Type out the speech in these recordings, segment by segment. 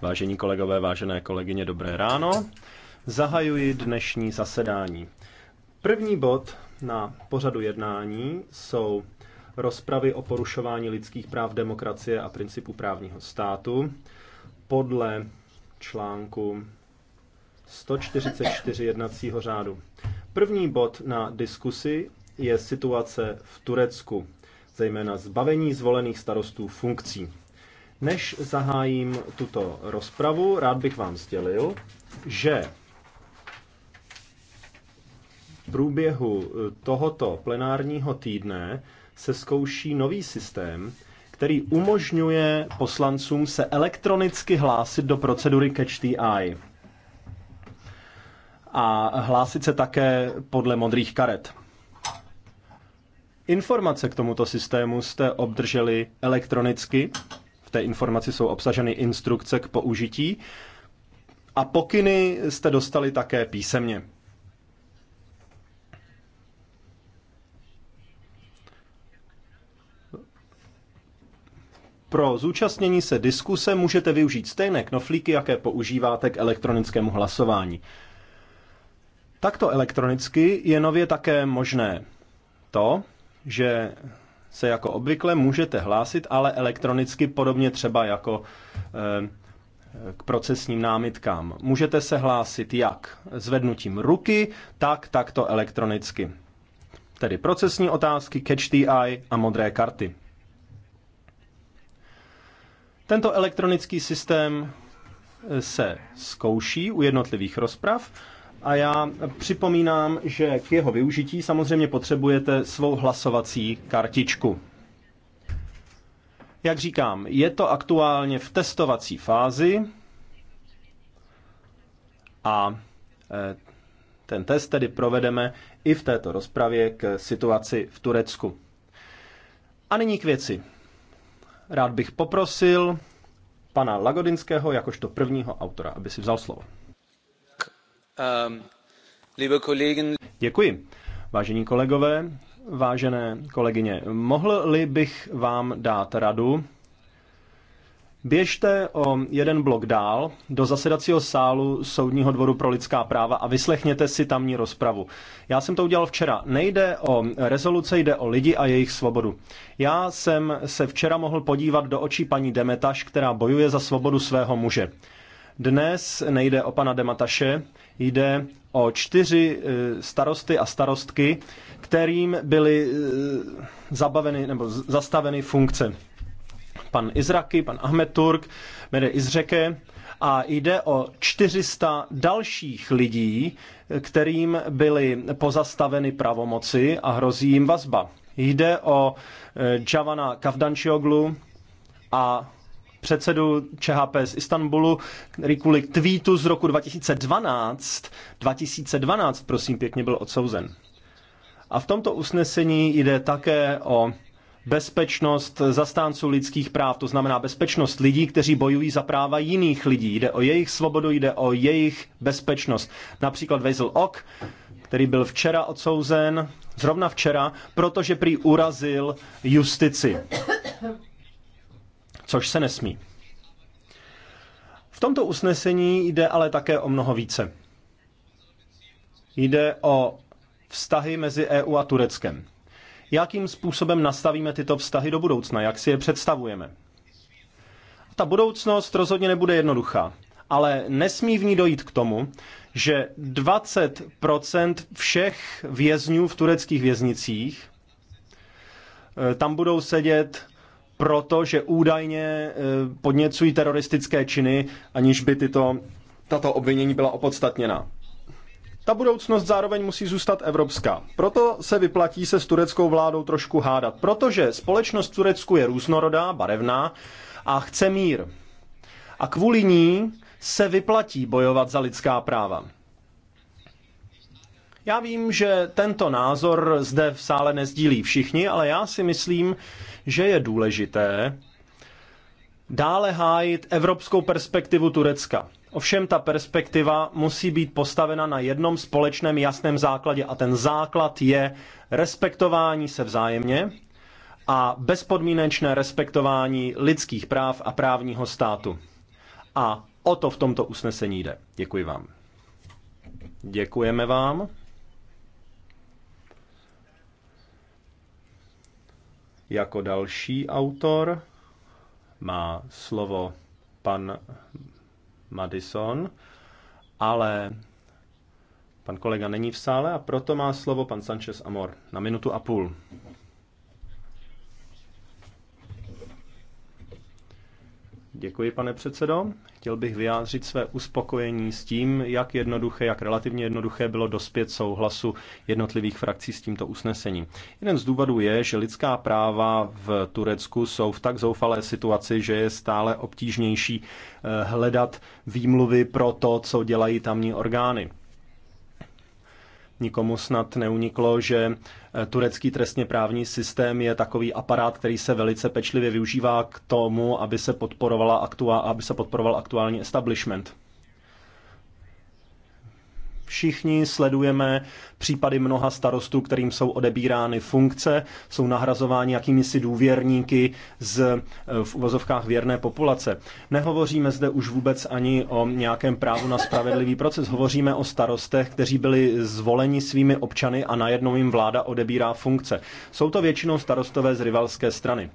Vážení kolegové, vážené kolegyně, dobré ráno. Zahajuji dnešní zasedání. První bod na pořadu jednání jsou rozpravy o porušování lidských práv, demokracie a principu právního státu podle článku 144 jednacího řádu. První bod na diskusi je situace v Turecku zejména zbavení zvolených starostů funkcí. Než zahájím tuto rozpravu, rád bych vám sdělil, že v průběhu eh, tohoto plenárního týdne se zkouší nový systém, který umožňuje poslancům se elektronicky hlásit do procedury Catch the Eye a hlásit se také podle modrých karet. Informace k tomuto systému jste obdrželi elektronicky. V té informaci jsou obsaženy instrukce k použití a pokyny jste dostali také písemně. Pro zúčastnění se diskuse můžete využít stejné knoflíky, jaké používáte k elektronickému hlasování. Takto elektronicky je nově také možné to, že se jako obvykle můžete hlásit, ale elektronicky, podobně třeba jako eh, k procesním námitkám. Můžete se hlásit jak zvednutím ruky, tak takto elektronicky. Tedy procesní otázky, catch the eye a modré karty. Tento elektronický systém eh, se zkouší u jednotlivých rozprav a já připomínám, že k jeho využití samozřejmě potřebujete svou hlasovací kartičku. Jak říkám, je to aktuálně v testovací fázi a e, ten test tedy provedeme i v této rozpravě k situaci v Turecku. A nyní k věci. Rád bych poprosil pana Lagodinského jakožto prvního autora, aby si vzal slovo. Um, Děkuji. Vážení kolegové, vážené kolegyně, mohl-li bych vám dát radu? Běžte o jeden blok dál do zasedacího sálu Soudního dvoru pro lidská práva a vyslechněte si tamní rozpravu. Já jsem to udělal včera. Nejde o rezoluce, jde o lidi a jejich svobodu. Já jsem se včera mohl podívat do očí paní Demetaš, která bojuje za svobodu svého muže. Dnes nejde o pana Demataše, Jde o čtyři eh, starosty a starostky, kterým byly eh, zabaveny nebo zastaveny funkce. Pan Izraky, pan Ahmed Turk, jmenuje Izřeke a jde o 400 dalších lidí, kterým byly pozastaveny pravomoci a hrozí jim vazba. Jde o eh, Javana Kavdančioglu a předsedu ČHP z Istanbulu, který kvůli tweetu z roku 2012, 2012 prosím pěkně byl odsouzen. A v tomto usnesení jde také o bezpečnost zastánců lidských práv, to znamená bezpečnost lidí, kteří bojují za práva jiných lidí. Jde o jejich svobodu, jde o jejich bezpečnost. Například Vezel Ok, který byl včera odsouzen, zrovna včera, protože prý urazil justici což se nesmí. V tomto usnesení jde ale také o mnoho více. Jde o vztahy mezi EU a Tureckem. Jakým způsobem nastavíme tyto vztahy do budoucna, jak si je představujeme? Ta budoucnost rozhodně nebude jednoduchá, ale nesmí v ní dojít k tomu, že 20 všech vězňů v tureckých věznicích e, tam budou sedět protože údajně eh, podněcují teroristické činy, aniž by tyto, tato obvinění byla opodstatněná. Ta budoucnost zároveň musí zůstat evropská. Proto se vyplatí se s tureckou vládou trošku hádat, protože společnost Turecku je různorodá, barevná a chce mír. A kvůli ní se vyplatí bojovat za lidská práva. Já vím, že tento názor zde v sále nezdílí všichni, ale já si myslím, že je důležité dále hájit evropskou perspektivu Turecka. Ovšem ta perspektiva musí být postavena na jednom společném jasném základě a ten základ je respektování se vzájemně a bezpodmínečné respektování lidských práv a právního státu. A o to v tomto usnesení jde. Děkuji vám. Děkujeme vám. Jako další autor má slovo pan Madison, ale pan kolega není v sále a proto má slovo pan Sanchez Amor na minutu a půl. Děkuji, pane předsedo. Chtěl bych vyjádřit své uspokojení s tím, jak jednoduché, jak relativně jednoduché bylo dospět souhlasu jednotlivých frakcí s tímto usnesením. Jeden z důvodů je, že lidská práva v Turecku jsou v tak zoufalé situaci, že je stále obtížnější eh, hledat výmluvy pro to, co dělají tamní orgány. Nikomu snad neuniklo, že eh, turecký trestně právní systém je takový aparát, který se velice pečlivě využívá k tomu, aby se, podporovala aktua, aby se podporoval aktuální establishment. Všichni sledujeme případy mnoha starostů, kterým jsou odebírány funkce, jsou nahrazováni jakýmisi důvěrníky z eh, v uvozovkách věrné populace. Nehovoříme zde už vůbec ani o nějakém právu na spravedlivý proces. Hovoříme o starostech, kteří byli zvoleni svými občany a najednou jim vláda odebírá funkce. Jsou to většinou starostové z rivalské strany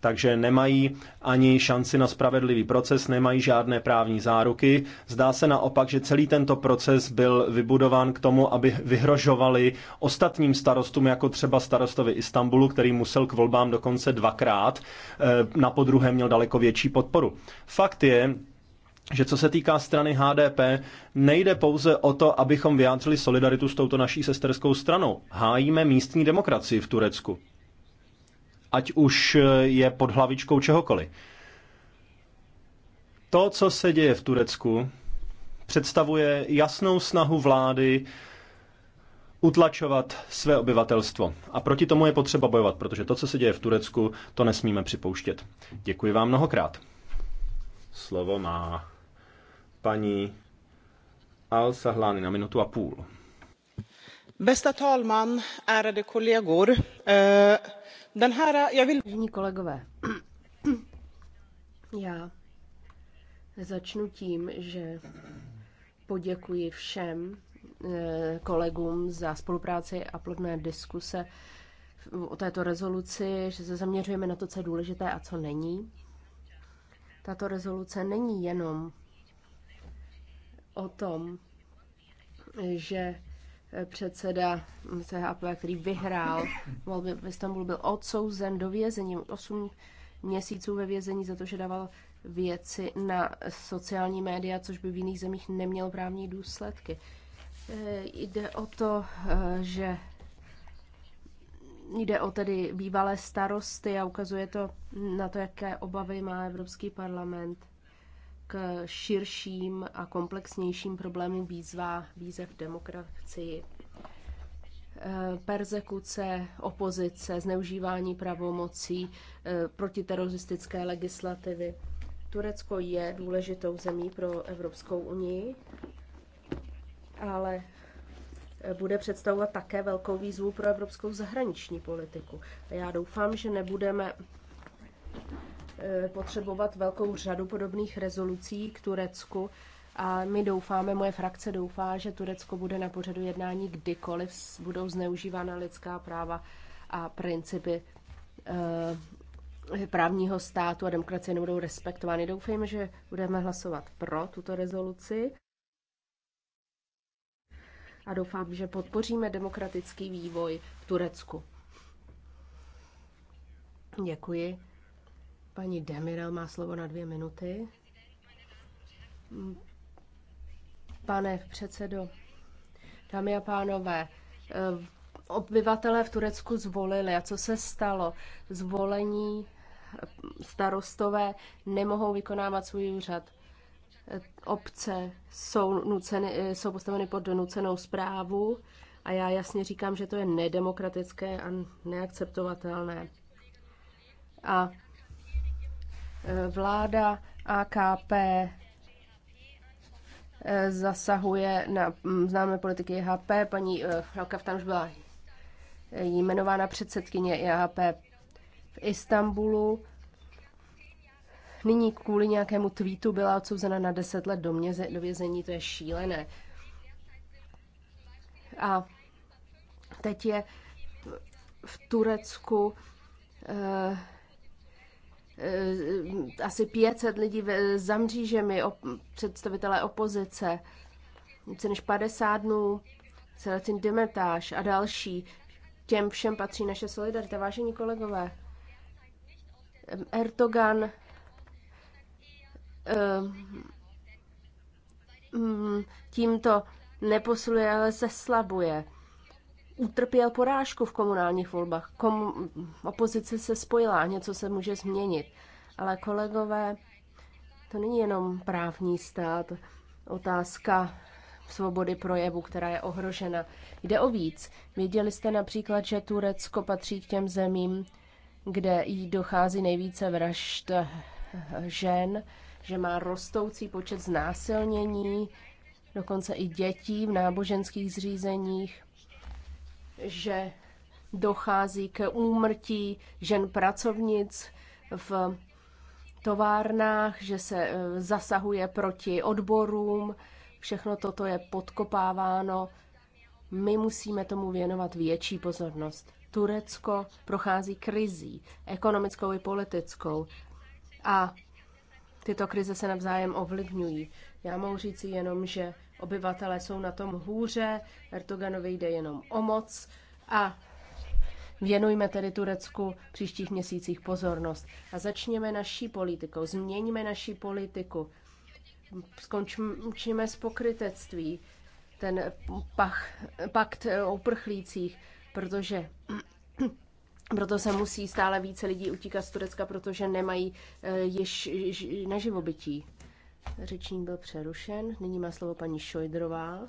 takže nemají ani šanci na spravedlivý proces, nemají žádné právní záruky. Zdá se naopak, že celý tento proces byl vybudován k tomu, aby vyhrožovali ostatním starostům, jako třeba starostovi Istanbulu, který musel k volbám dokonce dvakrát, eh, na podruhé měl daleko větší podporu. Fakt je, že co se týká strany HDP, nejde pouze o to, abychom vyjádřili solidaritu s touto naší sesterskou stranou. Hájíme místní demokracii v Turecku ať už eh, je pod hlavičkou čehokoliv. To, co se děje v Turecku, představuje jasnou snahu vlády utlačovat své obyvatelstvo. A proti tomu je potřeba bojovat, protože to, co se děje v Turecku, to nesmíme připouštět. Děkuji vám mnohokrát. Slovo má paní Al Sahlány na minutu a půl. Bästa talman, ärade kollegor. Eh, Den já Vážení kolegové, já začnu tím, že poděkuji všem eh, kolegům za spolupráci a plodné diskuse o této rezoluci, že se zaměřujeme na to, co je důležité a co není. Tato rezoluce není jenom o tom, že předseda CHP, který vyhrál volby v Istanbulu, byl odsouzen do vězení 8 měsíců ve vězení za to, že dával věci na sociální média, což by v jiných zemích nemělo právní důsledky. Eh, jde o to, eh, že jde o tedy bývalé starosty a ukazuje to na to, jaké obavy má Evropský parlament k širším a komplexnějším problémům výzva, výzev demokracii. E, persekuce, opozice, zneužívání pravomocí, e, protiteroristické legislativy. Turecko je důležitou zemí pro Evropskou unii, ale bude představovat také velkou výzvu pro evropskou zahraniční politiku. Já doufám, že nebudeme Eh, potřebovat velkou řadu podobných rezolucí k Turecku a my doufáme, moje frakce doufá, že Turecko bude na pořadu jednání kdykoliv budou zneužívána lidská práva a principy eh, právního státu a demokracie nebudou respektovány. Doufejme, že budeme hlasovat pro tuto rezoluci a doufám, že podpoříme demokratický vývoj v Turecku. Děkuji. Paní Demirel má slovo na dvě minuty. Pane předsedo, dámy a pánové, eh, obyvatelé v Turecku zvolili. A co se stalo? Zvolení eh, starostové nemohou vykonávat svůj úřad. Eh, obce jsou, nuceny, jsou postaveny pod nucenou zprávu a já jasně říkám, že to je nedemokratické a neakceptovatelné. A Eh, vláda AKP eh, zasahuje na mm, známé politiky IHP. Paní Halka eh, tam už byla jmenována předsedkyně IHP v Istanbulu. Nyní kvůli nějakému tweetu byla odsouzena na 10 let do, měze, do vězení, to je šílené. A teď je v Turecku eh, Eh, asi 500 lidí za mřížemi, představitelé opozice, více než 50 dnů, Seratin Demetáš a další. Těm všem patří naše solidarita, vážení kolegové. Erdogan eh, mm, tímto neposluje, ale zeslabuje utrpěl porážku v komunálních volbách. Kom, opozice se spojila, něco se může změnit. Ale kolegové, to není jenom právní stát, otázka svobody projevu, která je ohrožena. Jde o víc. Věděli jste například, že Turecko patří k těm zemím, kde jí dochází nejvíce vražd žen, že má rostoucí počet znásilnění, dokonce i dětí v náboženských zřízeních že dochází k úmrtí žen pracovnic v továrnách, že se e, zasahuje proti odborům. Všechno toto je podkopáváno. My musíme tomu věnovat větší pozornost. Turecko prochází krizí, ekonomickou i politickou. A tyto krize se navzájem ovlivňují. Já mohu říci jenom, že Obyvatelé jsou na tom hůře, Erdoganovi jde jenom o moc a Věnujme tedy Turecku v příštích měsících pozornost a začněme naší politikou, změníme naší politiku, skončíme s pokrytectví, ten pach, pakt o uprchlících, protože proto se musí stále více lidí utíkat z Turecka, protože nemají eh, již na živobytí. Řečník byl přerušen. Nyní má slovo paní Šojdrová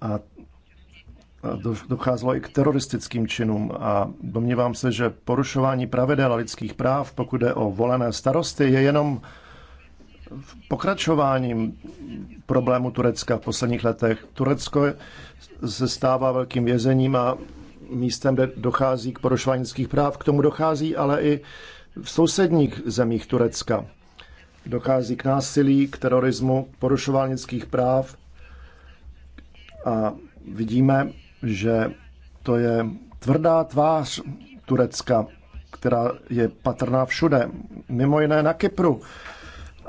a docházelo i k teroristickým činům a domnívám se, že porušování pravidel a lidských práv, pokud je o volené starosty, je jenom pokračováním problému Turecka v posledních letech. Turecko se stává velkým vězením a místem, kde dochází k porušování lidských práv. K tomu dochází ale i v sousedních zemích Turecka. Dochází k násilí, k terorismu, k porušování lidských práv a vidíme, že to je tvrdá tvář Turecka, která je patrná všude, mimo jiné na Kypru.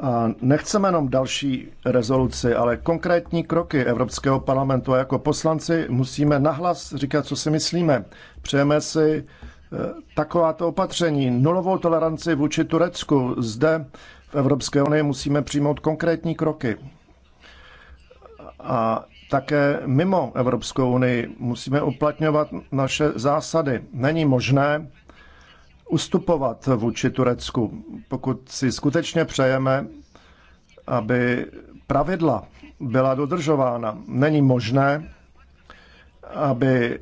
A nechceme jenom další rezoluci, ale konkrétní kroky Evropského parlamentu a jako poslanci musíme nahlas říkat, co si myslíme. Přejeme si eh, takováto opatření, nulovou toleranci vůči Turecku. Zde v Evropské unii musíme přijmout konkrétní kroky. A také mimo Evropskou unii musíme uplatňovat naše zásady. Není možné ustupovat vůči Turecku, pokud si skutečně přejeme, aby pravidla byla dodržována. Není možné, aby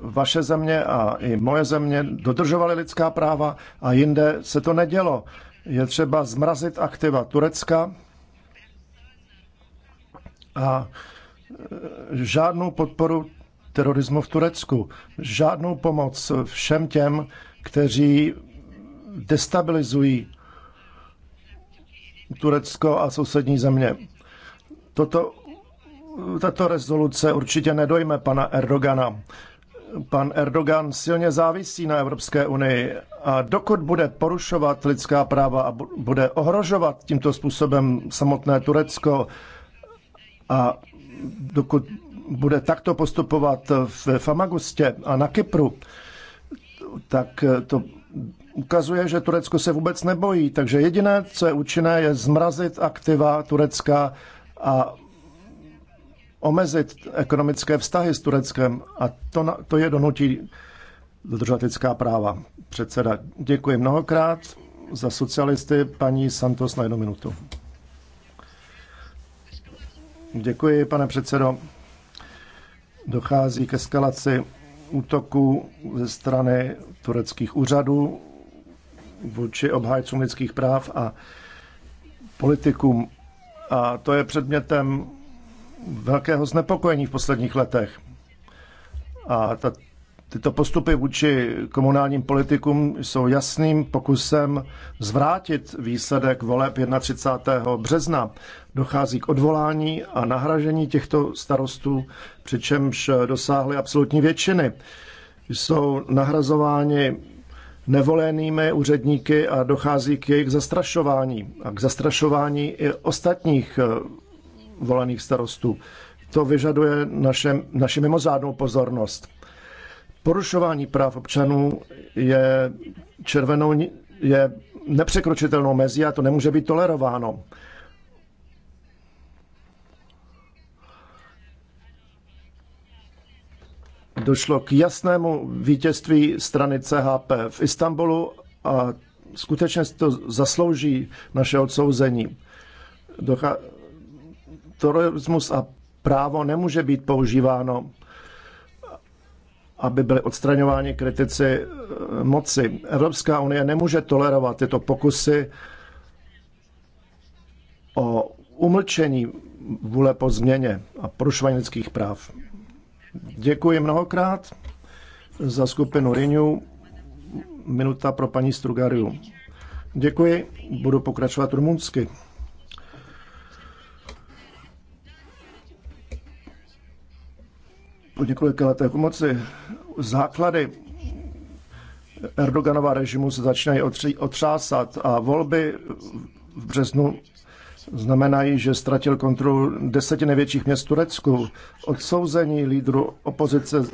vaše země a i moje země dodržovaly lidská práva a jinde se to nedělo. Je třeba zmrazit aktiva Turecka a žádnou podporu terorismu v Turecku, žádnou pomoc všem těm, kteří destabilizují Turecko a sousední země. Toto, tato rezoluce určitě nedojme pana Erdogana. Pan Erdogan silně závisí na Evropské unii a dokud bude porušovat lidská práva a bude ohrožovat tímto způsobem samotné Turecko a dokud bude takto postupovat v Famagustě a na Kypru, tak to ukazuje, že Turecko se vůbec nebojí. Takže jediné, co je účinné, je zmrazit aktiva Turecka a omezit ekonomické vztahy s Tureckem. A to, to je donutí dodržovat lidská práva. Předseda, děkuji mnohokrát za socialisty. Paní Santos na jednu minutu. Děkuji, pane předsedo. Dochází k eskalaci útoku ze strany tureckých úřadů vůči obhájcům lidských práv a politikům. A to je předmětem velkého znepokojení v posledních letech. A ta Tyto postupy vůči komunálním politikům jsou jasným pokusem zvrátit výsledek voleb 31. března. Dochází k odvolání a nahražení těchto starostů, přičemž dosáhly absolutní většiny. Jsou nahrazováni nevolenými úředníky a dochází k jejich zastrašování a k zastrašování i ostatních eh, volených starostů. To vyžaduje naše, naši mimořádnou pozornost. Porušování práv občanů je červenou, je nepřekročitelnou mezí a to nemůže být tolerováno. Došlo k jasnému vítězství strany CHP v Istanbulu a skutečně to zaslouží naše odsouzení. terorismus a právo nemůže být používáno aby byly odstraňováni kritici eh, moci. Evropská unie nemůže tolerovat tyto pokusy o umlčení vůle po změně a porušování lidských práv. Děkuji mnohokrát za skupinu Renew. Minuta pro paní Strugariu. Děkuji, budu pokračovat rumunsky. po několika letech u moci základy Erdoganova režimu se začínají otřásat a volby v březnu znamenají, že ztratil kontrolu deseti největších měst Turecku. Odsouzení lídru opozice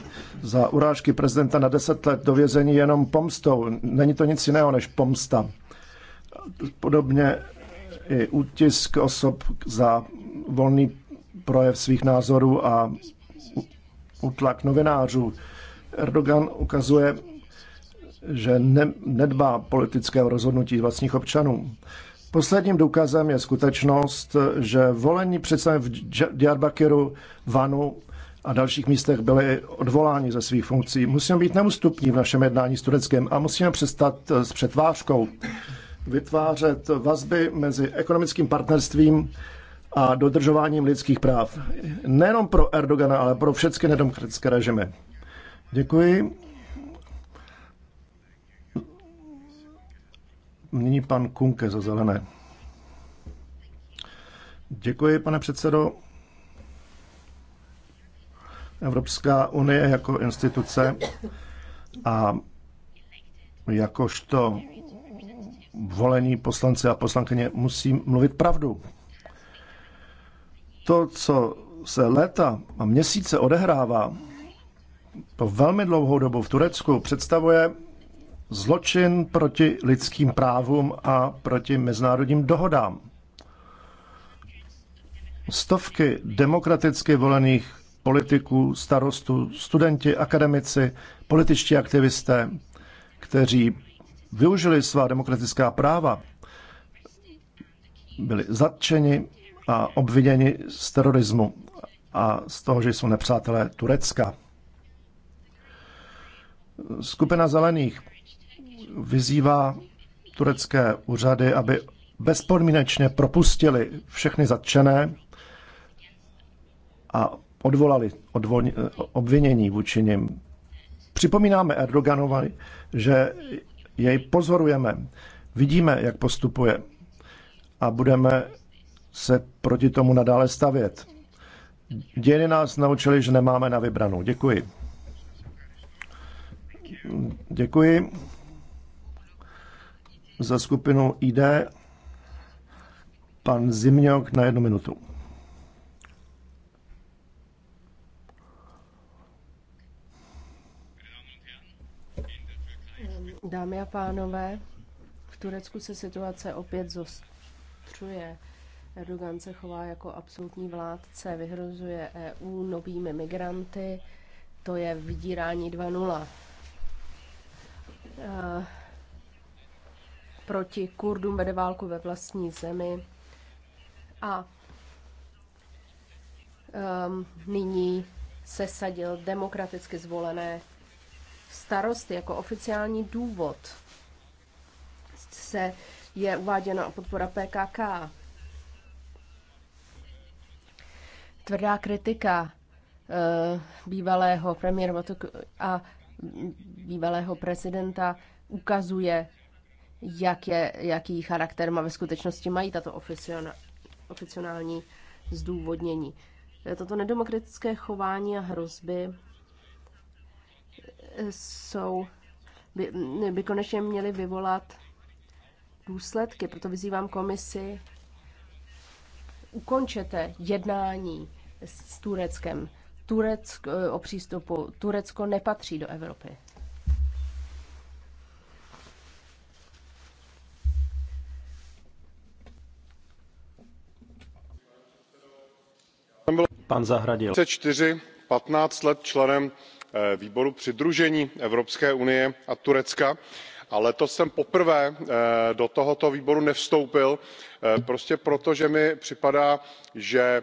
za urážky prezidenta na deset let do vězení jenom pomstou. Není to nic jiného než pomsta. Podobně i útisk osob za volný projev svých názorů a utlak novinářů. Erdogan ukazuje, že ne, nedbá politického rozhodnutí vlastních občanů. Posledním důkazem je skutečnost, že volení představení v Diyarbakiru, Vanu a dalších místech byly odvoláni ze svých funkcí. Musíme být neústupní v našem jednání s Tureckem a musíme přestat eh, s přetvářkou vytvářet vazby mezi ekonomickým partnerstvím a dodržováním lidských práv. Nejenom pro Erdogana, ale pro všechny nedemokratické režimy. Děkuji. Nyní pan Kunke za zelené. Děkuji, pane předsedo. Evropská unie jako instituce a jakožto volení poslanci a poslankyně musí mluvit pravdu. To, co se léta a měsíce odehrává po velmi dlouhou dobu v Turecku, představuje zločin proti lidským právům a proti mezinárodním dohodám. Stovky demokraticky volených politiků, starostů, studenti, akademici, političtí aktivisté, kteří využili svá demokratická práva, byli zatčeni, a obviněni z terorismu a z toho, že jsou nepřátelé Turecka. Skupina zelených vyzývá turecké úřady, aby bezpodmínečně propustili všechny zatčené a odvolali obvinění vůči nim. Připomínáme Erdoganovi, že jej pozorujeme, vidíme, jak postupuje a budeme se proti tomu nadále stavět. Dějiny nás naučili, že nemáme na vybranou. Děkuji. Děkuji za skupinu ID. Pan Zimňok na jednu minutu. Dámy a pánové, v Turecku se situace opět zostřuje. Erdogan se chová jako absolutní vládce, vyhrozuje EU novými migranty, to je vydírání 2.0. Eh, proti Kurdům vede válku ve vlastní zemi a um, e, nyní sesadil demokraticky zvolené starosty jako oficiální důvod se je uváděna podpora PKK tvrdá kritika eh, bývalého premiéra a bývalého prezidenta ukazuje, jak je, jaký charakter má ve skutečnosti mají tato oficiální zdůvodnění. Eh, toto nedemokratické chování a hrozby eh, jsou, by, mm, by konečně měly vyvolat důsledky, proto vyzývám komisi, ukončete jednání s Tureckem. Turecko, eh, o přístupu Turecko nepatří do Evropy. Pan Zahradil. 4, 15 let členem eh, výboru přidružení Evropské unie a Turecka a letos jsem poprvé eh, do tohoto výboru nevstoupil prostě proto že mi připadá že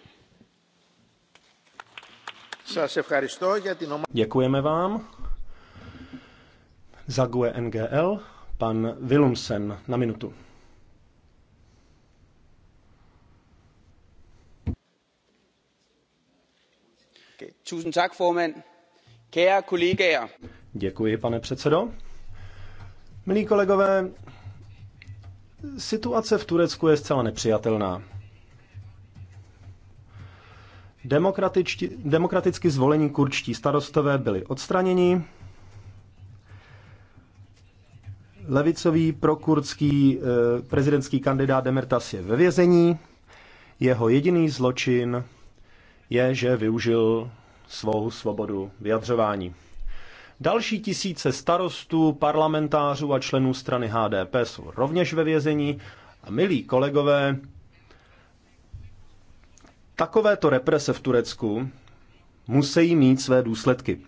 Děkujeme vám. Za e NGL pan Willumsen na minutu. Tusind tak, formand. Kære Děkuji, pane předsedo. Milí kolegové, situace v Turecku je zcela nepřijatelná. Demokraticky zvolení kurčtí starostové byli odstraněni. Levicový prokurdský eh, prezidentský kandidát Demertas je ve vězení. Jeho jediný zločin je, že využil svou svobodu vyjadřování. Další tisíce starostů, parlamentářů a členů strany HDP jsou rovněž ve vězení. A milí kolegové, Takovéto represe v Turecku musí mít své důsledky.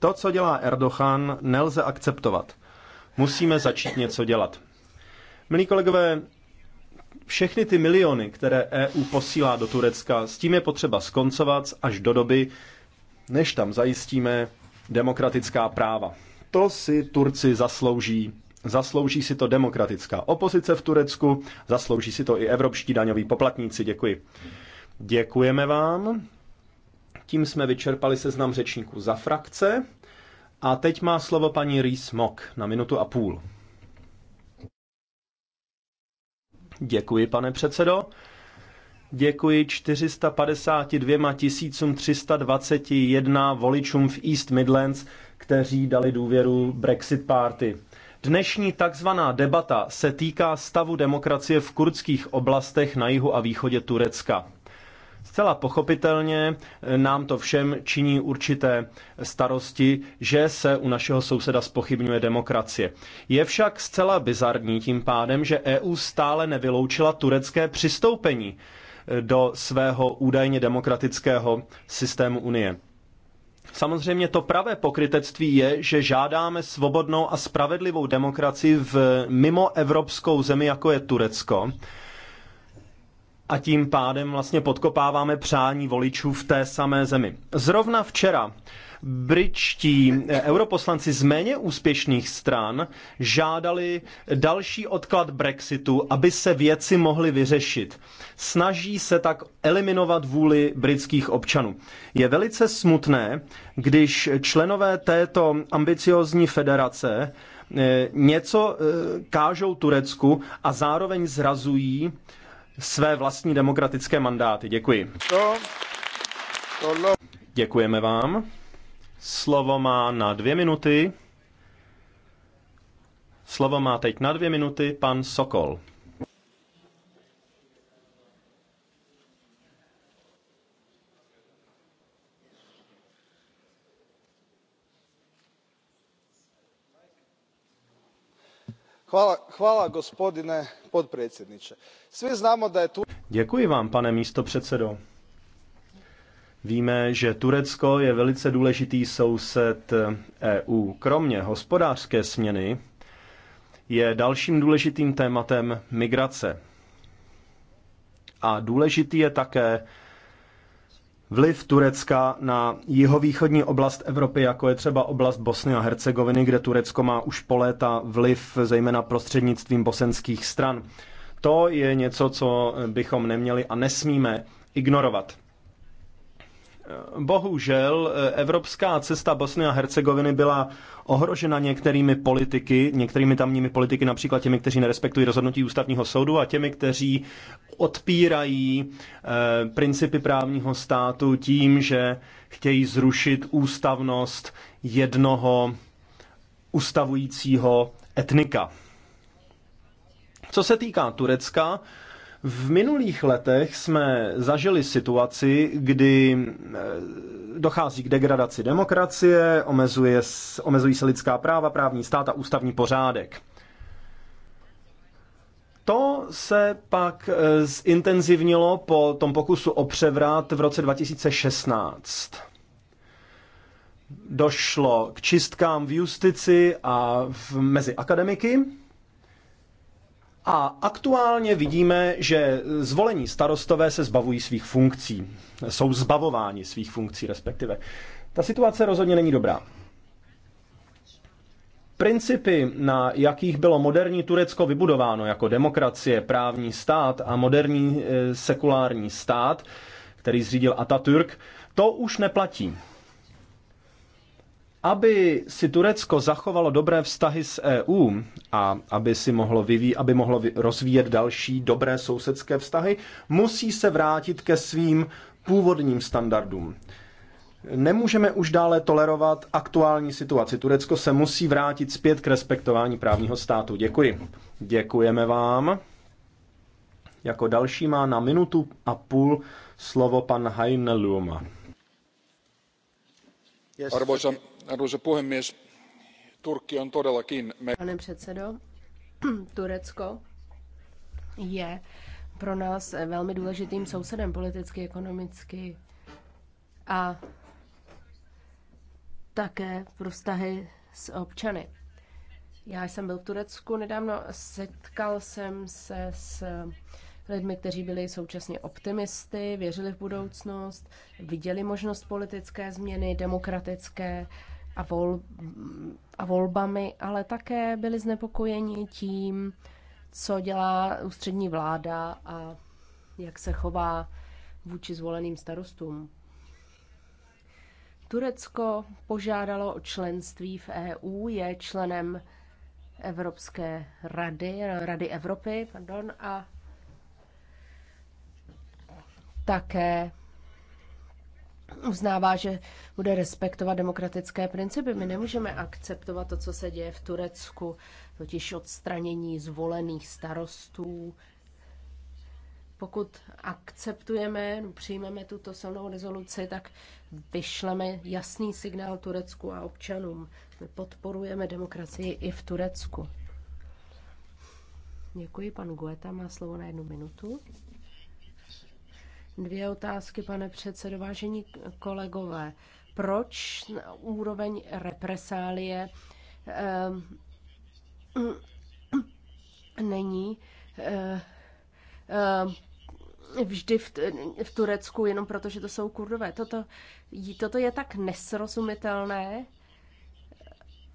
To, co dělá Erdogan, nelze akceptovat. Musíme začít něco dělat. Milí kolegové, všechny ty miliony, které EU posílá do Turecka, s tím je potřeba skoncovat až do doby, než tam zajistíme demokratická práva. To si Turci zaslouží Zaslouží si to demokratická opozice v Turecku, zaslouží si to i evropští daňoví poplatníci. Děkuji. Děkujeme vám. Tím jsme vyčerpali seznam řečníků za frakce. A teď má slovo paní Rees Mok na minutu a půl. Děkuji, pane předsedo. Děkuji 452 321 voličům v East Midlands, kteří dali důvěru Brexit Party. Dnešní takzvaná debata se týká stavu demokracie v kurdských oblastech na jihu a východě Turecka. Zcela pochopitelně nám to všem činí určité starosti, že se u našeho souseda spochybňuje demokracie. Je však zcela bizarní tím pádem, že EU stále nevyloučila turecké přistoupení do svého údajně demokratického systému Unie. Samozřejmě to pravé pokrytectví je, že žádáme svobodnou a spravedlivou demokracii v mimo evropskou zemi, jako je Turecko. A tím pádem vlastně podkopáváme přání voličů v té samé zemi. Zrovna včera Britští eh, europoslanci z méně úspěšných stran žádali další odklad Brexitu, aby se věci mohly vyřešit. Snaží se tak eliminovat vůli britských občanů. Je velice smutné, když členové této ambiciozní federace eh, něco eh, kážou Turecku a zároveň zrazují své vlastní demokratické mandáty. Děkuji. Děkujeme vám. Slovo má na dvě minuty. Slovo má teď na dvě minuty pan Sokol. Chvála, gospodine podpredsjedniče. Svi znamo da je tu... Děkuji vám, pane předsedo. Víme, že Turecko je velice důležitý soused EU. Kromě hospodářské směny je dalším důležitým tématem migrace. A důležitý je také vliv Turecka na jihovýchodní oblast Evropy, jako je třeba oblast Bosny a Hercegoviny, kde Turecko má už po léta vliv, zejména prostřednictvím bosenských stran. To je něco, co bychom neměli a nesmíme ignorovat. Bohužel eh, evropská cesta Bosny a Hercegoviny byla ohrožena některými politiky, některými tamními politiky, například těmi, kteří nerespektují rozhodnutí ústavního soudu a těmi, kteří odpírají eh, principy právního státu tím, že chtějí zrušit ústavnost jednoho ustavujícího etnika. Co se týká Turecka, v minulých letech jsme zažili situaci, kdy eh, dochází k degradaci demokracie, omezuje, omezují se lidská práva, právní stát a ústavní pořádek. To se pak eh, zintenzivnilo po tom pokusu o převrat v roce 2016. Došlo k čistkám v justici a v, mezi akademiky a aktuálně vidíme, že zvolení starostové se zbavují svých funkcí. Jsou zbavováni svých funkcí respektive. Ta situace rozhodně není dobrá. Principy, na jakých bylo moderní Turecko vybudováno jako demokracie, právní stát a moderní eh, sekulární stát, který zřídil Atatürk, to už neplatí. Aby si Turecko zachovalo dobré vztahy s EU a aby si mohlo vyví, aby mohlo rozvíjet další dobré sousedské vztahy, musí se vrátit ke svým původním standardům. Nemůžeme už dále tolerovat aktuální situaci. Turecko se musí vrátit zpět k respektování právního státu. Děkuji. Děkujeme vám. Jako další má na minutu a půl slovo pan Heine Luma. Yes. Arvoisa arvoisa puhemies turkki on todellakin. pane předsedo turecko je pro nás velmi důležitým sousedem politicky, ekonomicky a také pro vztahy s občany. Já jsem byl v Turecku nedávno, setkal jsem se s lidmi, kteří byli současně optimisty, věřili v budoucnost, viděli možnost politické změny, demokratické a, vol, a volbami, ale také byli znepokojeni tím, co dělá ústřední vláda a jak se chová vůči zvoleným starostům. Turecko požádalo o členství v EU, je členem Evropské rady, Rady Evropy, pardon, a také uznává, že bude respektovat demokratické principy. My nemůžeme akceptovat to, co se děje v Turecku, totiž odstranění zvolených starostů. Pokud akceptujeme, no, přijmeme tuto silnou rezoluci, tak vyšleme jasný signál Turecku a občanům. My podporujeme demokracii i v Turecku. Děkuji, pan Gueta má slovo na jednu minutu. Dvě otázky, pane předsedo. Vážení kolegové, proč na úroveň represálie eh, není eh, eh, vždy v, v Turecku jenom proto, že to jsou kurdové? Toto, toto je tak nesrozumitelné,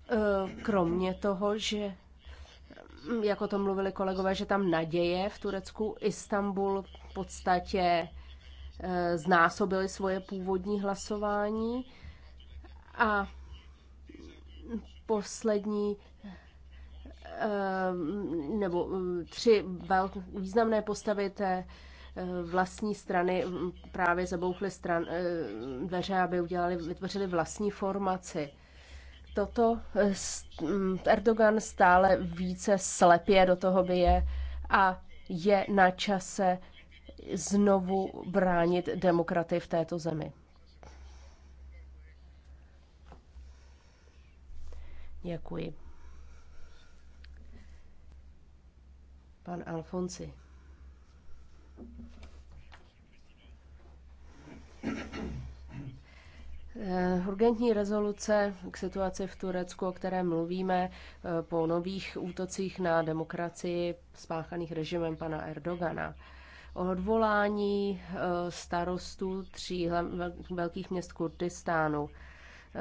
ehm, kromě toho, že jako to mluvili kolegové, že tam naděje v Turecku, Istanbul v podstatě Eh, znásobili svoje původní hlasování. A poslední eh, nebo eh, tři významné postavy té vlastní strany právě zabouchly stran, dveře, aby udělali, vytvořili vlastní formaci. Toto Erdogan stále více slepě do toho by je a je na čase znovu bránit demokraty v této zemi. Děkuji. Pan Alfonsi. Eh, urgentní rezoluce k situaci v Turecku, o které mluvíme eh, po nových útocích na demokracii spáchaných režimem pana Erdogana odvolání eh, starostů tří velkých měst Kurdistánu eh,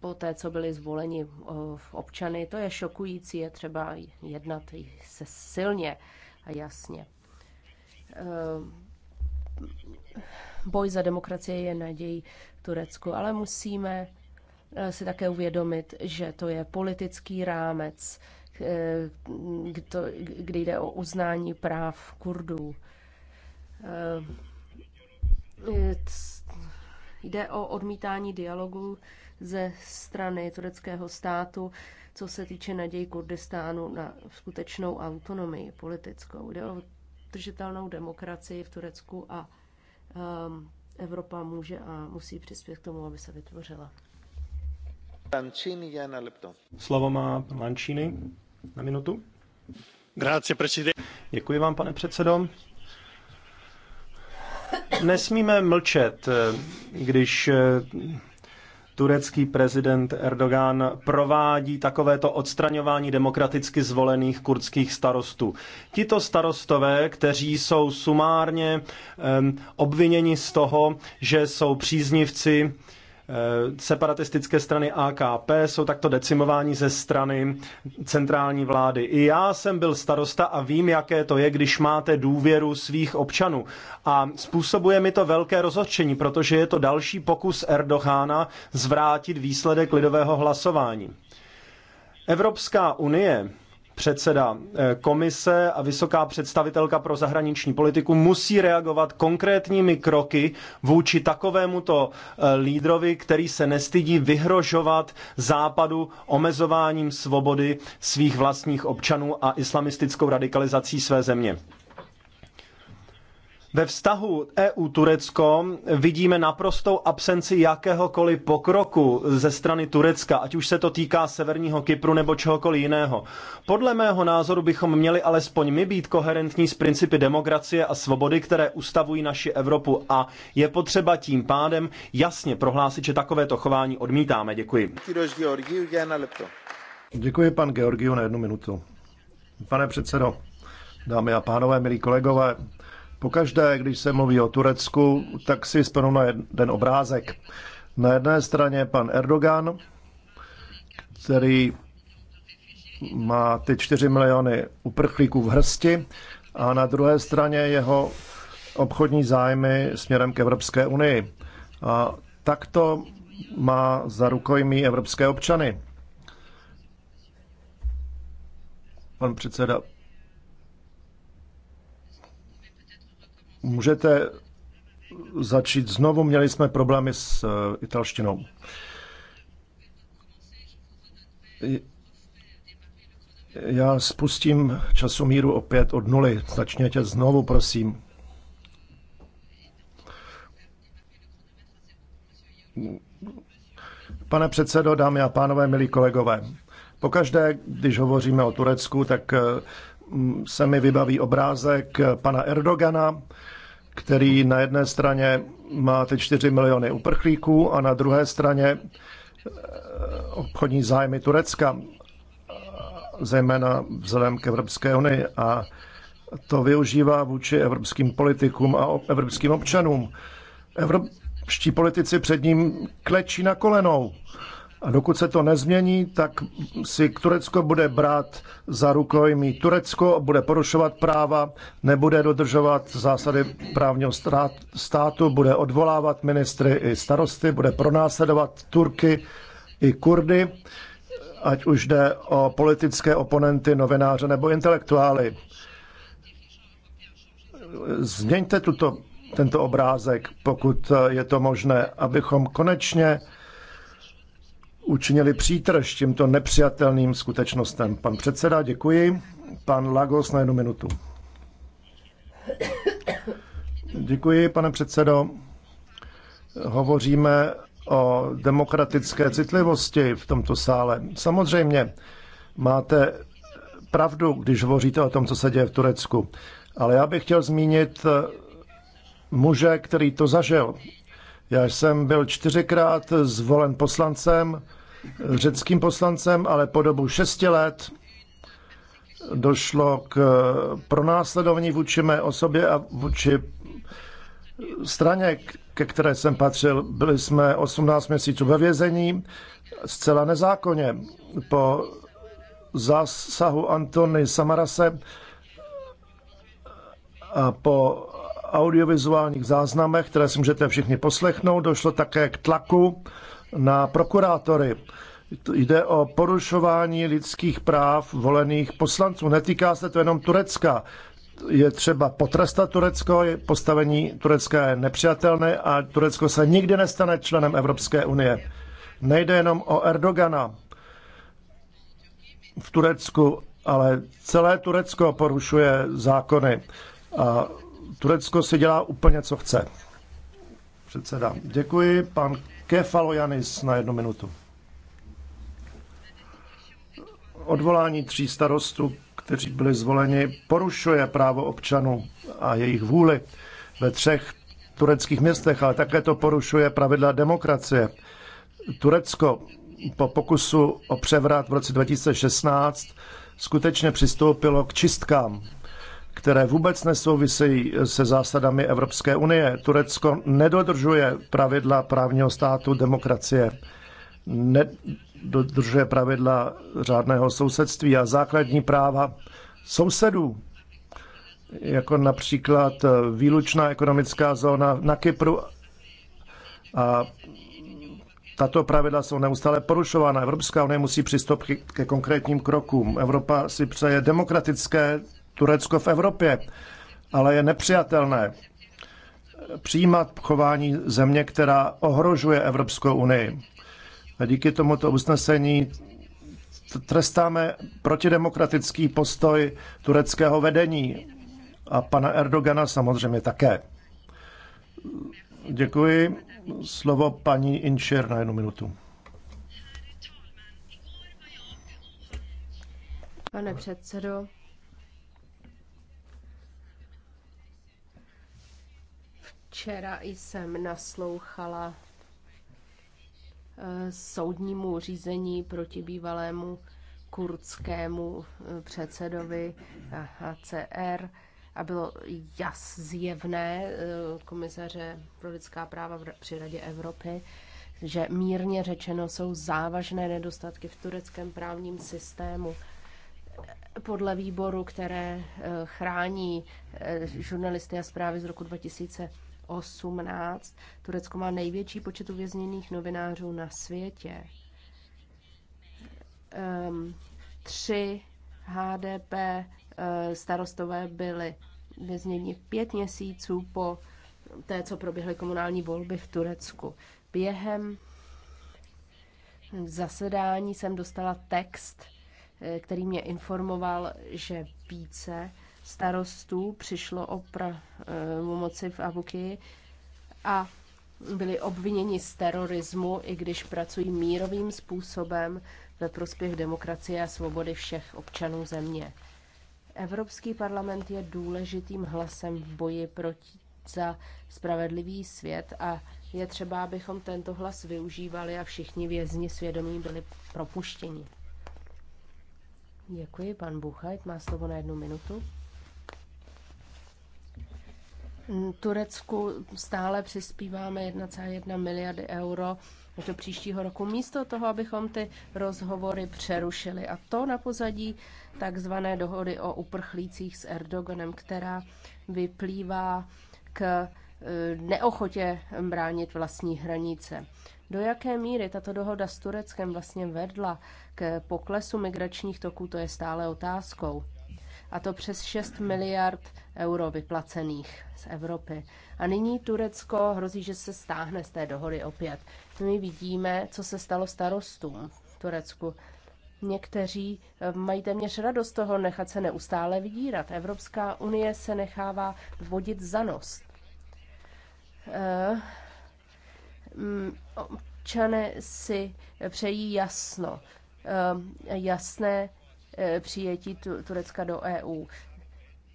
po té, co byli zvoleni eh, občany. To je šokující, je třeba jednat se silně a jasně. Boj za demokracie je naději v Turecku, ale musíme si také uvědomit, že to je politický rámec, kdy jde o uznání práv Kurdů. Eh, jde o odmítání dialogu ze strany tureckého státu, co se týče naději Kurdistánu na skutečnou autonomii politickou. Jde o držitelnou demokracii v Turecku a um, Evropa může a musí přispět k tomu, aby se vytvořila. Slovo má Lancini na minutu. Grazie, Děkuji vám, pane předsedo. Nesmíme mlčet, když eh, turecký prezident Erdogan provádí takovéto odstraňování demokraticky zvolených kurdských starostů. Tito starostové, kteří jsou sumárně obviněni z toho, že jsou příznivci Eh, separatistické strany AKP jsou takto decimováni ze strany centrální vlády. I já jsem byl starosta a vím, jaké to je, když máte důvěru svých občanů. A způsobuje mi to velké rozhodčení, protože je to další pokus Erdochána zvrátit výsledek lidového hlasování. Evropská unie Předseda eh, komise a vysoká představitelka pro zahraniční politiku musí reagovat konkrétními kroky vůči takovémuto eh, lídrovi, který se nestydí vyhrožovat západu omezováním svobody svých vlastních občanů a islamistickou radikalizací své země. Ve vztahu EU-Turecko vidíme naprostou absenci jakéhokoliv pokroku ze strany Turecka, ať už se to týká severního Kypru nebo čehokoliv jiného. Podle mého názoru bychom měli alespoň my být koherentní s principy demokracie a svobody, které ustavují naši Evropu a je potřeba tím pádem jasně prohlásit, že takovéto chování odmítáme. Děkuji. Děkuji pan Georgiu na jednu minutu. Pane předsedo, dámy a pánové, milí kolegové, Pokaždé, když se mluví o Turecku, tak si vzpomenu na jeden obrázek. Na jedné straně pan Erdogan, který má ty čtyři miliony uprchlíků v hrsti a na druhé straně jeho obchodní zájmy směrem k Evropské unii. A takto má za rukojmí evropské občany. Pan předseda Můžete začít znovu, měli jsme problémy s eh, italštinou. Já spustím časomíru opět od nuly. Začněte znovu, prosím. Pane předsedo, dámy a pánové, milí kolegové, pokaždé, když hovoříme o Turecku, tak eh, se mi vybaví obrázek pana Erdogana, který na jedné straně má ty 4 miliony uprchlíků a na druhé straně eh, obchodní zájmy Turecka, zejména vzhledem k Evropské unii. A to využívá vůči evropským politikům a evropským občanům. Evropští politici před ním klečí na kolenou. A dokud se to nezmění, tak si Turecko bude brát za rukojmí. Turecko bude porušovat práva, nebude dodržovat zásady právního státu, bude odvolávat ministry i starosty, bude pronásledovat Turky i Kurdy, ať už jde o politické oponenty, novináře nebo intelektuály. Změňte tuto, tento obrázek, pokud je to možné, abychom konečně učinili přítrž těmto nepřijatelným skutečnostem. Pan předseda, děkuji. Pan Lagos na jednu minutu. Děkuji, pane předsedo. Hovoříme o demokratické citlivosti v tomto sále. Samozřejmě máte pravdu, když hovoříte o tom, co se děje v Turecku, ale já bych chtěl zmínit muže, který to zažil. Já jsem byl čtyřikrát zvolen poslancem řeckým poslancem, ale po dobu šesti let došlo k pronásledování vůči mé osobě a vůči straně, ke které jsem patřil. Byli jsme 18 měsíců ve vězení, zcela nezákonně. Po zásahu Antony Samarase a po audiovizuálních záznamech, které si můžete všichni poslechnout, došlo také k tlaku na prokurátory. Jde o porušování lidských práv volených poslanců. Netýká se to jenom Turecka. Je třeba potrestat Turecko, je postavení Turecka je nepřijatelné a Turecko se nikdy nestane členem Evropské unie. Nejde jenom o Erdogana v Turecku, ale celé Turecko porušuje zákony. A Turecko si dělá úplně, co chce. Předseda, děkuji. Pan Kefalojanis na jednu minutu. Odvolání tří starostů, kteří byli zvoleni, porušuje právo občanů a jejich vůli ve třech tureckých městech, ale také to porušuje pravidla demokracie. Turecko po pokusu o převrat v roce 2016 skutečně přistoupilo k čistkám které vůbec nesouvisejí se zásadami Evropské unie. Turecko nedodržuje pravidla právního státu, demokracie, nedodržuje pravidla řádného sousedství a základní práva sousedů, jako například výlučná ekonomická zóna na Kypru. A tato pravidla jsou neustále porušována. Evropská unie musí přistoupit ke konkrétním krokům. Evropa si přeje demokratické Turecko v Evropě, ale je nepřijatelné přijímat chování země, která ohrožuje Evropskou unii. A díky tomuto usnesení trestáme protidemokratický postoj tureckého vedení a pana Erdogana samozřejmě také. Děkuji. Slovo paní Inčer na jednu minutu. Pane předsedo, Včera jsem naslouchala eh, soudnímu řízení proti bývalému kurdskému eh, předsedovi HCR eh, a bylo jas zjevné komisaře pro lidská práva při Radě Evropy, že mírně řečeno jsou závažné nedostatky v tureckém právním systému. Podle výboru, které chrání žurnalisty a zprávy z roku 2000, 2018 Turecko má největší počet uvězněných novinářů na světě. Um, tři HDP uh, eh, starostové byli vězněni pět měsíců po té, co proběhly komunální volby v Turecku. Během zasedání jsem dostala text, eh, který mě informoval, že více starostů přišlo o pravomoci v Abuky a byli obviněni z terorismu, i když pracují mírovým způsobem ve prospěch demokracie a svobody všech občanů země. Evropský parlament je důležitým hlasem v boji proti za spravedlivý svět a je třeba, abychom tento hlas využívali a všichni vězni svědomí byli propuštěni. Děkuji, pan Buchajt má slovo na jednu minutu. Turecku stále přispíváme 1,1 miliardy euro až do příštího roku, místo toho, abychom ty rozhovory přerušili. A to na pozadí takzvané dohody o uprchlících s Erdoganem, která vyplývá k e, neochotě bránit vlastní hranice. Do jaké míry tato dohoda s Tureckem vlastně vedla k poklesu migračních toků, to je stále otázkou a to přes 6 miliard euro vyplacených z Evropy. A nyní Turecko hrozí, že se stáhne z té dohody opět. My vidíme, co se stalo starostům v Turecku. Někteří eh, mají téměř radost toho nechat se neustále vydírat. Evropská unie se nechává vodit za nos. Eh, mm, občané si přejí jasno, eh, jasné Eh, přijetí Turecka do EU.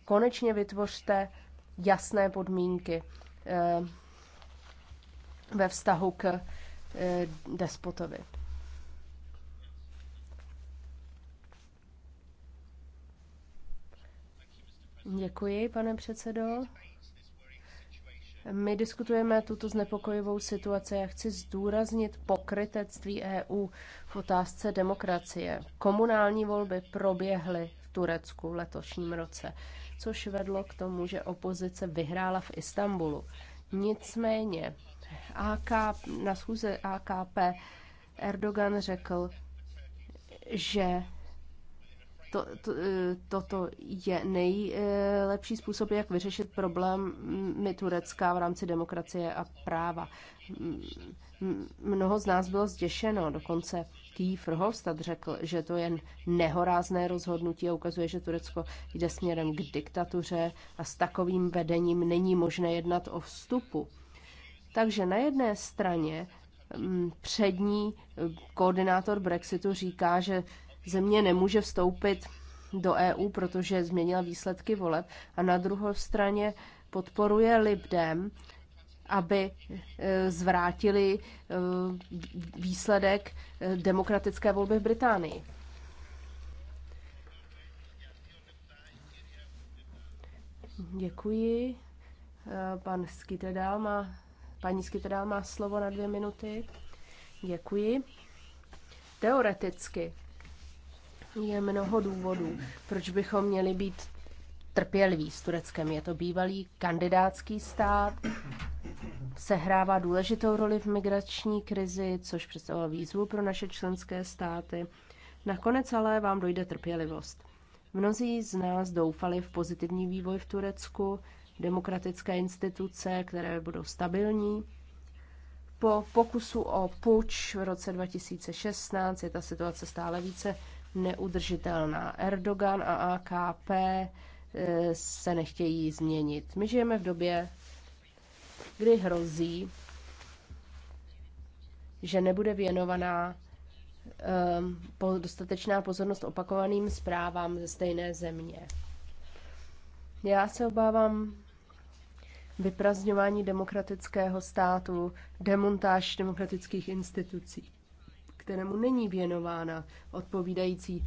Konečně vytvořte jasné podmínky eh, ve vztahu k eh, despotovi. Děkuji, pane předsedo. My diskutujeme tuto znepokojivou situaci a chci zdůraznit pokrytectví EU v otázce demokracie. Komunální volby proběhly v Turecku v letošním roce, což vedlo k tomu, že opozice vyhrála v Istanbulu. Nicméně AK, na schůze AKP Erdogan řekl, že to, to, e, toto je nejlepší způsob, jak vyřešit problémy Turecka v rámci demokracie a práva. Mnoho z nás bylo zděšeno, dokonce Kýv Rhovstad řekl, že to je nehorázné rozhodnutí a ukazuje, že Turecko jde směrem k diktatuře a s takovým vedením není možné jednat o vstupu. Takže na jedné straně přední koordinátor Brexitu říká, že země nemůže vstoupit do EU, protože změnila výsledky voleb a na druhou straně podporuje Libdem, aby e, zvrátili e, výsledek e, demokratické volby v Británii. Děkuji. Pan Skytedal má, paní Skytedal má slovo na dvě minuty. Děkuji. Teoreticky je mnoho důvodů, proč bychom měli být trpěliví s Tureckem. Je to bývalý kandidátský stát, sehrává důležitou roli v migrační krizi, což představovalo výzvu pro naše členské státy. Nakonec ale vám dojde trpělivost. Mnozí z nás doufali v pozitivní vývoj v Turecku, demokratické instituce, které budou stabilní. Po pokusu o puč v roce 2016 je ta situace stále více neudržitelná. Erdogan a AKP eh, se nechtějí změnit. My žijeme v době, kdy hrozí, že nebude věnovaná ehm, dostatečná pozornost opakovaným zprávám ze stejné země. Já se obávám vyprazňování demokratického státu, demontáž demokratických institucí kterému není věnována odpovídající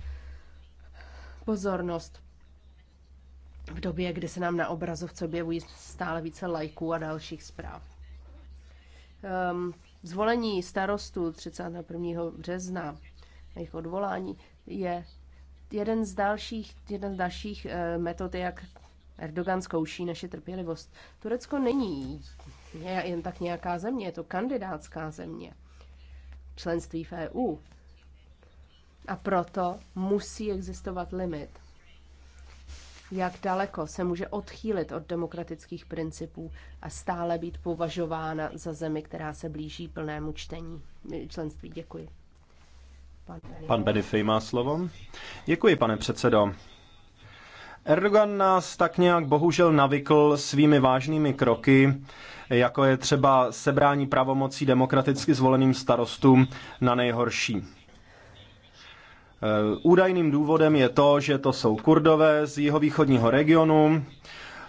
pozornost. V době, kdy se nám na obrazovce objevují stále více lajků a dalších zpráv. Um, zvolení starostů 31. března a jejich odvolání je jeden z dalších, jeden z dalších eh, metod, jak Erdogan zkouší naše trpělivost. Turecko není je jen tak nějaká země, je to kandidátská země členství v EU. A proto musí existovat limit, jak daleko se může odchýlit od demokratických principů a stále být považována za zemi, která se blíží plnému čtení členství. Děkuji. Pan, Pan Benifej má slovo. Děkuji, pane předsedo. Erdogan nás tak nějak bohužel navykl svými vážnými kroky jako je třeba sebrání pravomocí demokraticky zvoleným starostům na nejhorší. E, údajným důvodem je to, že to jsou kurdové z jihovýchodního regionu,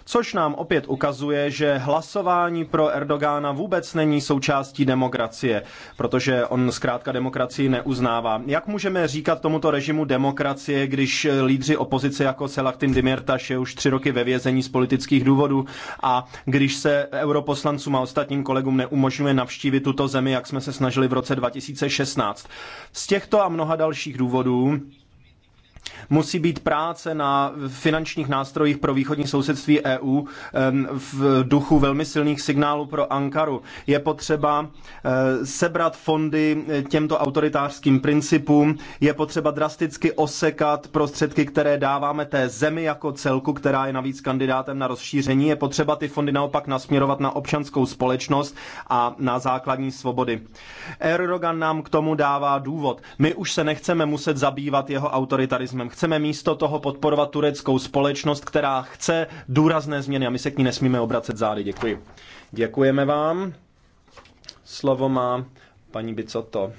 což nám opět ukazuje, že hlasování pro Erdogána vůbec není součástí demokracie, protože on zkrátka demokracii neuznává. Jak můžeme říkat tomuto režimu demokracie, když lídři opozice jako Selaktin Dimirtaš je už tři roky ve vězení z politických důvodů a když se europoslancům a ostatním kolegům neumožňuje navštívit tuto zemi, jak jsme se snažili v roce 2016. Z těchto a mnoha dalších důvodů Musí být práce na finančních nástrojích pro východní sousedství EU v duchu velmi silných signálů pro Ankaru. Je potřeba eh, sebrat fondy eh, těmto autoritářským principům, je potřeba drasticky osekat prostředky, které dáváme té zemi jako celku, která je navíc kandidátem na rozšíření. Je potřeba ty fondy naopak nasměrovat na občanskou společnost a na základní svobody. Erdogan nám k tomu dává důvod. My už se nechceme muset zabývat jeho autoritarismem terorismem. Chceme místo toho podporovat tureckou společnost, která chce důrazné změny a my se k ní nesmíme obracet zády. Děkuji. Děkujeme vám. Slovo má paní Bicoto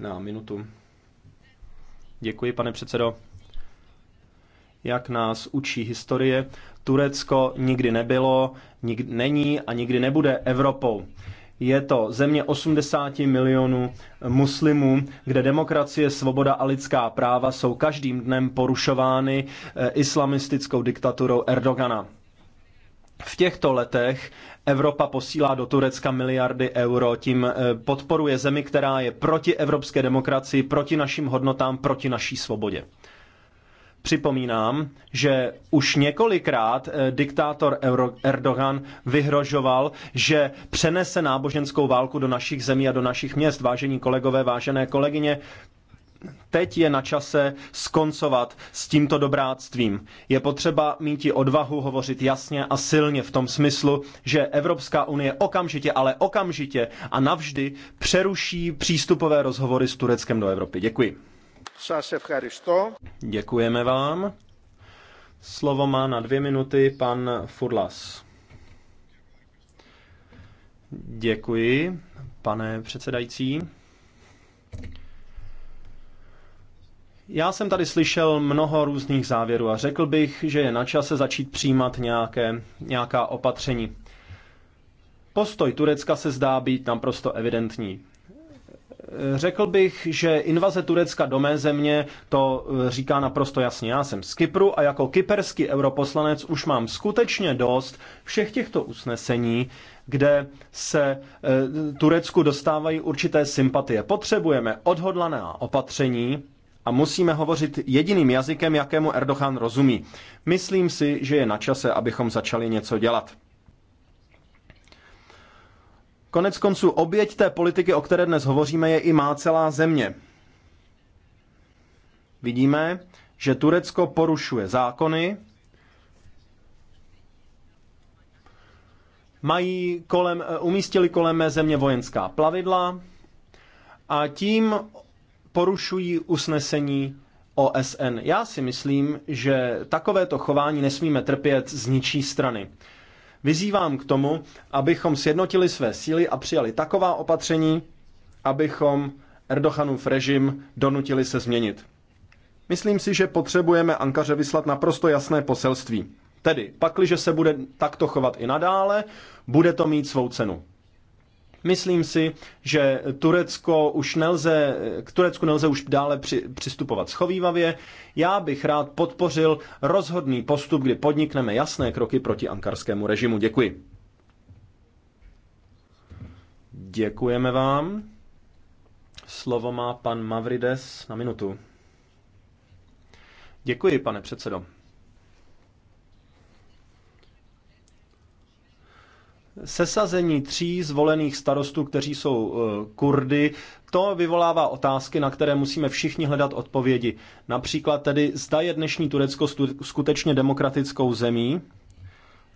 na minutu. Děkuji, pane předsedo. Jak nás učí historie, Turecko nikdy nebylo, nikdy není a nikdy nebude Evropou. Je to země 80 milionů muslimů, kde demokracie, svoboda a lidská práva jsou každým dnem porušovány eh, islamistickou diktaturou Erdogana. V těchto letech Evropa posílá do Turecka miliardy euro, tím eh, podporuje zemi, která je proti evropské demokracii, proti našim hodnotám, proti naší svobodě. Připomínám, že už několikrát eh, diktátor Erdogan vyhrožoval, že přenese náboženskou válku do našich zemí a do našich měst. Vážení kolegové, vážené kolegyně, teď je na čase skoncovat s tímto dobráctvím. Je potřeba mít i odvahu hovořit jasně a silně v tom smyslu, že Evropská unie okamžitě, ale okamžitě a navždy přeruší přístupové rozhovory s Tureckem do Evropy. Děkuji. Děkujeme vám. Slovo má na dvě minuty pan Furlas. Děkuji, pane předsedající. Já jsem tady slyšel mnoho různých závěrů a řekl bych, že je na čase začít přijímat nějaké, nějaká opatření. Postoj Turecka se zdá být naprosto evidentní. Řekl bych, že invaze Turecka do mé země to eh, říká naprosto jasně. Já jsem z Kypru a jako kyperský europoslanec už mám skutečně dost všech těchto usnesení, kde se eh, Turecku dostávají určité sympatie. Potřebujeme odhodlaná opatření, a musíme hovořit jediným jazykem, jakému Erdogan rozumí. Myslím si, že je na čase, abychom začali něco dělat. Konec konců oběť té politiky, o které dnes hovoříme, je i má celá země. Vidíme, že Turecko porušuje zákony, mají kolem, eh, umístili kolem mé země vojenská plavidla a tím porušují usnesení OSN. Já si myslím, že takovéto chování nesmíme trpět z ničí strany. Vyzývám k tomu, abychom sjednotili své síly a přijali taková opatření, abychom Erdochanův režim donutili se změnit. Myslím si, že potřebujeme Ankaře vyslat naprosto jasné poselství. Tedy, pakliže se bude takto chovat i nadále, bude to mít svou cenu. Myslím si, že Turecko už nelze, k Turecku nelze už dále při, přistupovat schovývavě. Já bych rád podpořil rozhodný postup, kdy podnikneme jasné kroky proti ankarskému režimu. Děkuji. Děkujeme vám. Slovo má pan Mavrides na minutu. Děkuji, pane předsedo. Sesazení tří zvolených starostů, kteří jsou eh, Kurdy, to vyvolává otázky, na které musíme všichni hledat odpovědi. Například tedy, zda je dnešní Turecko skutečně demokratickou zemí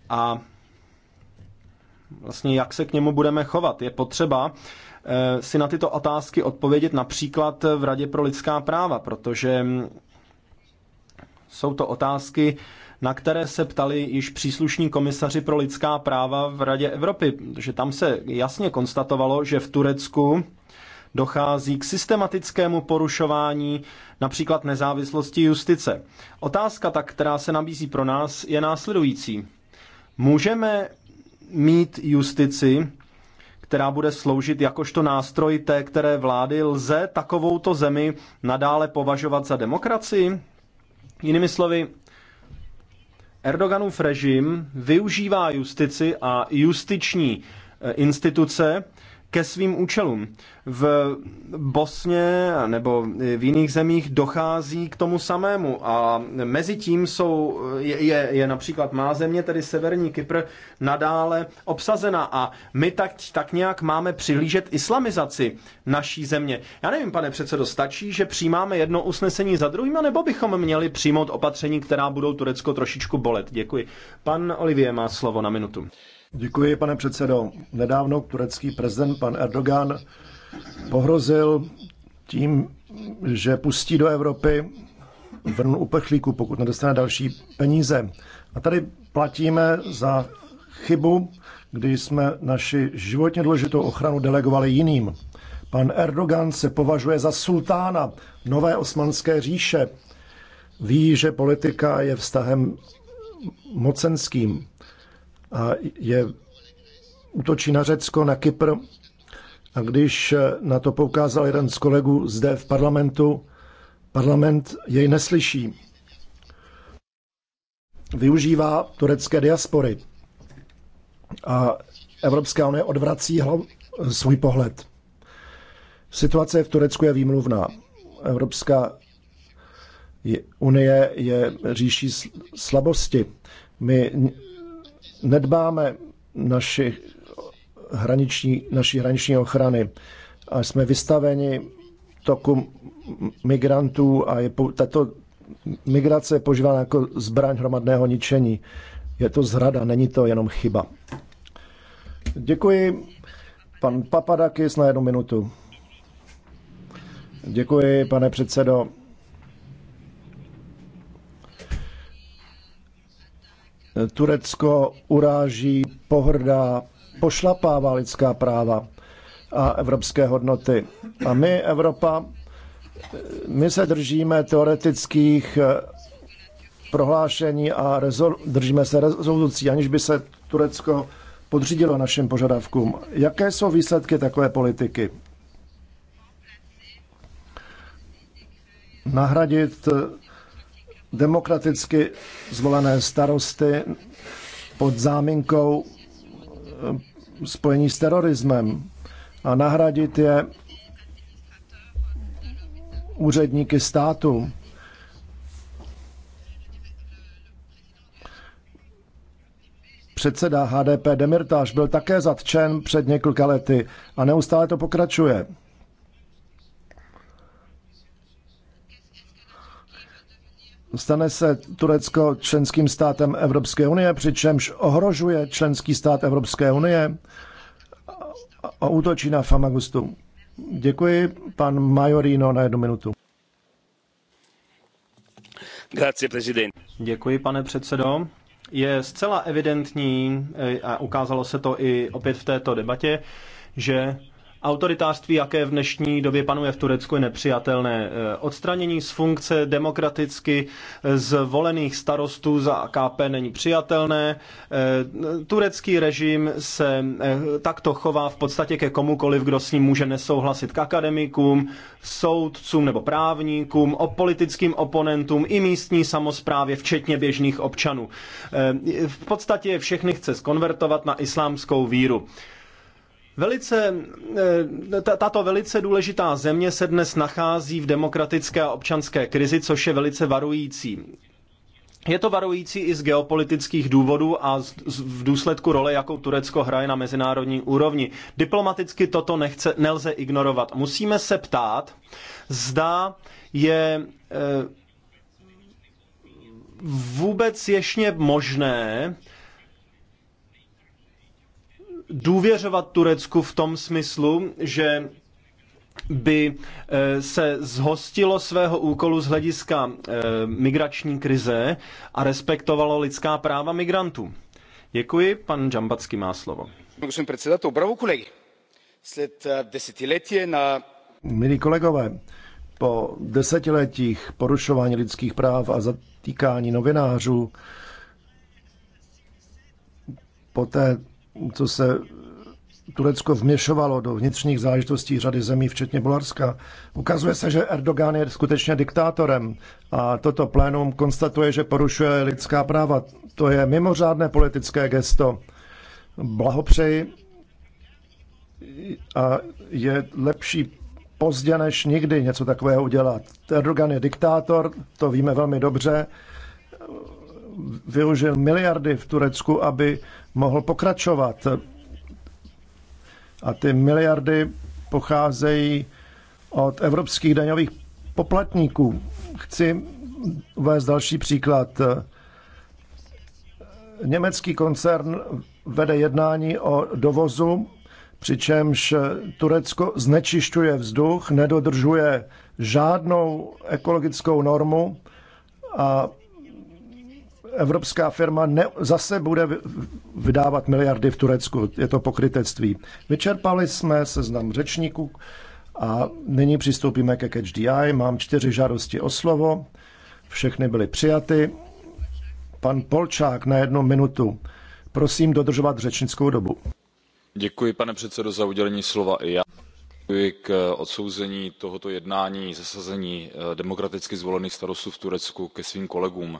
a vlastně jak se k němu budeme chovat. Je potřeba eh, si na tyto otázky odpovědět například v Radě pro lidská práva, protože jsou to otázky, na které se ptali již příslušní komisaři pro lidská práva v Radě Evropy, že tam se jasně konstatovalo, že v Turecku dochází k systematickému porušování například nezávislosti justice. Otázka tak, která se nabízí pro nás, je následující. Můžeme mít justici, která bude sloužit jakožto nástroj té, které vlády, lze takovouto zemi nadále považovat za demokracii? Jinými slovy, Erdoganův režim využívá justici a justiční eh, instituce ke svým účelům. V Bosně nebo v jiných zemích dochází k tomu samému a mezi tím jsou, je, je, je například má země, tedy severní Kypr, nadále obsazena a my tak, tak nějak máme přihlížet islamizaci naší země. Já nevím, pane předsedo, stačí, že přijímáme jedno usnesení za druhým, nebo bychom měli přijmout opatření, která budou Turecko trošičku bolet. Děkuji. Pan Olivier má slovo na minutu. Děkuji, pane předsedo. Nedávno turecký prezident pan Erdogan pohrozil tím, že pustí do Evropy vrnu uprchlíků, pokud nedostane další peníze. A tady platíme za chybu, kdy jsme naši životně důležitou ochranu delegovali jiným. Pan Erdogan se považuje za sultána nové osmanské říše. Ví, že politika je vztahem mocenským a je útočí na Řecko, na Kypr. A když na to poukázal jeden z kolegů zde v parlamentu, parlament jej neslyší. Využívá turecké diaspory a Evropská unie odvrací svůj pohled. Situace v Turecku je výmluvná. Evropská unie je říší slabosti. My nedbáme naši hraniční, naší hraniční ochrany a jsme vystaveni toku migrantů a je, tato migrace je požívána jako zbraň hromadného ničení. Je to zrada, není to jenom chyba. Děkuji. Pan Papadakis na jednu minutu. Děkuji, pane předsedo. Turecko uráží, pohrdá, pošlapává lidská práva a evropské hodnoty. A my, Evropa, my se držíme teoretických eh, prohlášení a rezol- držíme se rezolucí, aniž by se Turecko podřídilo našim požadavkům. Jaké jsou výsledky takové politiky? Nahradit eh, demokraticky zvolené starosty pod záminkou eh, spojení s terorismem a nahradit je úředníky státu. Předseda HDP Demirtáš byl také zatčen před několika lety a neustále to pokračuje. Stane se Turecko členským státem Evropské unie, přičemž ohrožuje členský stát Evropské unie a útočí na Famagustu. Děkuji, pan Majorino, na jednu minutu. Děkuji, pane předsedo. Je zcela evidentní, eh, a ukázalo se to i opět v této debatě, že Autoritářství, jaké v dnešní době panuje v Turecku, je nepřijatelné. E, odstranění z funkce demokraticky zvolených starostů za KP není přijatelné. E, turecký režim se e, takto chová v podstatě ke komukoliv, kdo s ním může nesouhlasit k akademikům, soudcům nebo právníkům, o politickým oponentům i místní samozprávě, včetně běžných občanů. V podstatě je všechny chce skonvertovat na islámskou víru. Velice, eh, tato velice důležitá země se dnes nachází v demokratické a občanské krizi, což je velice varující. Je to varující i z geopolitických důvodů a v důsledku role, jakou Turecko hraje na mezinárodní úrovni. Diplomaticky toto nechce, nelze ignorovat. Musíme se ptát, zda je eh, vůbec ještě možné důvěřovat Turecku v tom smyslu, že by eh, se zhostilo svého úkolu z hlediska eh, migrační krize a respektovalo lidská práva migrantů. Děkuji, pan Džambacký má slovo. bravo kolegy. Sled eh, desetiletí na... Milí kolegové, po desetiletích porušování lidských práv a zatýkání novinářů, poté, co se Turecko vměšovalo do vnitřních záležitostí řady zemí, včetně Bulharska. Ukazuje se, že Erdogan je skutečně diktátorem a toto plénum konstatuje, že porušuje lidská práva. To je mimořádné politické gesto. Blahopřeji a je lepší pozdě než nikdy něco takového udělat. Erdogan je diktátor, to víme velmi dobře využil miliardy v Turecku, aby mohl pokračovat. A ty miliardy pocházejí od evropských daňových poplatníků. Chci uvést další příklad. Německý koncern vede jednání o dovozu, přičemž Turecko znečišťuje vzduch, nedodržuje žádnou ekologickou normu a evropská firma ne, zase bude vydávat miliardy v Turecku. Je to pokrytectví. Vyčerpali jsme seznam řečníků a nyní přistoupíme ke Catch Mám čtyři žádosti o slovo. Všechny byly přijaty. Pan Polčák na jednu minutu. Prosím dodržovat řečnickou dobu. Děkuji, pane předsedo, za udělení slova i já Děkuji k odsouzení tohoto jednání zasazení eh, demokraticky zvolených starostů v turecku ke svým kolegům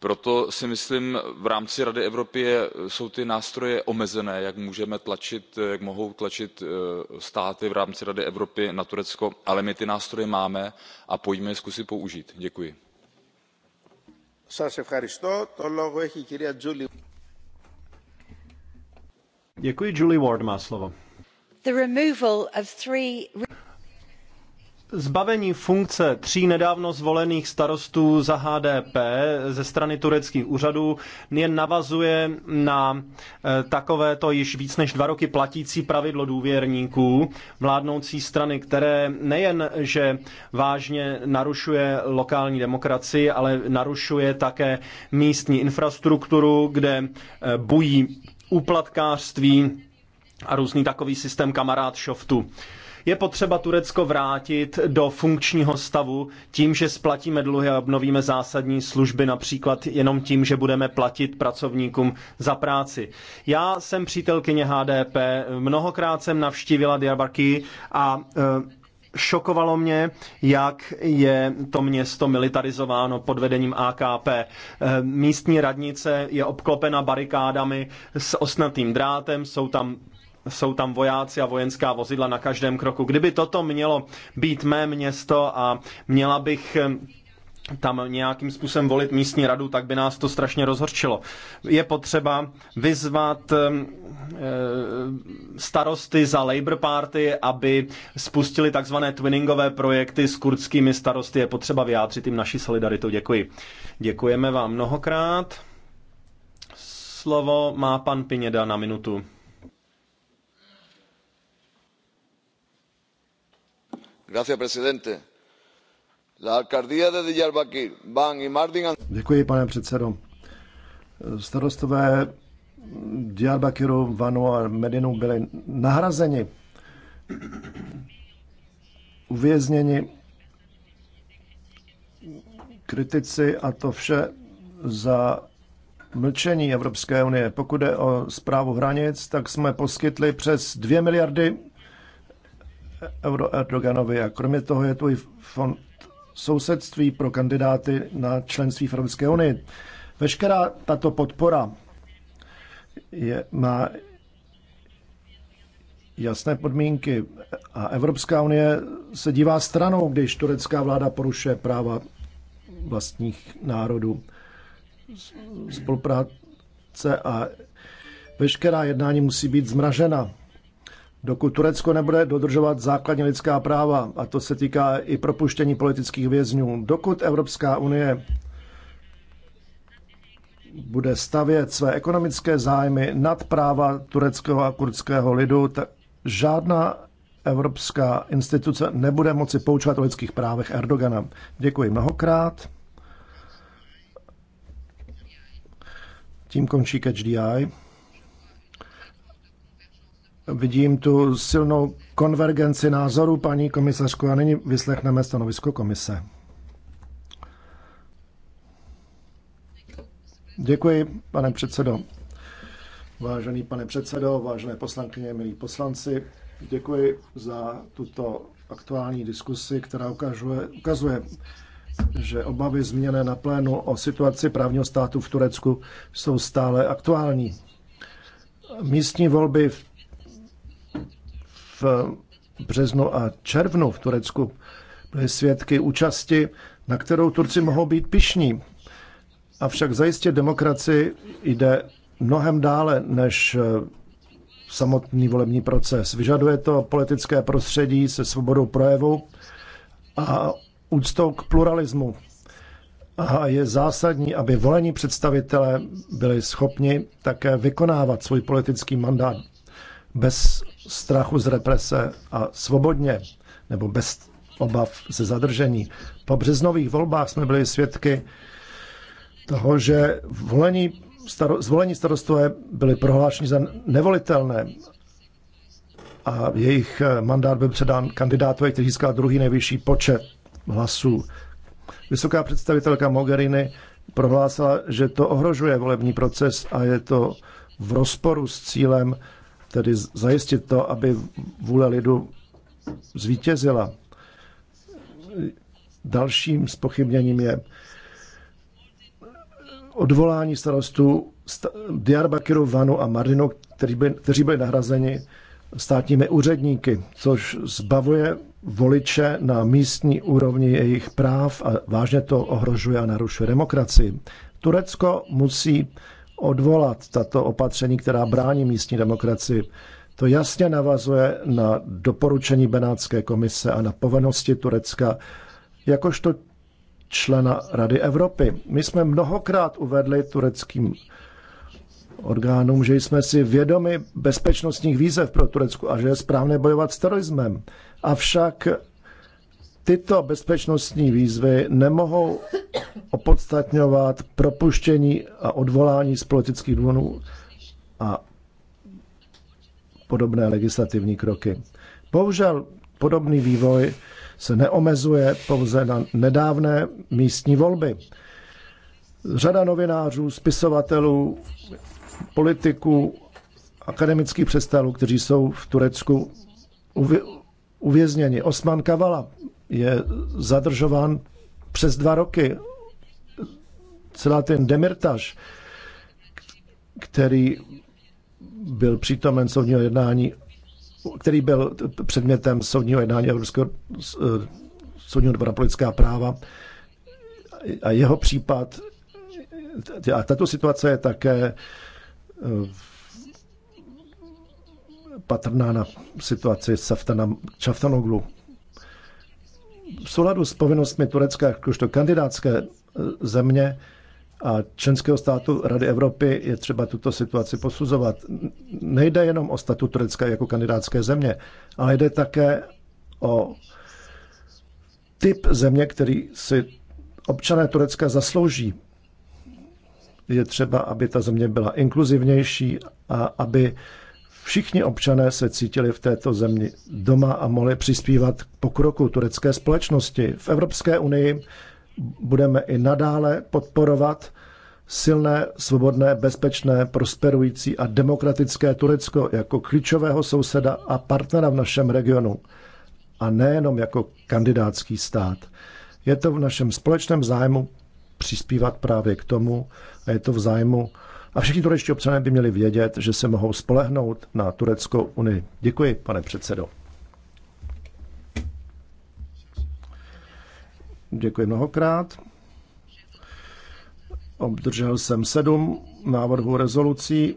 proto si myslím v rámci rady evropy jsou ty nástroje omezené jak mohou tlačit eh, státy v rámci rady evropy na turecko ale my ty nástroje máme a pojďme je zkusit použít. děkuji. děkuji Zbavení funkce tří nedávno zvolených starostů za HDP ze strany tureckých úřadů jen navazuje na eh, takovéto již víc než dva roky platící pravidlo důvěrníků vládnoucí strany, které nejen, že vážně narušuje lokální demokracii, ale narušuje také místní infrastrukturu, kde eh, bují úplatkářství a různý takový systém kamarád šoftu. Je potřeba Turecko vrátit do funkčního stavu tím, že splatíme dluhy a obnovíme zásadní služby, například jenom tím, že budeme platit pracovníkům za práci. Já jsem přítelkyně HDP, mnohokrát jsem navštívila Diyarbakir a eh, šokovalo mě, jak je to město militarizováno pod vedením AKP. Eh, místní radnice je obklopena barikádami s osnatým drátem, jsou tam jsou tam vojáci a vojenská vozidla na každém kroku. Kdyby toto mělo být mé město a měla bych eh, tam nějakým způsobem volit místní radu, tak by nás to strašně rozhorčilo. Je potřeba vyzvat eh, eh, starosty za Labour Party, aby spustili takzvané twinningové projekty s kurdskými starosty. Je potřeba vyjádřit jim naši solidaritu. Děkuji. Děkujeme vám mnohokrát. Slovo má pan Pineda na minutu. Děkuji, pane předsedo. Starostové Diyarbakiru, Vanu a Medinu byli nahrazeni, uvězněni kritici a to vše za mlčení Evropské unie. Pokud jde o zprávu hranic, tak jsme poskytli přes 2 miliardy euro Erdoganovi. A kromě toho je tu i fond sousedství pro kandidáty na členství v Evropské unii. Veškerá tato podpora je, má jasné podmínky a Evropská unie se dívá stranou, když turecká vláda porušuje práva vlastních národů. Spolupráce a veškerá jednání musí být zmražena dokud Turecko nebude dodržovat základní lidská práva, a to se týká i propuštění politických vězňů, dokud Evropská unie bude stavět své ekonomické zájmy nad práva tureckého a kurdského lidu, tak žádná evropská instituce nebude moci poučovat o lidských právech Erdogana. Děkuji mnohokrát. Tím končí Catch Eye. Vidím tu silnou konvergenci názorů, paní komisařku, a nyní vyslechneme stanovisko komise. Děkuji, pane předsedo. Vážený pane předsedo, vážené poslankyně, milí poslanci, děkuji za tuto aktuální diskusi, která ukazuje, ukazuje že obavy změněné na plénu o situaci právního státu v Turecku jsou stále aktuální. Místní volby v březnu a červnu v Turecku byli svědky účasti, na kterou Turci mohou být pišní. Avšak zajistě demokracii jde mnohem dále než eh, samotný volební proces. Vyžaduje to politické prostředí se svobodou projevu a úctou k pluralismu. A je zásadní, aby volení představitelé byli schopni také vykonávat svůj politický mandát bez strachu z represe a svobodně nebo bez obav ze zadržení. Po březnových volbách jsme byli svědky toho, že volení staro, zvolení starostové byly prohlášeni za nevolitelné a jejich eh, mandát byl předán kandidátovi, který získal druhý nejvyšší počet hlasů. Vysoká představitelka Mogherini prohlásila, že to ohrožuje volební proces a je to v rozporu s cílem tedy zajistit to, aby vůle lidu zvítězila. Dalším spochybněním je odvolání starostů Diarbakiru, Vanu a Marinu, kteří byli, kteří byli nahrazeni státními úředníky, což zbavuje voliče na místní úrovni jejich práv a vážně to ohrožuje a narušuje demokracii. Turecko musí odvolat tato opatření, která brání místní demokracii. To jasně navazuje na doporučení Benátské komise a na povinnosti Turecka jakožto člena Rady Evropy. My jsme mnohokrát uvedli tureckým orgánům, že jsme si vědomi bezpečnostních výzev pro Turecku a že je správné bojovat s terorismem. Avšak tyto bezpečnostní výzvy nemohou opodstatňovat propuštění a odvolání z politických důvodů a podobné legislativní kroky. Bohužel podobný vývoj se neomezuje pouze na nedávné místní volby. Řada novinářů, spisovatelů, politiků, akademických představitelů, kteří jsou v Turecku uvězněni. Osman Kavala, je zadržován přes dva roky. Celá ten demirtaž, který byl přítomen soudního jednání, který byl předmětem soudního jednání Evropského eh, soudního dvora politická práva a jeho případ a tato situace je také eh, patrná na situaci Saftana Čaftanoglu, v souladu s povinnostmi Turecka jakožto kandidátské e, země a členského státu Rady Evropy je třeba tuto situaci posuzovat. Nejde jenom o statu Turecka jako kandidátské země, ale jde také o typ země, který si občané Turecka zaslouží. Je třeba, aby ta země byla inkluzivnější a aby všichni občané se cítili v této zemi doma a mohli přispívat k pokroku turecké společnosti. V Evropské unii budeme i nadále podporovat silné, svobodné, bezpečné, prosperující a demokratické Turecko jako klíčového souseda a partnera v našem regionu. A nejenom jako kandidátský stát. Je to v našem společném zájmu přispívat právě k tomu a je to v zájmu a všichni turečtí občané by měli vědět, že se mohou spolehnout na Tureckou unii. Děkuji, pane předsedo. Děkuji mnohokrát. Obdržel jsem sedm návrhů rezolucí.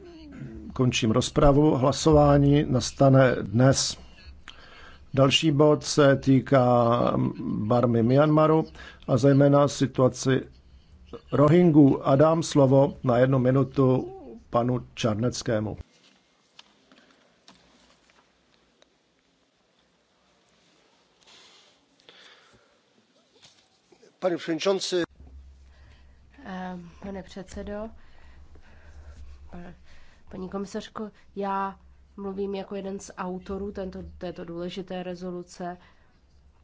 Končím rozpravu. Hlasování nastane dnes. Další bod se týká barmy Myanmaru a zejména situaci Rohingů a dám slovo na jednu minutu panu Čarneckému. Pane předsedající. Pane předsedo, paní komisařko, já mluvím jako jeden z autorů tento, této důležité rezoluce,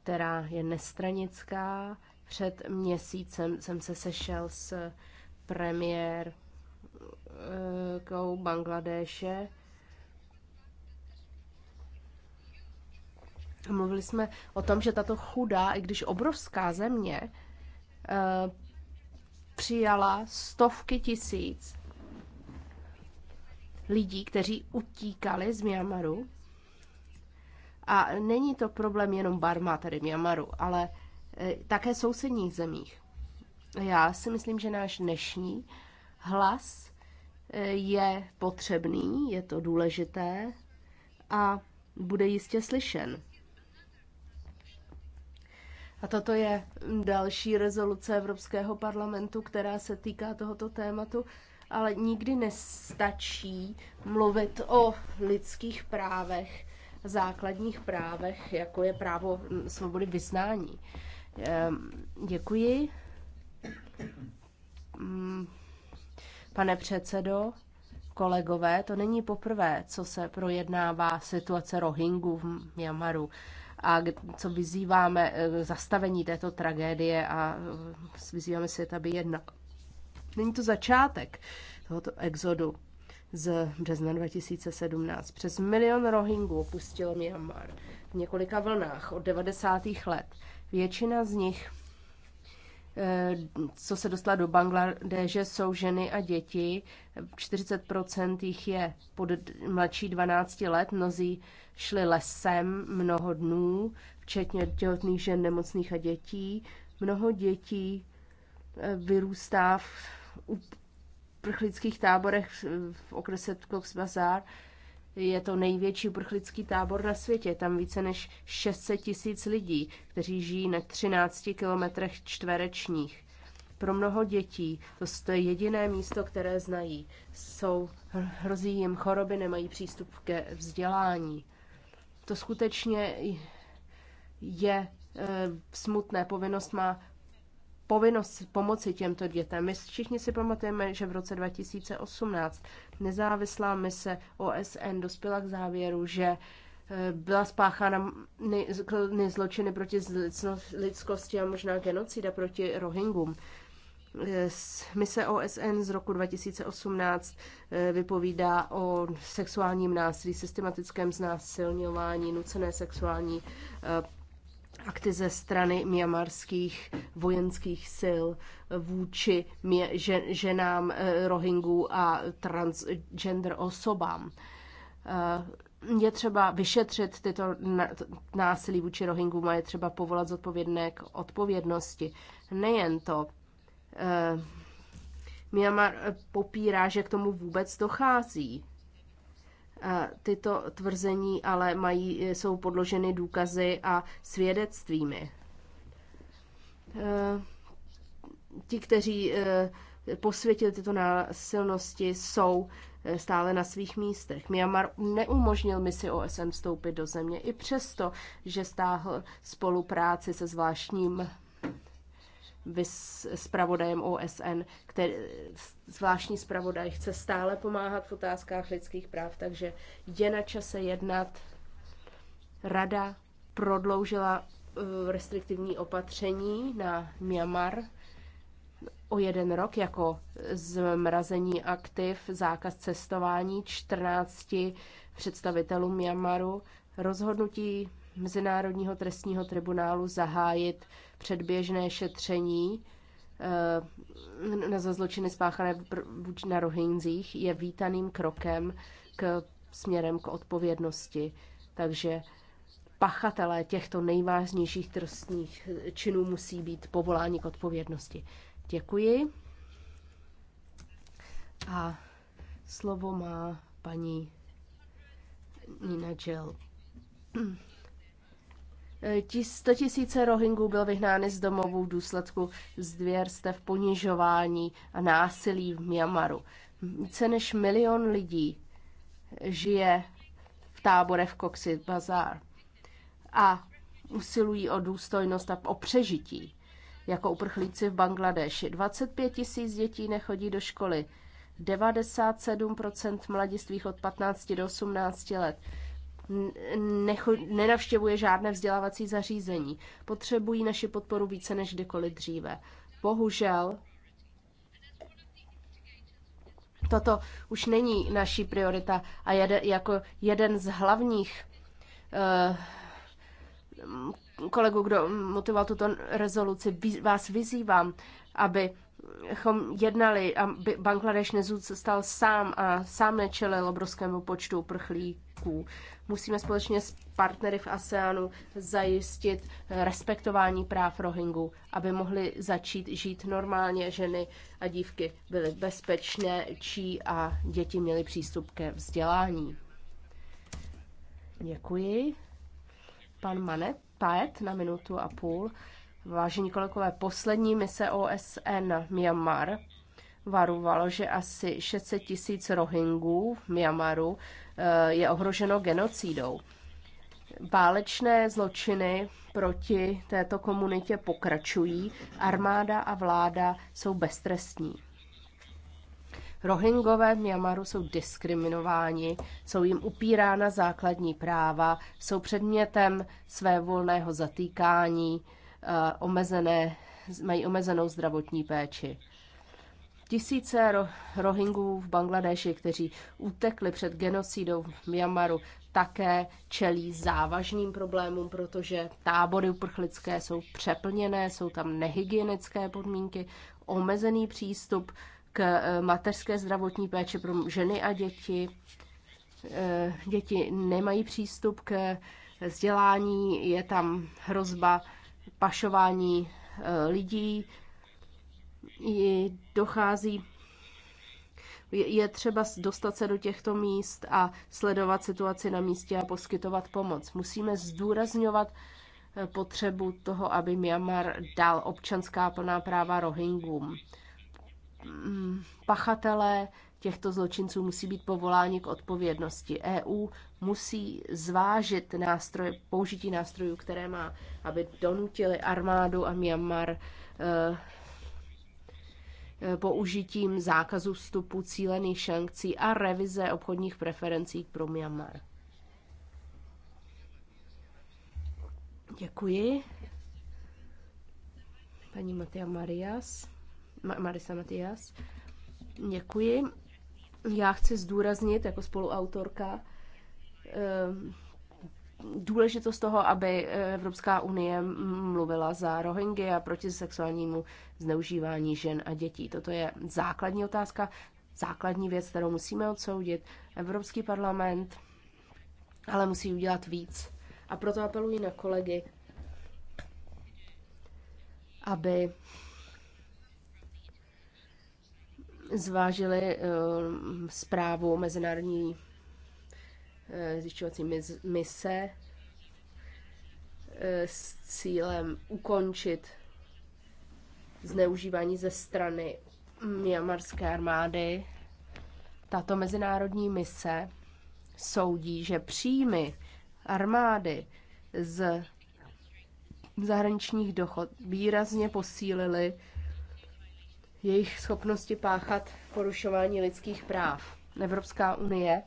která je nestranická před měsícem jsem se sešel s premiérkou eh, Bangladéše. Mluvili jsme o tom, že tato chudá, i když obrovská země, eh, přijala stovky tisíc lidí, kteří utíkali z Myanmaru. A není to problém jenom Barma, tedy Myanmaru, ale E, také sousedních zemích. Já si myslím, že náš dnešní hlas e, je potřebný, je to důležité a bude jistě slyšen. A toto je další rezoluce Evropského parlamentu, která se týká tohoto tématu, ale nikdy nestačí mluvit o lidských právech, základních právech, jako je právo svobody vyznání. Ehm, děkuji. Mm, pane předsedo, kolegové, to není poprvé, co se projednává situace Rohingů v Myanmaru a co vyzýváme eh, zastavení této tragédie a eh, vyzýváme svět, aby jedna. Není to začátek tohoto exodu z března 2017. Přes milion Rohingů opustilo Myanmar v několika vlnách od 90. let. Většina z nich, eh, co se dostala do Bangladeže, jsou ženy a děti. 40% jich je pod mladší 12 let. Mnozí šli lesem mnoho dnů, včetně těhotných žen, nemocných a dětí. Mnoho dětí eh, vyrůstá v prchlických táborech v okrese Cox Bazar je to největší uprchlický tábor na světě. Tam více než 600 tisíc lidí, kteří žijí na 13 kilometrech čtverečních. Pro mnoho dětí to je jediné místo, které znají. Jsou, hrozí jim choroby, nemají přístup ke vzdělání. To skutečně je e, smutné. Povinnost má povinnost pomoci těmto dětem. My všichni si pamatujeme, že v roce 2018 nezávislá mise OSN dospěla k závěru, že eh, byla spáchána zločiny proti lidskosti a možná genocida proti Rohingům. Eh, mise OSN z roku 2018 eh, vypovídá o sexuálním násilí, systematickém znásilňování, nucené sexuální akty ze strany mjamarských vojenských sil vůči ženám eh, Rohingů a transgender osobám. Eh, je třeba vyšetřit tyto násilí vůči Rohingům a je třeba povolat zodpovědné k odpovědnosti. Nejen to. Eh, Myanmar popírá, že k tomu vůbec dochází. Tyto tvrzení ale mají, jsou podloženy důkazy a svědectvími. Eh, ti, kteří eh, posvětili tyto násilnosti, jsou eh, stále na svých místech. Myanmar neumožnil misi OSN vstoupit do země i přesto, že stáhl spolupráci se zvláštním vys, OSN, který zvláštní zpravodaj chce stále pomáhat v otázkách lidských práv, takže je na čase jednat. Rada prodloužila eh, restriktivní opatření na Myanmar o jeden rok jako zmrazení aktiv, zákaz cestování 14 představitelů Myanmaru, rozhodnutí Mezinárodního trestního tribunálu zahájit předběžné šetření eh, za zločiny spáchané na Rohingzích je vítaným krokem k směrem k odpovědnosti. Takže pachatelé těchto nejvážnějších trstních činů musí být povoláni k odpovědnosti. Děkuji. A slovo má paní Nina Jill. 100 tisíce Rohingů byl vyhnány z domovů v důsledku zvěrstev, ponižování a násilí v Myanmaru. Více než milion lidí žije v tábore v Coxy Bazar a usilují o důstojnost a o přežití. Jako uprchlíci v Bangladeši 25 tisíc dětí nechodí do školy, 97% mladistvých od 15 do 18 let necho, nenavštěvuje žádné vzdělávací zařízení. Potřebují naši podporu více než kdykoliv dříve. Bohužel, toto už není naší priorita a jede, jako jeden z hlavních uh, kdo motivoval tuto rezoluci, vás vyzývám, aby jednali a Bangladeš nezůstal sám a sám nečelil obrovskému počtu uprchlíků. Musíme společně s partnery v ASEANu zajistit respektování práv Rohingů, aby mohli začít žít normálně, ženy a dívky byly bezpečné, čí a děti měly přístup ke vzdělání. Děkuji. Pan Manet, Paet na minutu a půl. Vážení kolegové, poslední mise OSN Myanmar varovalo, že asi 600 tisíc Rohingů v Myanmaru eh, je ohroženo genocídou. Válečné zločiny proti této komunitě pokračují, armáda a vláda jsou beztrestní. Rohingové v Myanmaru jsou diskriminováni, jsou jim upírána základní práva, jsou předmětem svévolného zatýkání, Eh, omezené, mají omezenou zdravotní péči. Tisíce ro- rohingů v Bangladeši, kteří utekli před genocidou v Myanmaru, také čelí závažným problémům, protože tábory uprchlické jsou přeplněné, jsou tam nehygienické podmínky, omezený přístup k eh, mateřské zdravotní péči pro ženy a děti. Eh, děti nemají přístup k vzdělání, je tam hrozba pašování e, lidí, dochází je třeba dostat se do těchto míst a sledovat situaci na místě a poskytovat pomoc. Musíme zdůrazňovat e, potřebu toho, aby Myanmar dal občanská plná práva Rohingům. Mm, pachatelé těchto zločinců musí být povoláni k odpovědnosti. EU musí zvážit nástroje, použití nástrojů, které má, aby donutili armádu a Myanmar eh, eh, použitím zákazu vstupu, cílených šankcí a revize obchodních preferencí pro Myanmar. Děkuji. Paní Matia Marias. Marisa Matias. Děkuji. Já chci zdůraznit jako spoluautorka eh, důležitost toho, aby Evropská unie mluvila za Rohingy a proti sexuálnímu zneužívání žen a dětí. Toto je základní otázka, základní věc, kterou musíme odsoudit. Evropský parlament ale musí udělat víc. A proto apeluji na kolegy, aby zvážili eh, zprávu Mezinárodní eh, zjišťovací mise eh, s cílem ukončit zneužívání ze strany myanmarské armády. Tato mezinárodní mise soudí, že příjmy armády z zahraničních dochod výrazně posílily jejich schopnosti páchat porušování lidských práv. Evropská unie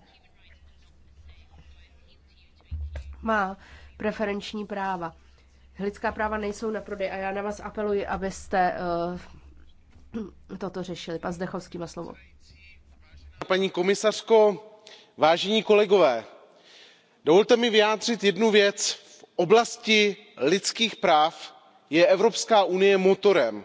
má preferenční práva. Lidská práva nejsou na prodej a já na vás apeluji, abyste uh, toto řešili. Pan Zdechovský má slovo. Paní komisařko, vážení kolegové, dovolte mi vyjádřit jednu věc. V oblasti lidských práv je Evropská unie motorem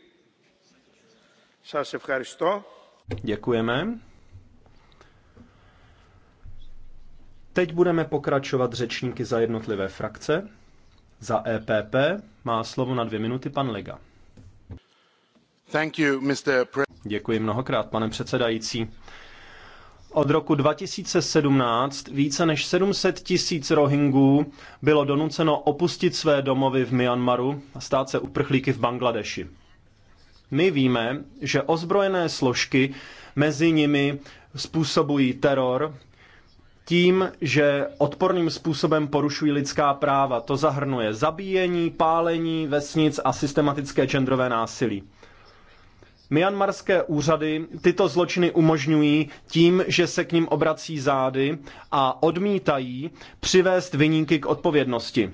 Děkujeme. Teď budeme pokračovat řečníky za jednotlivé frakce. Za EPP má slovo na dvě minuty pan Lega. Děkuji mnohokrát, pane předsedající. Od roku 2017 více než 700 tisíc Rohingů bylo donuceno opustit své domovy v Myanmaru a stát se uprchlíky v Bangladeši. My víme, že ozbrojené složky mezi nimi způsobují teror tím, že odporným způsobem porušují lidská práva. To zahrnuje zabíjení, pálení vesnic a systematické genderové násilí. Myanmarské úřady tyto zločiny umožňují tím, že se k ním obrací zády a odmítají přivést vyníky k odpovědnosti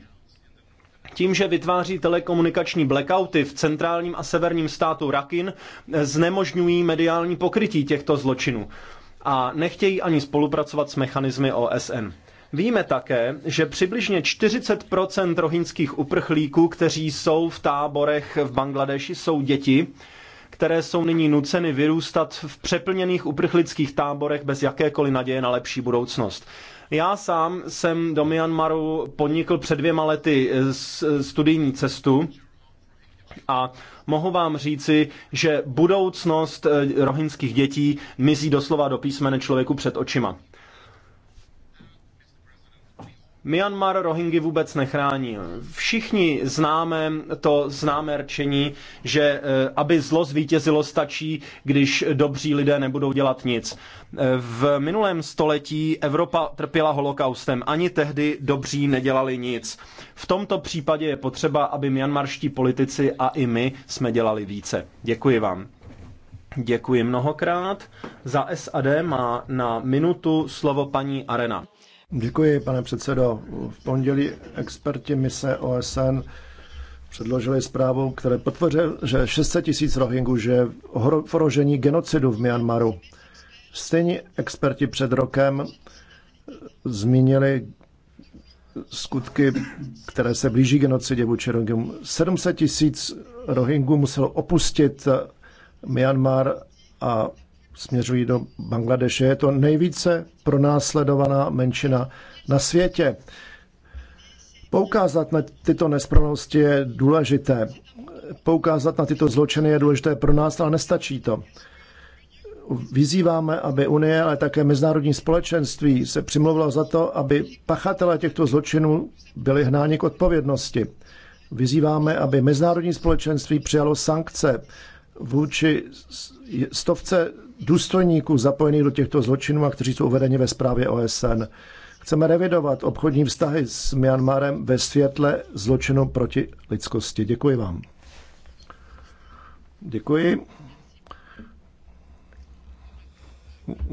tím, že vytváří telekomunikační blackouty v centrálním a severním státu Rakin, znemožňují mediální pokrytí těchto zločinů a nechtějí ani spolupracovat s mechanismy OSN. Víme také, že přibližně 40 rohinských uprchlíků, kteří jsou v táborech v Bangladeši, jsou děti, které jsou nyní nuceny vyrůstat v přeplněných uprchlických táborech bez jakékoliv naděje na lepší budoucnost. Já sám jsem do Myanmaru podnikl před dvěma lety eh, eh, studijní cestu a mohu vám říci, že budoucnost eh, rohinských dětí mizí doslova do písmene člověku před očima. Myanmar Rohingy vůbec nechrání. Všichni známe to známé rčení, že eh, aby zlo zvítězilo stačí, když dobří lidé nebudou dělat nic. V minulém století Evropa trpěla holokaustem. Ani tehdy dobří nedělali nic. V tomto případě je potřeba, aby myanmarští politici a i my jsme dělali více. Děkuji vám. Děkuji mnohokrát. Za SAD má na minutu slovo paní Arena. Děkuji, pane předsedo. V pondělí experti mise OSN předložili zprávu, které potvrdil, že 600 tisíc Rohingů je v ohrožení genocidu v Myanmaru. Stejní experti před rokem zmínili skutky, které se blíží genocidě vůči Rohingům. 700 tisíc Rohingů muselo opustit Myanmar a směřují do Bangladeše. Je to nejvíce pronásledovaná menšina na světě. Poukázat na tyto nespravnosti je důležité. Poukázat na tyto zločiny je důležité pro nás, ale nestačí to. Vyzýváme, aby Unie, ale také mezinárodní společenství se přimluvilo za to, aby pachatelé těchto zločinů byli hnáni k odpovědnosti. Vyzýváme, aby mezinárodní společenství přijalo sankce vůči stovce důstojníků zapojených do těchto zločinů a kteří jsou uvedeni ve zprávě OSN. Chceme revidovat obchodní vztahy s Myanmarem ve světle zločinu proti lidskosti. Děkuji vám. Děkuji.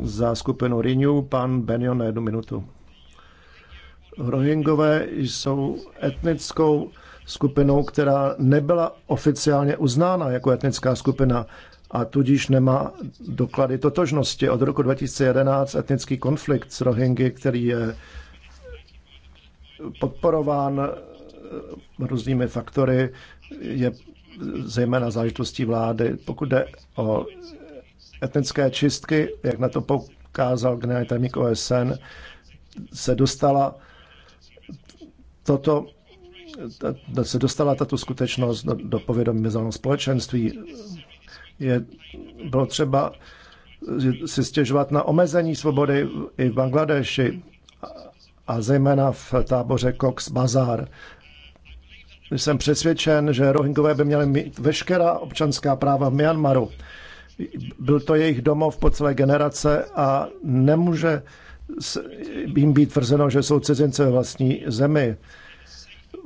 Za skupinu Renew pan Benion na jednu minutu. Rohingové jsou etnickou skupinou, která nebyla oficiálně uznána jako etnická skupina a tudíž nemá doklady totožnosti. Od roku 2011 etnický konflikt s Rohingy, který je podporován eh, různými faktory, je zejména záležitostí vlády. Pokud jde o etnické čistky, jak na to poukázal generální tajemník OSN, se dostala toto se dostala tato skutečnost do povědomí mezinárodního společenství je, bylo třeba si stěžovat na omezení svobody i v Bangladeši a zejména v táboře Cox Bazar. Jsem přesvědčen, že Rohingové by měli mít veškerá občanská práva v Myanmaru. Byl to jejich domov po celé generace a nemůže jim být tvrzeno, že jsou cizinci ve vlastní zemi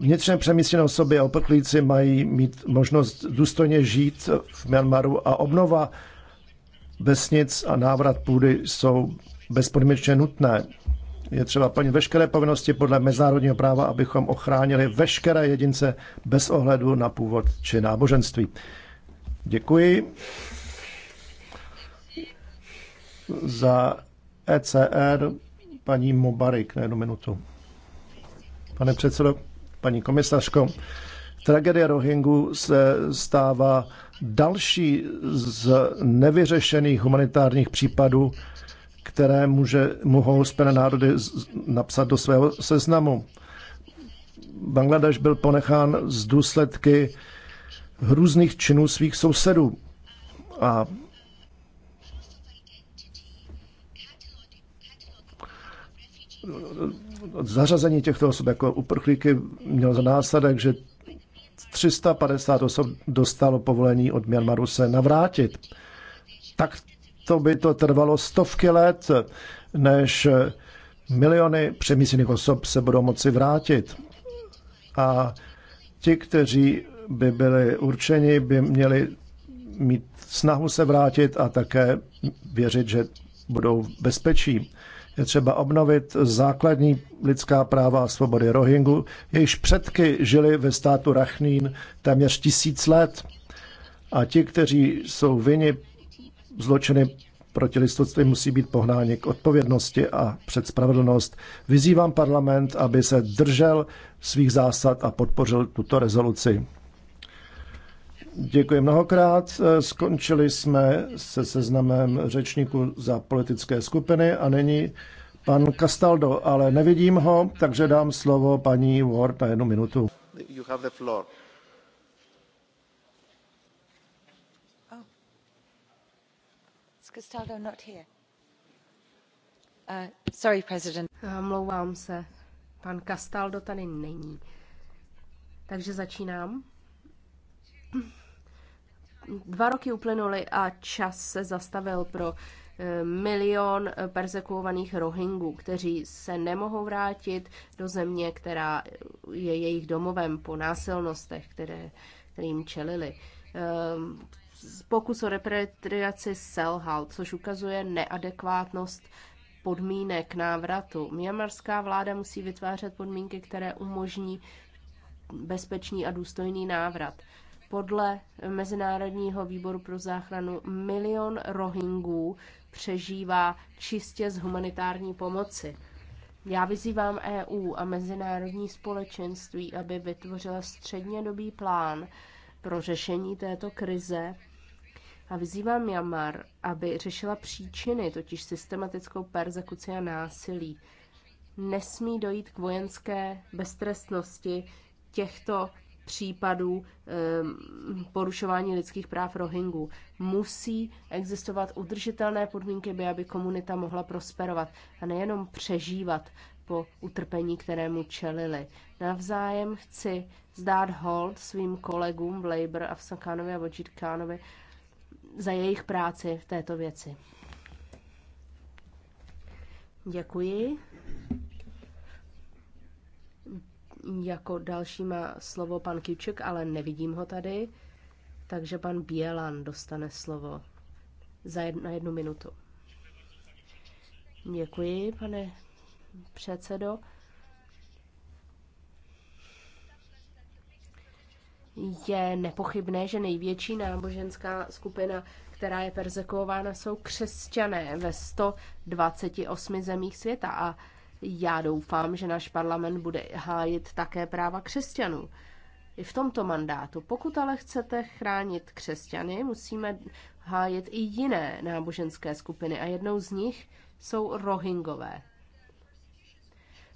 vnitřně přemístěné osoby a uprchlíci mají mít možnost důstojně žít v Myanmaru a obnova vesnic a návrat půdy jsou bezpodmínečně nutné. Je třeba plnit veškeré povinnosti podle mezinárodního práva, abychom ochránili veškeré jedince bez ohledu na původ či náboženství. Děkuji za ECR paní Mobarik na jednu minutu. Pane předsedo, paní komisařko. Tragedie Rohingů se stává další z nevyřešených humanitárních případů, které může, mohou Spojené národy napsat do svého seznamu. Bangladeš byl ponechán z důsledky hrůzných činů svých sousedů. A zařazení těchto osob jako uprchlíky měl za následek, že 350 osob dostalo povolení od Myanmaru se navrátit. Tak to by to trvalo stovky let, než miliony přemístěných osob se budou moci vrátit. A ti, kteří by byli určeni, by měli mít snahu se vrátit a také věřit, že budou v bezpečí. Je třeba obnovit základní lidská práva a svobody Rohingu. Jejichž předky žili ve státu Rachnín téměř tisíc let. A ti, kteří jsou vini zločiny proti lidstvu, musí být pohnáni k odpovědnosti a před spravedlnost. Vyzývám parlament, aby se držel svých zásad a podpořil tuto rezoluci. Děkuji mnohokrát. Eh, skončili jsme se seznamem řečníků za politické skupiny a nyní pan Castaldo, ale nevidím ho, takže dám slovo paní Ward na jednu minutu. You have the floor. Oh. Uh, eh, omlouvám Castaldo se. Pan Castaldo tady není. Takže začínám. Dva roky uplynuly a čas se zastavil pro eh, milion eh, persekuovaných rohingů, kteří se nemohou vrátit do země, která je jejich domovem po násilnostech, které, kterým čelili. Ehm, Pokus o repatriaci selhal, což ukazuje neadekvátnost podmínek návratu. Myanmarská vláda musí vytvářet podmínky, které umožní bezpečný a důstojný návrat. Podle Mezinárodního výboru pro záchranu milion rohingů přežívá čistě z humanitární pomoci. Já vyzývám EU a mezinárodní společenství, aby vytvořila střednědobý plán pro řešení této krize a vyzývám Myanmar, aby řešila příčiny, totiž systematickou persekuci a násilí. Nesmí dojít k vojenské beztrestnosti těchto případů ehm, porušování lidských práv Rohingů. Musí existovat udržitelné podmínky, by aby komunita mohla prosperovat a nejenom přežívat po utrpení, kterému čelili. Navzájem chci zdát hold svým kolegům v Labour, Afsakánovi a Vodžitkánovi za jejich práci v této věci. Děkuji. Jako další má slovo pan Kivček, ale nevidím ho tady, takže pan Bělan dostane slovo za jednu, na jednu minutu. Děkuji, pane předsedo. Je nepochybné, že největší náboženská skupina, která je persekuována, jsou křesťané ve 128 zemích světa a já doufám, že náš parlament bude hájit také práva křesťanů. I v tomto mandátu. Pokud ale chcete chránit křesťany, musíme hájit i jiné náboženské skupiny a jednou z nich jsou rohingové.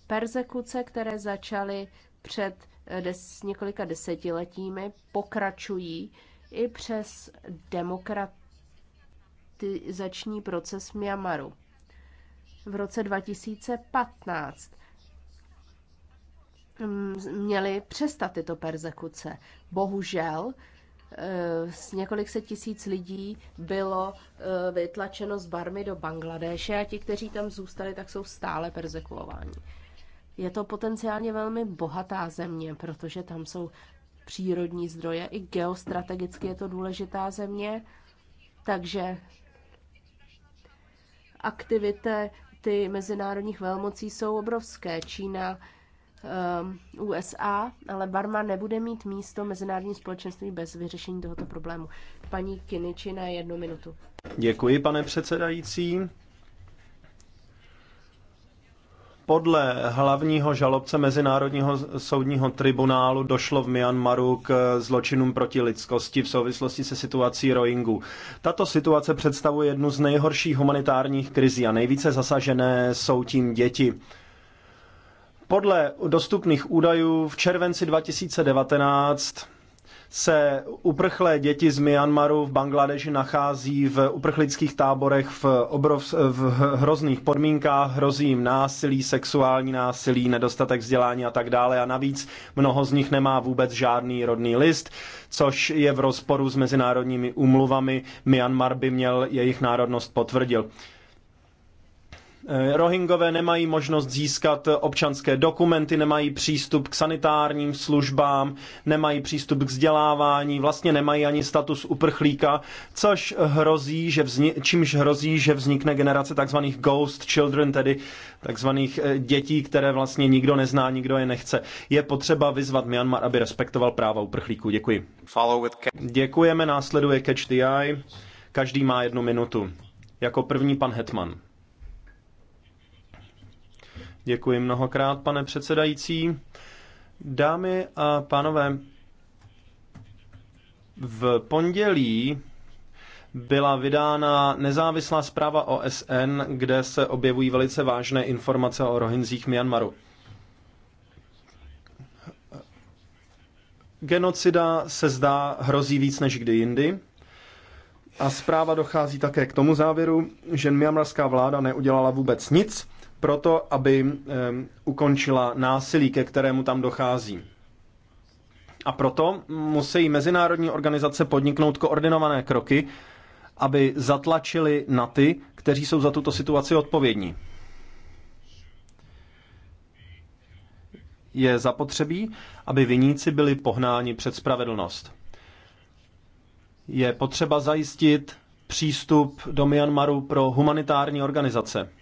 Persekuce, které začaly před des, několika desetiletími, pokračují i přes demokratizační proces v Myanmaru v roce 2015 měly přestat tyto persekuce. Bohužel z e, několik set tisíc lidí bylo e, vytlačeno z Barmy do Bangladéše a ti, kteří tam zůstali, tak jsou stále persekuováni. Je to potenciálně velmi bohatá země, protože tam jsou přírodní zdroje, i geostrategicky je to důležitá země, takže aktivity ty mezinárodních velmocí jsou obrovské. Čína, ehm, USA, ale Barma nebude mít místo mezinárodní společenství bez vyřešení tohoto problému. Paní Kiniči na jednu minutu. Děkuji, pane předsedající. podle hlavního žalobce Mezinárodního soudního tribunálu došlo v Myanmaru k zločinům proti lidskosti v souvislosti se situací Rohingů. Tato situace představuje jednu z nejhorších humanitárních krizí a nejvíce zasažené jsou tím děti. Podle dostupných údajů v červenci 2019 se uprchlé děti z Myanmaru v Bangladeši nachází v uprchlických táborech v, obrov, v hrozných podmínkách, hrozí jim násilí, sexuální násilí, nedostatek vzdělání a tak dále. A navíc mnoho z nich nemá vůbec žádný rodný list, což je v rozporu s mezinárodními úmluvami. Myanmar by měl jejich národnost potvrdil. Eh, Rohingové nemají možnost získat občanské dokumenty, nemají přístup k sanitárním službám, nemají přístup k vzdělávání, vlastně nemají ani status uprchlíka, což hrozí, že vzni- čímž hrozí, že vznikne generace takzvaných ghost children, tedy takzvaných eh, dětí, které vlastně nikdo nezná, nikdo je nechce. Je potřeba vyzvat Myanmar, aby respektoval práva uprchlíků. Děkuji. Děkujeme, následuje Catch the Eye. Každý má jednu minutu. Jako první pan Hetman. Děkuji mnohokrát, pane předsedající. Dámy a pánové, v pondělí byla vydána nezávislá zpráva OSN, kde se objevují velice vážné informace o rohinzích Myanmaru. Genocida se zdá hrozí víc než kdy jindy. A zpráva dochází také k tomu závěru, že myanmarská vláda neudělala vůbec nic proto, aby ukončila násilí, ke kterému tam dochází. A proto musí mezinárodní organizace podniknout koordinované kroky, aby zatlačili na ty, kteří jsou za tuto situaci odpovědní. Je zapotřebí, aby viníci byli pohnáni před spravedlnost. Je potřeba zajistit přístup do Myanmaru pro humanitární organizace –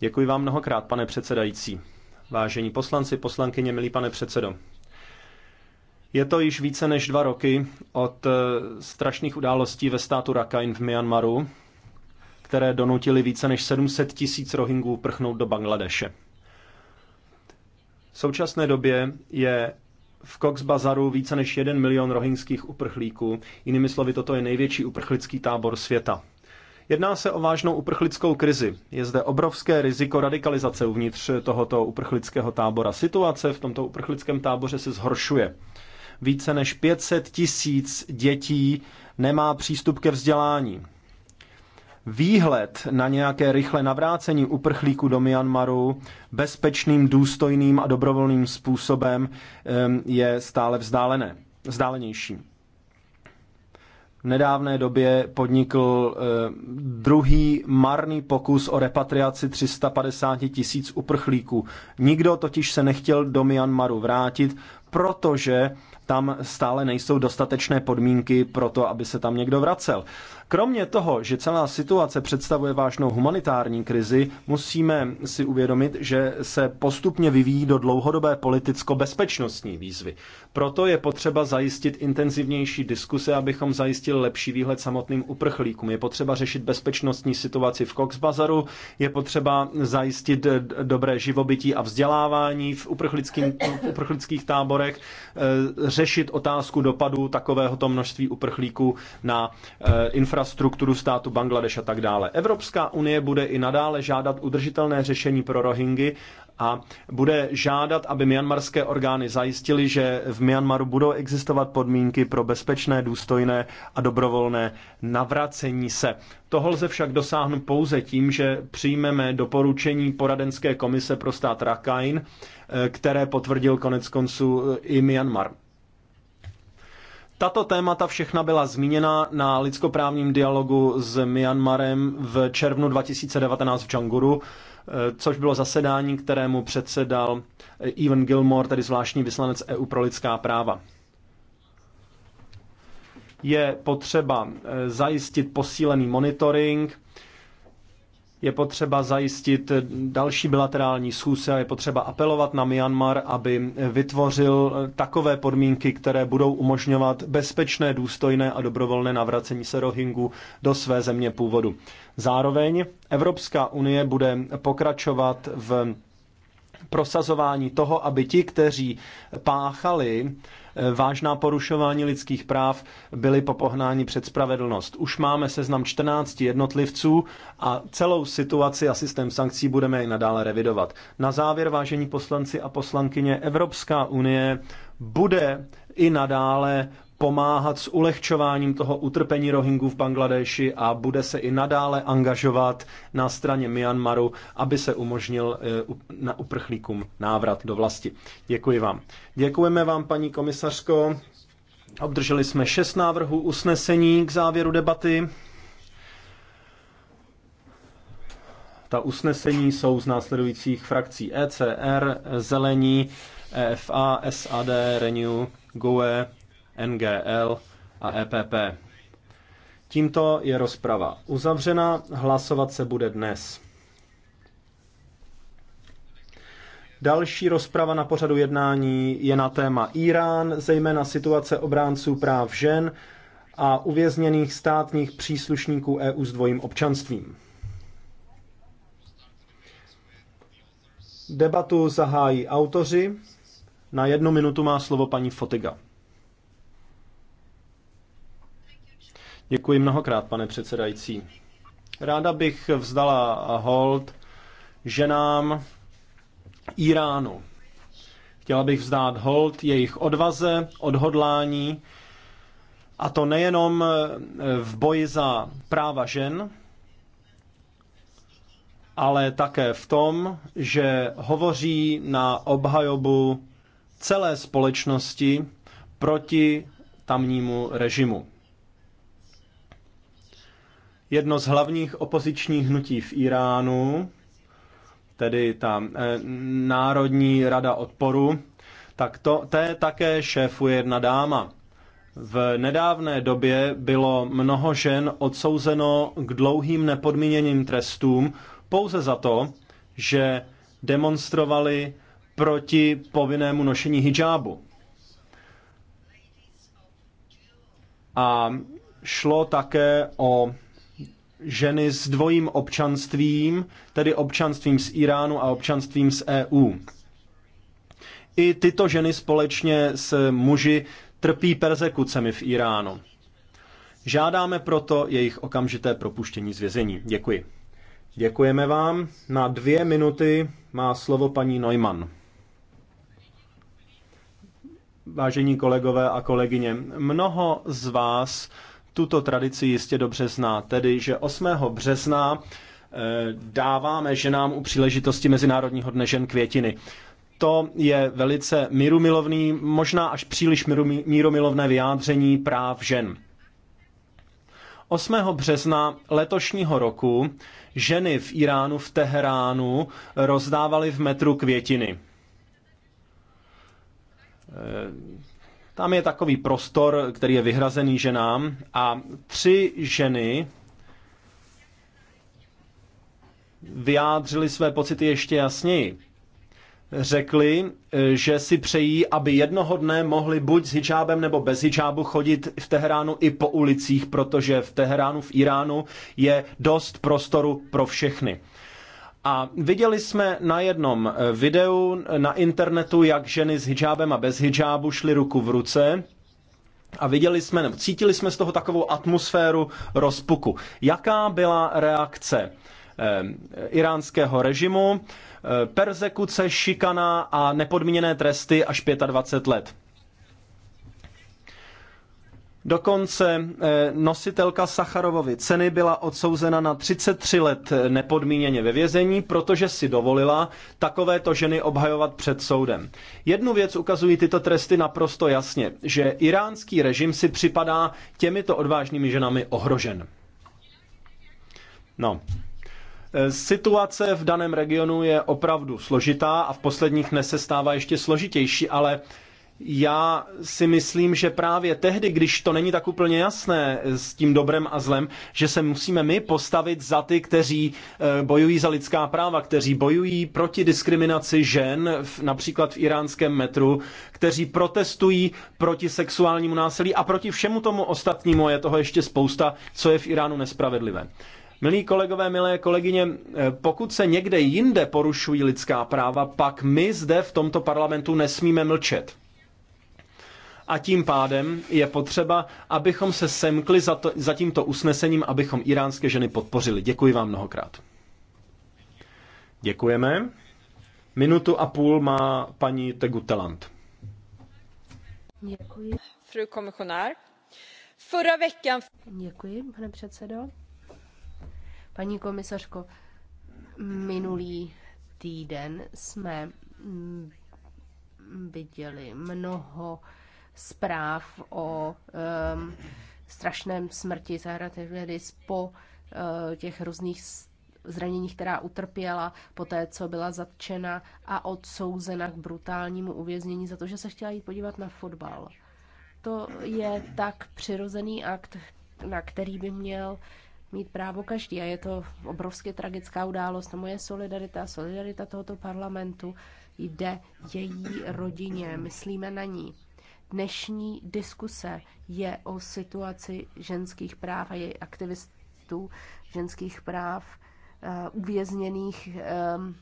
Děkuji vám mnohokrát, pane předsedající. Vážení poslanci, poslankyně, milý pane předsedo. Je to již více než dva roky od eh, strašných událostí ve státu Rakhine v Myanmaru, které donutily více než 700 tisíc rohingů prchnout do Bangladeše. V současné době je v Cox Bazaru více než 1 milion rohingských uprchlíků. Jinými slovy, toto je největší uprchlický tábor světa. Jedná se o vážnou uprchlickou krizi. Je zde obrovské riziko radikalizace uvnitř tohoto uprchlického tábora. Situace v tomto uprchlickém táboře se zhoršuje. Více než 500 tisíc dětí nemá přístup ke vzdělání. Výhled na nějaké rychlé navrácení uprchlíků do Myanmaru bezpečným, důstojným a dobrovolným způsobem je stále vzdálené, vzdálenější nedávné době podnikl eh, druhý marný pokus o repatriaci 350 tisíc uprchlíků. Nikdo totiž se nechtěl do Myanmaru vrátit, protože tam stále nejsou dostatečné podmínky pro to, aby se tam někdo vracel. Kromě toho, že celá situace představuje vážnou humanitární krizi, musíme si uvědomit, že se postupně vyvíjí do dlouhodobé politicko-bezpečnostní výzvy. Proto je potřeba zajistit intenzivnější diskuse, abychom zajistili lepší výhled samotným uprchlíkům. Je potřeba řešit bezpečnostní situaci v Koksbazaru, je potřeba zajistit dobré živobytí a vzdělávání v, v uprchlických táborech, e, řešit otázku dopadu takovéhoto množství uprchlíků na e, infrastrukturu infrastrukturu státu Bangladeš a tak dále. Evropská unie bude i nadále žádat udržitelné řešení pro Rohingy a bude žádat, aby myanmarské orgány zajistili, že v Myanmaru budou existovat podmínky pro bezpečné, důstojné a dobrovolné navracení se. Toho lze však dosáhnout pouze tím, že přijmeme doporučení poradenské komise pro stát Rakhine, eh, které potvrdil konec konců eh, i Myanmar. Tato témata všechna byla zmíněna na lidskoprávním dialogu s Myanmarem v červnu 2019 v Čanguru, eh, což bylo zasedání, kterému předsedal Evan Gilmore, tedy zvláštní vyslanec EU pro lidská práva je potřeba eh, zajistit posílený monitoring, je potřeba zajistit další bilaterální schůze a je potřeba apelovat na Myanmar, aby vytvořil takové podmínky, které budou umožňovat bezpečné, důstojné a dobrovolné navracení se Rohingů do své země původu. Zároveň Evropská unie bude pokračovat v prosazování toho, aby ti, kteří páchali vážná porušování lidských práv byli popohnáni před spravedlnost. Už máme seznam 14 jednotlivců a celou situaci a systém sankcí budeme i nadále revidovat. Na závěr, vážení poslanci a poslankyně, Evropská unie bude i nadále pomáhat s ulehčováním toho utrpení Rohingů v Bangladeši a bude se i nadále angažovat na straně Myanmaru, aby se umožnil eh, na uprchlíkům návrat do vlasti. Děkuji vám. Děkujeme vám, paní komisařko. Obdrželi jsme šest návrhů usnesení k závěru debaty. Ta usnesení jsou z následujících frakcí ECR, Zelení, EFA, SAD, Renew, GUE, NGL a EPP. Tímto je rozprava uzavřena, hlasovat se bude dnes. Další rozprava na pořadu jednání je na téma Irán, zejména situace obránců práv žen a uvězněných státních příslušníků EU s dvojím občanstvím. Debatu zahájí autoři. Na jednu minutu má slovo paní Fotiga. Děkuji mnohokrát, pane předsedající. Ráda bych vzdala hold ženám Iránu. Chtěla bych vzdát hold jejich odvaze, odhodlání, a to nejenom v boji za práva žen, ale také v tom, že hovoří na obhajobu celé společnosti proti tamnímu režimu jedno z hlavních opozičních hnutí v Iránu, tedy ta eh, Národní rada odporu, tak to, té také šéfuje jedna dáma. V nedávné době bylo mnoho žen odsouzeno k dlouhým nepodmíněným trestům pouze za to, že demonstrovali proti povinnému nošení hijábu. A šlo také o ženy s dvojím občanstvím, tedy občanstvím z Iránu a občanstvím z EU. I tyto ženy společně s muži trpí persekucemi v Iránu. Žádáme proto jejich okamžité propuštění z vězení. Děkuji. Děkujeme vám. Na dvě minuty má slovo paní Neumann. Vážení kolegové a kolegyně, mnoho z vás tuto tradici jistě dobře zná, tedy že 8. března eh, dáváme ženám u příležitosti Mezinárodního dne žen květiny. To je velice mírumilovný, možná až příliš mírumilovné vyjádření práv žen. 8. března letošního roku ženy v Iránu, v Teheránu, rozdávaly v metru květiny eh, tam je takový prostor, který je vyhrazený ženám a tři ženy vyjádřili své pocity ještě jasněji. Řekli, že si přejí, aby jednoho dne mohli buď s hijábem nebo bez hijábu chodit v Teheránu i po ulicích, protože v Teheránu, v Iránu je dost prostoru pro všechny. A viděli jsme na jednom eh, videu na internetu, jak ženy s hijábem a bez hijábu šly ruku v ruce. A viděli jsme, nebo cítili jsme z toho takovou atmosféru rozpuku. Jaká byla reakce eh, iránského režimu? Eh, Persekuce, šikana a nepodmíněné tresty až 25 let. Dokonce eh, nositelka Sacharovovy ceny byla odsouzena na 33 let eh, nepodmíněně ve vězení, protože si dovolila takovéto ženy obhajovat před soudem. Jednu věc ukazují tyto tresty naprosto jasně, že iránský režim si připadá těmito odvážnými ženami ohrožen. No, eh, Situace v daném regionu je opravdu složitá a v posledních dnech se stává ještě složitější, ale já si myslím, že právě tehdy, když to není tak úplně jasné s tím dobrem a zlem, že se musíme my postavit za ty, kteří eh, bojují za lidská práva, kteří bojují proti diskriminaci žen, například v iránském metru, kteří protestují proti sexuálnímu násilí a proti všemu tomu ostatnímu. Je toho ještě spousta, co je v Iránu nespravedlivé. Milí kolegové, milé kolegyně, eh, pokud se někde jinde porušují lidská práva, pak my zde v tomto parlamentu nesmíme mlčet a tím pádem je potřeba, abychom se semkli za, to, za tímto usnesením, abychom iránské ženy podpořili. Děkuji vám mnohokrát. Děkujeme. Minutu a půl má paní Tegutelant. Děkuji. Fru komisionár. Fura veckan... Děkuji, pane předsedo. Paní komisařko, minulý týden jsme mm, viděli mnoho zpráv o um, strašném smrti Zahra Tevedis po uh, těch různých zraněních, která utrpěla po té, co byla zatčena a odsouzena k brutálnímu uvěznění za to, že se chtěla jít podívat na fotbal. To je tak přirozený akt, na který by měl mít právo každý a je to obrovsky tragická událost. moje solidarita, solidarita tohoto parlamentu jde její rodině, myslíme na ní. Dnešní diskuse je o situaci ženských práv a její aktivistů ženských práv, eh, uvězněných ehm,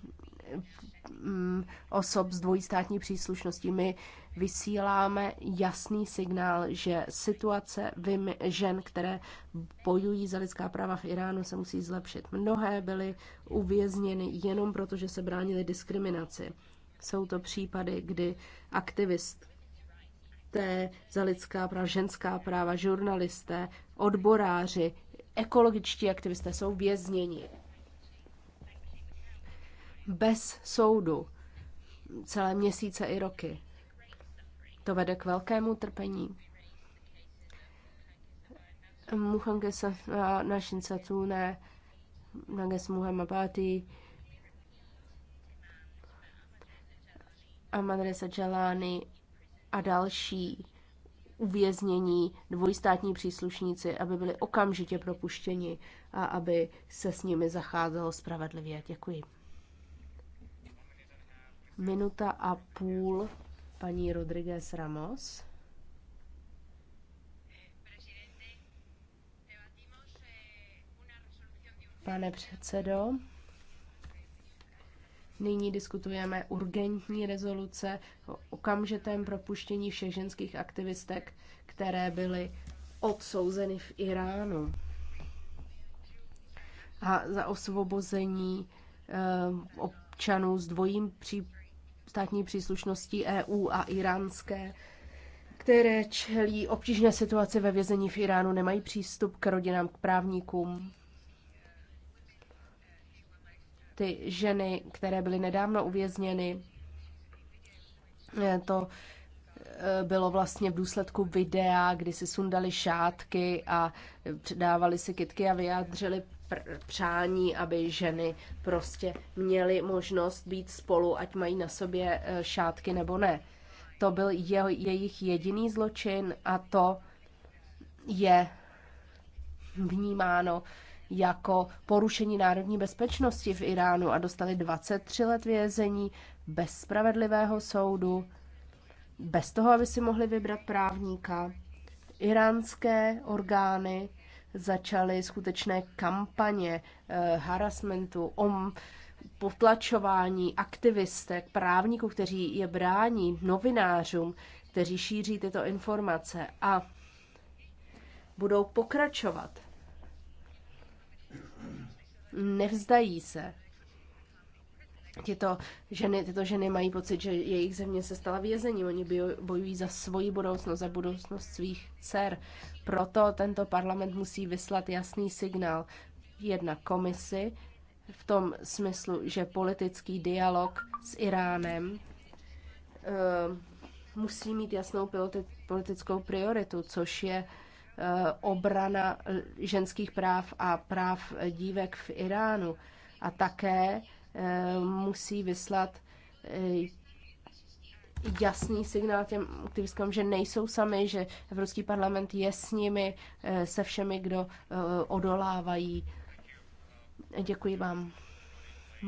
mm, osob s dvojí státní příslušností. My vysíláme jasný signál, že situace vym, žen, které bojují za lidská práva v Iránu, se musí zlepšit. Mnohé byly uvězněny jenom proto, že se bránili diskriminaci. Jsou to případy, kdy aktivist aktivisté za lidská práva, ženská práva, žurnalisté, odboráři, ekologičtí aktivisté jsou vězněni. Bez soudu celé měsíce i roky. To vede k velkému trpení. Muhange eh, Nashin Satune, Nages a Amadresa Jalani a další uvěznění dvojstátní příslušníci, aby byli okamžitě propuštěni a aby se s nimi zacházelo spravedlivě. Děkuji. Minuta a půl paní Rodriguez Ramos. Pane předsedo, Nyní diskutujeme urgentní rezoluce o okamžitém propuštění všech ženských aktivistek, které byly odsouzeny v Iránu a za osvobození eh, občanů s dvojím pří, státní příslušností EU a iránské, které čelí obtížné situaci ve vězení v Iránu, nemají přístup k rodinám, k právníkům ty ženy, které byly nedávno uvězněny. Eh, to eh, bylo vlastně v důsledku videa, kdy si sundali šátky a předávali si kytky a vyjádřili přání, aby ženy prostě měly možnost být spolu, ať mají na sobě eh, šátky nebo ne. To byl je, jejich jediný zločin a to je vnímáno jako porušení národní bezpečnosti v Iránu a dostali 23 let vězení bez spravedlivého soudu, bez toho, aby si mohli vybrat právníka. Iránské orgány začaly skutečné kampaně eh, harassmentu, om, potlačování aktivistek, právníků, kteří je brání, novinářům, kteří šíří tyto informace a budou pokračovat Nevzdají se. Tyto ženy, tyto ženy mají pocit, že jejich země se stala vězením. Oni bojují za svoji budoucnost, za budoucnost svých dcer. Proto tento parlament musí vyslat jasný signál jedna komisi v tom smyslu, že politický dialog s Iránem eh, musí mít jasnou politickou prioritu, což je Eh, obrana ženských práv a práv dívek v Iránu. A také eh, musí vyslat eh, jasný signál těm aktivistkám, že nejsou sami, že Evropský parlament je s nimi, se všemi, kdo odolávají. Děkuji vám.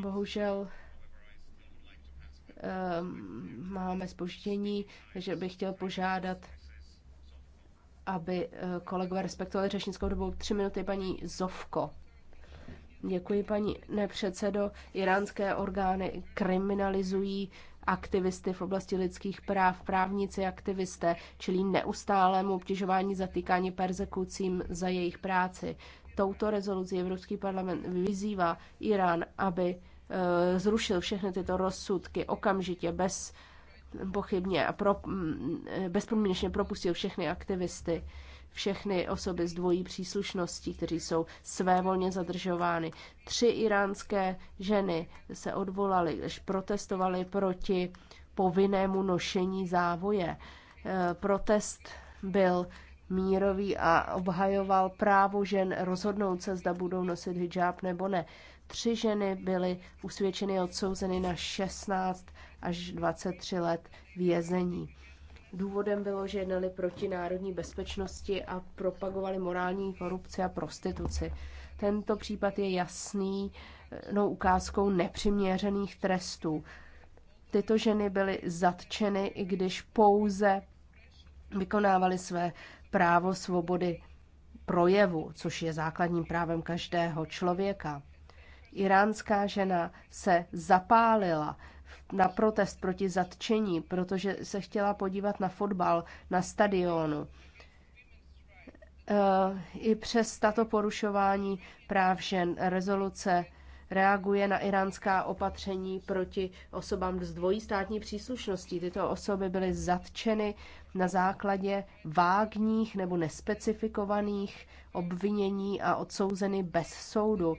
Bohužel máme spoždění, takže bych chtěl požádat aby eh, kolegové respektovali řečnickou dobu. Tři minuty paní Zovko. Děkuji, paní nepředsedo. Iránské orgány kriminalizují aktivisty v oblasti lidských práv, právníci, aktivisté, čili neustálému obtěžování, zatýkání, persekucím za jejich práci. Touto rezoluci Evropský parlament vyzývá Irán, aby eh, zrušil všechny tyto rozsudky okamžitě bez pochybně a pro, mm, bezpodmínečně propustil všechny aktivisty, všechny osoby s dvojí příslušností, kteří jsou svévolně zadržovány. Tři iránské ženy se odvolaly, když protestovaly proti povinnému nošení závoje. E, protest byl mírový a obhajoval právo žen rozhodnout se, zda budou nosit hijab nebo ne. Tři ženy byly usvědčeny a odsouzeny na 16 až 23 let vězení. Důvodem bylo, že jednali proti národní bezpečnosti a propagovali morální korupci a prostituci. Tento případ je jasný no, ukázkou nepřiměřených trestů. Tyto ženy byly zatčeny, i když pouze vykonávaly své právo svobody projevu, což je základním právem každého člověka. Iránská žena se zapálila na protest proti zatčení, protože se chtěla podívat na fotbal na stadionu. Eh, I přes tato porušování práv žen rezoluce reaguje na iránská opatření proti osobám s dvojí státní příslušností. Tyto osoby byly zatčeny na základě vágních nebo nespecifikovaných obvinění a odsouzeny bez soudu.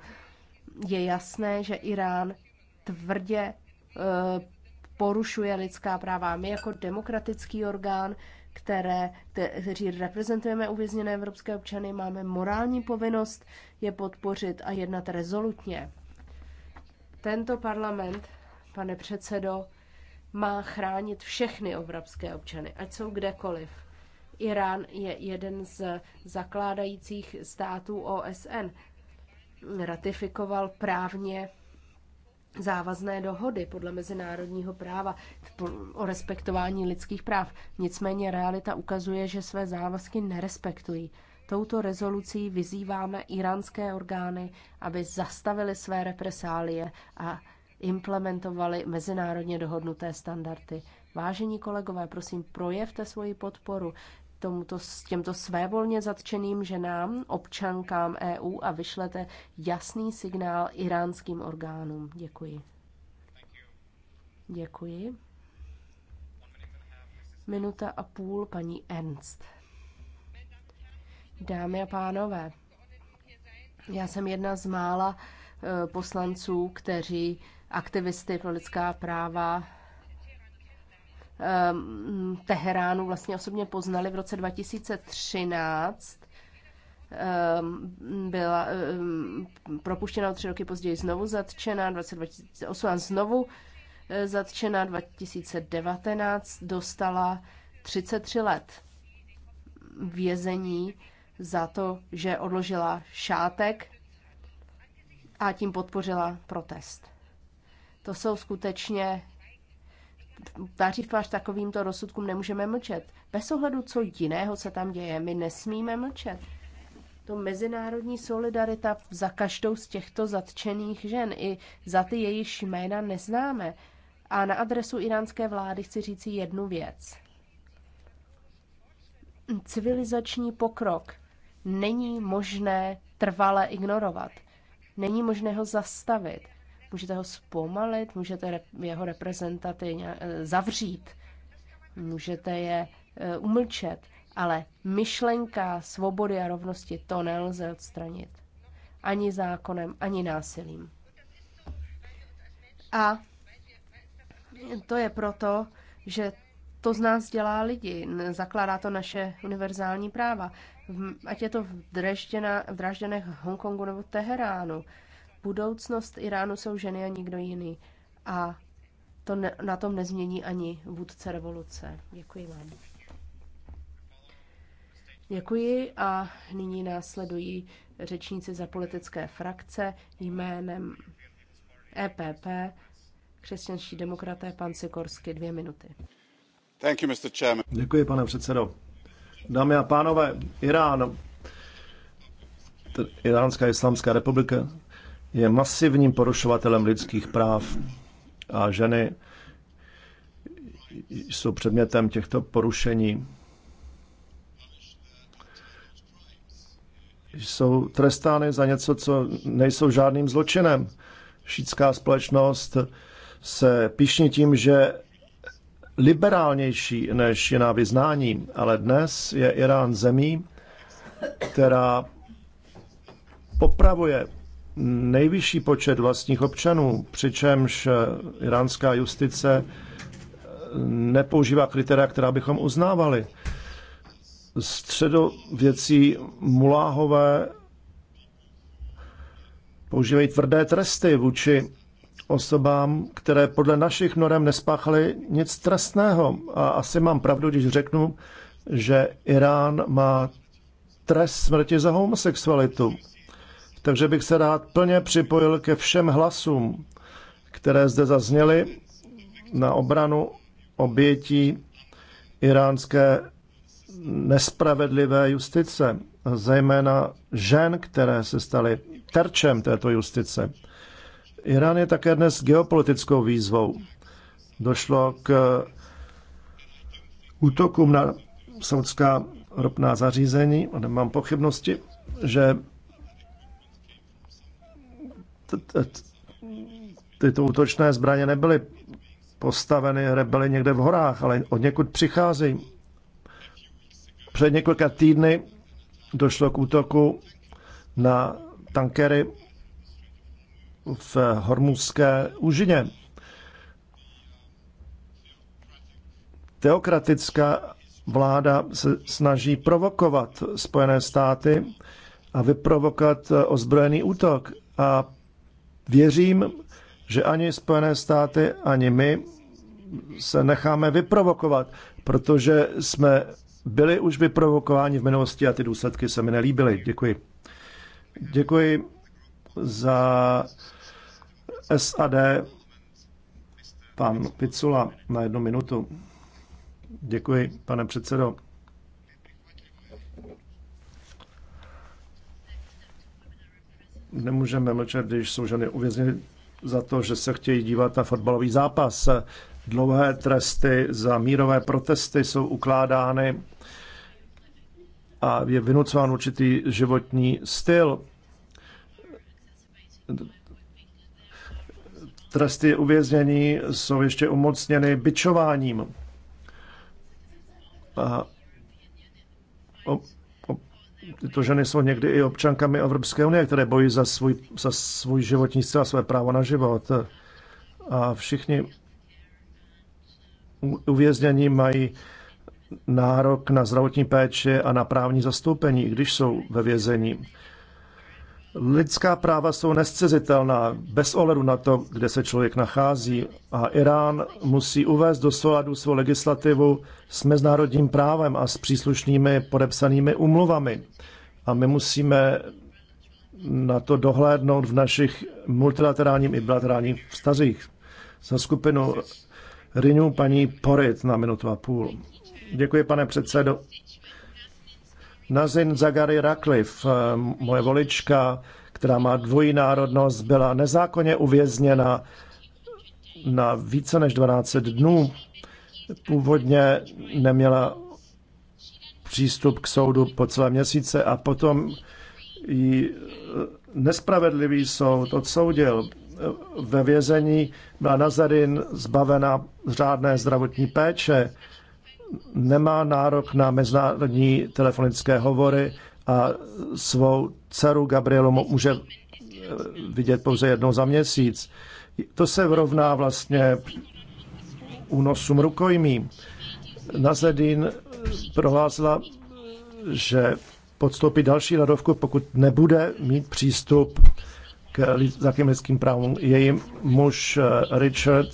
Je jasné, že Irán tvrdě Eh, porušuje lidská práva. My jako demokratický orgán, které, kteří reprezentujeme uvězněné evropské občany, máme morální povinnost je podpořit a jednat rezolutně. Tento parlament, pane předsedo, má chránit všechny evropské občany, ať jsou kdekoliv. Irán je jeden z zakládajících států OSN. Ratifikoval právně závazné dohody podle mezinárodního práva o respektování lidských práv. Nicméně realita ukazuje, že své závazky nerespektují. Touto rezolucí vyzýváme iránské orgány, aby zastavili své represálie a implementovali mezinárodně dohodnuté standardy. Vážení kolegové, prosím, projevte svoji podporu tomuto, těmto svévolně zatčeným ženám, občankám EU a vyšlete jasný signál iránským orgánům. Děkuji. Děkuji. Minuta a půl, paní Ernst. Dámy a pánové, já jsem jedna z mála eh, poslanců, kteří aktivisty pro lidská práva Ehm, Teheránu vlastně osobně poznali v roce 2013. Ehm, byla ehm, propuštěna o tři roky později znovu zatčena, 2018 znovu eh, zatčena, 2019 dostala 33 let vězení za to, že odložila šátek a tím podpořila protest. To jsou skutečně tváří v tvář takovýmto rozsudkům nemůžeme mlčet. Bez ohledu, co jiného se tam děje, my nesmíme mlčet. To mezinárodní solidarita za každou z těchto zatčených žen i za ty jejich jména neznáme. A na adresu iránské vlády chci říci jednu věc. Civilizační pokrok není možné trvale ignorovat. Není možné ho zastavit. Můžete ho zpomalit, můžete jeho reprezentanty eh, zavřít, můžete je eh, umlčet, ale myšlenka svobody a rovnosti to nelze odstranit. Ani zákonem, ani násilím. A to je proto, že to z nás dělá lidi, zakládá to naše univerzální práva. Ať je to v, Drážděna, v Dražděnech Hongkongu nebo Teheránu, Budoucnost Iránu jsou ženy a nikdo jiný. A to ne, na tom nezmění ani vůdce revoluce. Děkuji vám. Děkuji a nyní následují řečníci za politické frakce jménem EPP, křesťanští demokraté, pan Sikorsky, dvě minuty. Thank you, Mr. Chairman. Děkuji, pane předsedo. Dámy a pánové, Irán, Iránská islámská republika, je masivním porušovatelem lidských práv a ženy jsou předmětem těchto porušení. Jsou trestány za něco, co nejsou žádným zločinem. Šítská společnost se píšní tím, že liberálnější než jiná vyznání, ale dnes je Irán zemí, která popravuje nejvyšší počet vlastních občanů, přičemž iránská justice nepoužívá kritéria, která bychom uznávali. Středověcí muláhové používají tvrdé tresty vůči osobám, které podle našich norem nespáchaly nic trestného. A asi mám pravdu, když řeknu, že Irán má trest smrti za homosexualitu. Takže bych se rád plně připojil ke všem hlasům, které zde zazněly na obranu obětí iránské nespravedlivé justice, zejména žen, které se staly terčem této justice. Irán je také dnes geopolitickou výzvou. Došlo k útokům na saudská ropná zařízení, nemám pochybnosti, že tyto útočné zbraně nebyly postaveny rebeli někde v horách, ale od někud přicházejí. Před několika týdny došlo k útoku na tankery v Hormuzské úžině. Teokratická vláda se snaží provokovat Spojené státy a vyprovokovat ozbrojený útok. A Věřím, že ani Spojené státy, ani my se necháme vyprovokovat, protože jsme byli už vyprovokováni v minulosti a ty důsledky se mi nelíbily. Děkuji. Děkuji za SAD pan Picula na jednu minutu. Děkuji, pane předsedo. Nemůžeme mlčet, když jsou ženy uvězněny za to, že se chtějí dívat na fotbalový zápas. Dlouhé tresty za mírové protesty jsou ukládány a je vynucován určitý životní styl. Tresty uvěznění jsou ještě umocněny byčováním. A tyto ženy jsou někdy i občankami Evropské unie, které bojí za svůj, za svůj životní styl a své právo na život. A všichni uvěznění mají nárok na zdravotní péči a na právní zastoupení, když jsou ve vězení. Lidská práva jsou nescizitelná bez ohledu na to, kde se člověk nachází a Irán musí uvést do souladu svou legislativu s mezinárodním právem a s příslušnými podepsanými umluvami. A my musíme na to dohlédnout v našich multilaterálních i bilaterálních vztazích. Za skupinu Rinu paní Porit na minutu a půl. Děkuji, pane předsedo. Nazin Zagary Rakliv, eh, moje volička, která má dvojí národnost, byla nezákonně uvězněna na více než 12 dnů. Původně neměla přístup k soudu po celé měsíce a potom ji eh, nespravedlivý soud odsoudil. Eh, ve vězení byla Nazarin zbavena řádné zdravotní péče nemá nárok na mezinárodní telefonické hovory a svou dceru Gabrielu může eh, vidět pouze jednou za měsíc. To se rovná vlastně únosům rukojmí. Nazedin eh, prohlásila, že podstoupí další ledovku, pokud nebude mít přístup k základním lidským právům. Její muž eh, Richard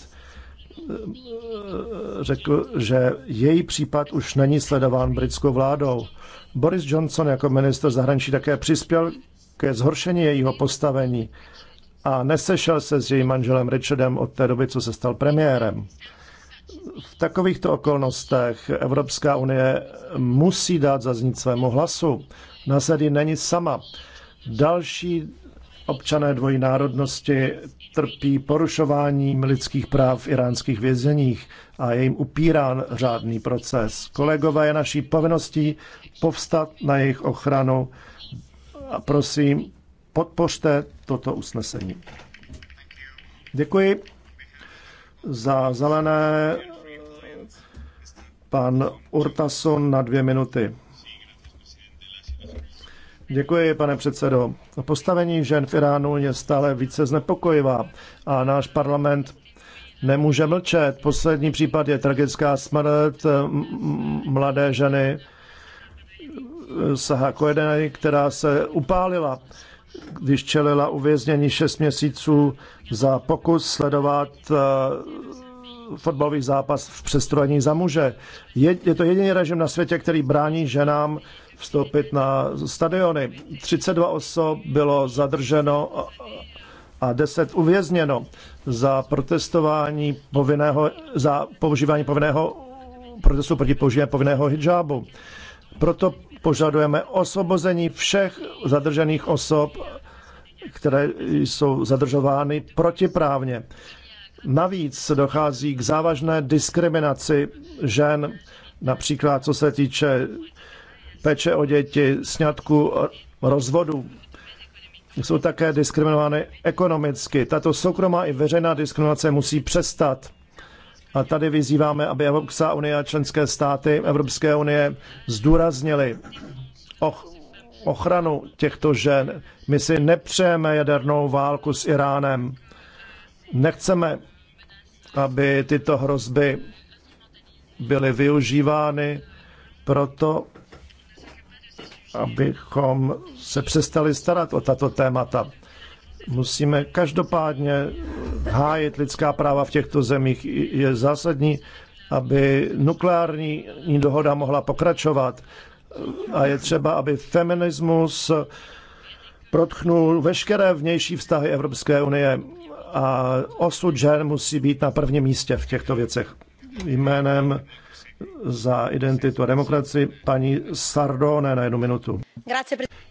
řekl, že její případ už není sledován britskou vládou. Boris Johnson jako minister zahraničí také přispěl ke zhoršení jejího postavení a nesešel se s jejím manželem Richardem od té doby, co se stal premiérem. V takovýchto okolnostech Evropská unie musí dát zaznít svému hlasu. Nasadí není sama. Další občané dvojí národnosti trpí porušováním lidských práv v iránských vězeních a je jim upírán řádný proces. Kolegové, je naší povinností povstat na jejich ochranu a prosím, podpořte toto usnesení. Děkuji za zelené pan Urtason na dvě minuty. Děkuji, pane předsedo. Postavení žen v Iránu je stále více znepokojivá a náš parlament nemůže mlčet. Poslední případ je tragická smrt eh, mladé ženy Saha Koedeny, která se upálila, když čelila uvěznění 6 měsíců za pokus sledovat eh, fotbalový zápas v přestrojení za muže. Je, je to jediný režim na světě, který brání ženám vstoupit na stadiony. 32 osob bylo zadrženo a 10 uvězněno za protestování povinného, za používání povinného protestu proti používání povinného hijabu. Proto požadujeme osvobození všech zadržených osob, které jsou zadržovány protiprávně. Navíc dochází k závažné diskriminaci žen, například co se týče péče o děti, sňatku, rozvodu. Jsou také diskriminovány ekonomicky. Tato soukromá i veřejná diskriminace musí přestat. A tady vyzýváme, aby Evropská unie a členské státy Evropské unie zdůraznili och, ochranu těchto žen. My si nepřejeme jadernou válku s Iránem. Nechceme, aby tyto hrozby byly využívány proto, abychom se přestali starat o tato témata. Musíme každopádně hájit lidská práva v těchto zemích. Je zásadní, aby nukleární dohoda mohla pokračovat. A je třeba, aby feminismus protchnul veškeré vnější vztahy Evropské unie a osud žen musí být na prvním místě v těchto věcech. Jménem za identitu a demokracii paní Sardone na jednu minutu.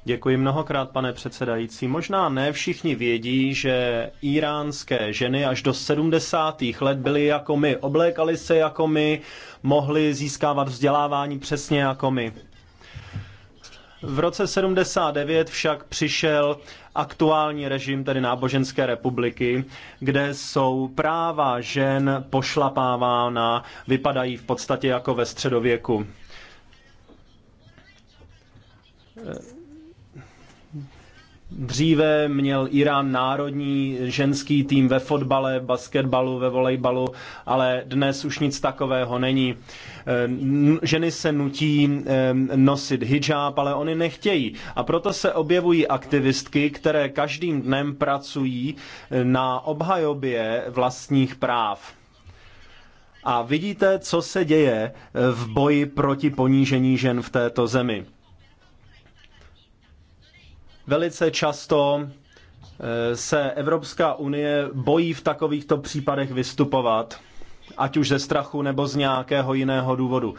Děkuji mnohokrát, pane předsedající. Možná ne všichni vědí, že iránské ženy až do 70. let byly jako my, oblékaly se jako my, mohly získávat vzdělávání přesně jako my. V roce 79 však přišel aktuální režim, tedy náboženské republiky, kde jsou práva žen pošlapávána, vypadají v podstatě jako ve středověku. Dříve měl Irán národní ženský tým ve fotbale, basketbalu, ve volejbalu, ale dnes už nic takového není. Ehm, ženy se nutí ehm, nosit hijab, ale oni nechtějí. A proto se objevují aktivistky, které každým dnem pracují e, na obhajobě vlastních práv. A vidíte, co se děje e, v boji proti ponížení žen v této zemi. Velice často e, se Evropská unie bojí v takovýchto případech vystupovat ať už ze strachu nebo z nějakého jiného důvodu.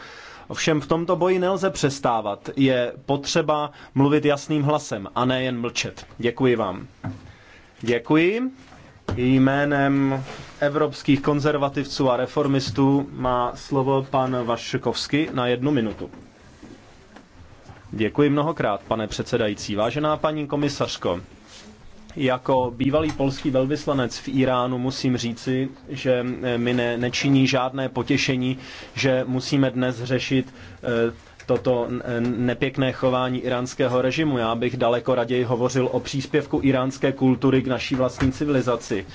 Ovšem v tomto boji nelze přestávat. Je potřeba mluvit jasným hlasem a ne jen mlčet. Děkuji vám. Děkuji. Jménem evropských konzervativců a reformistů má slovo pan Vaškovsky na jednu minutu. Děkuji mnohokrát, pane předsedající. Vážená paní komisařko, jako bývalý polský velvyslanec v Iránu musím říci, že eh, mi ne, nečiní žádné potěšení, že musíme dnes řešit eh, toto eh, nepěkné chování iránského režimu. Já bych daleko raději hovořil o příspěvku iránské kultury k naší vlastní civilizaci.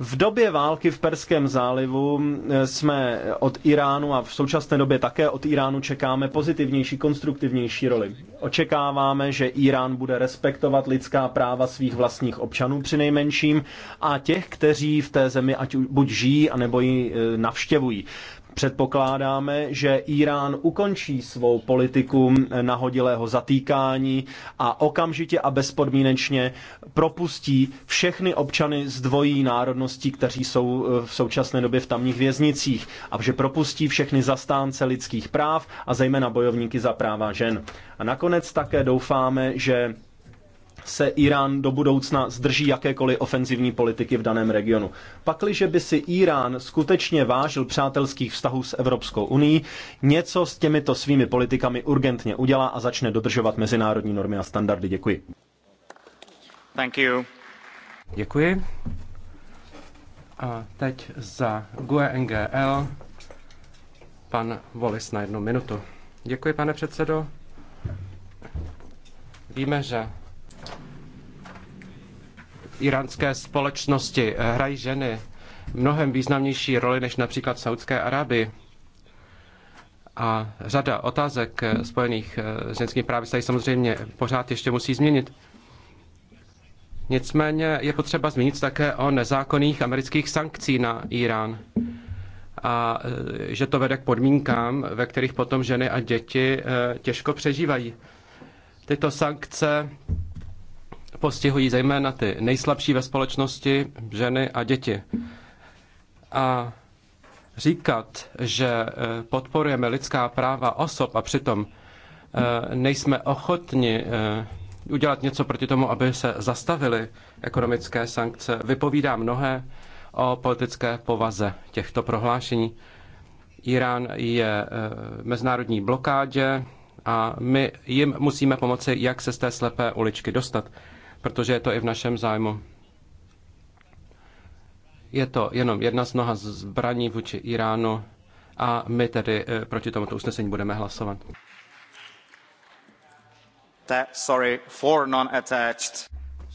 V době války v Perském zálivu eh, jsme od Iránu a v současné době také od Iránu čekáme pozitivnější, konstruktivnější roli. Očekáváme, že Irán bude respektovat lidská práva svých vlastních občanů při nejmenším a těch, kteří v té zemi ať buď žijí, anebo ji eh, navštěvují. Předpokládáme, že Irán ukončí svou politiku nahodilého zatýkání a okamžitě a bezpodmínečně propustí všechny občany z dvojí národností, kteří jsou eh, v současné době v tamních věznicích a že propustí všechny zastánce lidských práv a zejména bojovníky za práva žen. A nakonec také doufáme, že se Irán do budoucna zdrží jakékoliv ofenzivní politiky v daném regionu. Pakliže by si Irán skutečně vážil přátelských vztahů s Evropskou unii, něco s těmito svými politikami urgentně udělá a začne dodržovat mezinárodní normy a standardy. Děkuji. Thank you. Děkuji. A teď za GUE NGL pan Volis na jednu minutu. Děkuji, pane předsedo. Víme, že iránské společnosti eh, hrají ženy mnohem významnější roli než například v Saudské Arábii. A řada otázek eh, spojených eh, s ženským právy se tady samozřejmě pořád ještě musí změnit. Nicméně je potřeba zmínit také o nezákonných amerických sankcí na Irán a že to vede k podmínkám, ve kterých potom ženy a děti těžko přežívají. Tyto sankce postihují zejména ty nejslabší ve společnosti, ženy a děti. A říkat, že eh, podporujeme lidská práva osob a přitom eh, nejsme ochotni eh, udělat něco proti tomu, aby se zastavily ekonomické sankce, vypovídá mnohé o politické povaze těchto prohlášení. Irán je v mezinárodní blokádě a my jim musíme pomoci, jak se z té slepé uličky dostat protože je to i v našem zájmu. Je to jenom jedna z mnoha zbraní vůči Iránu a my tedy eh, proti tomuto usnesení budeme hlasovat. Te, sorry, for non-attached.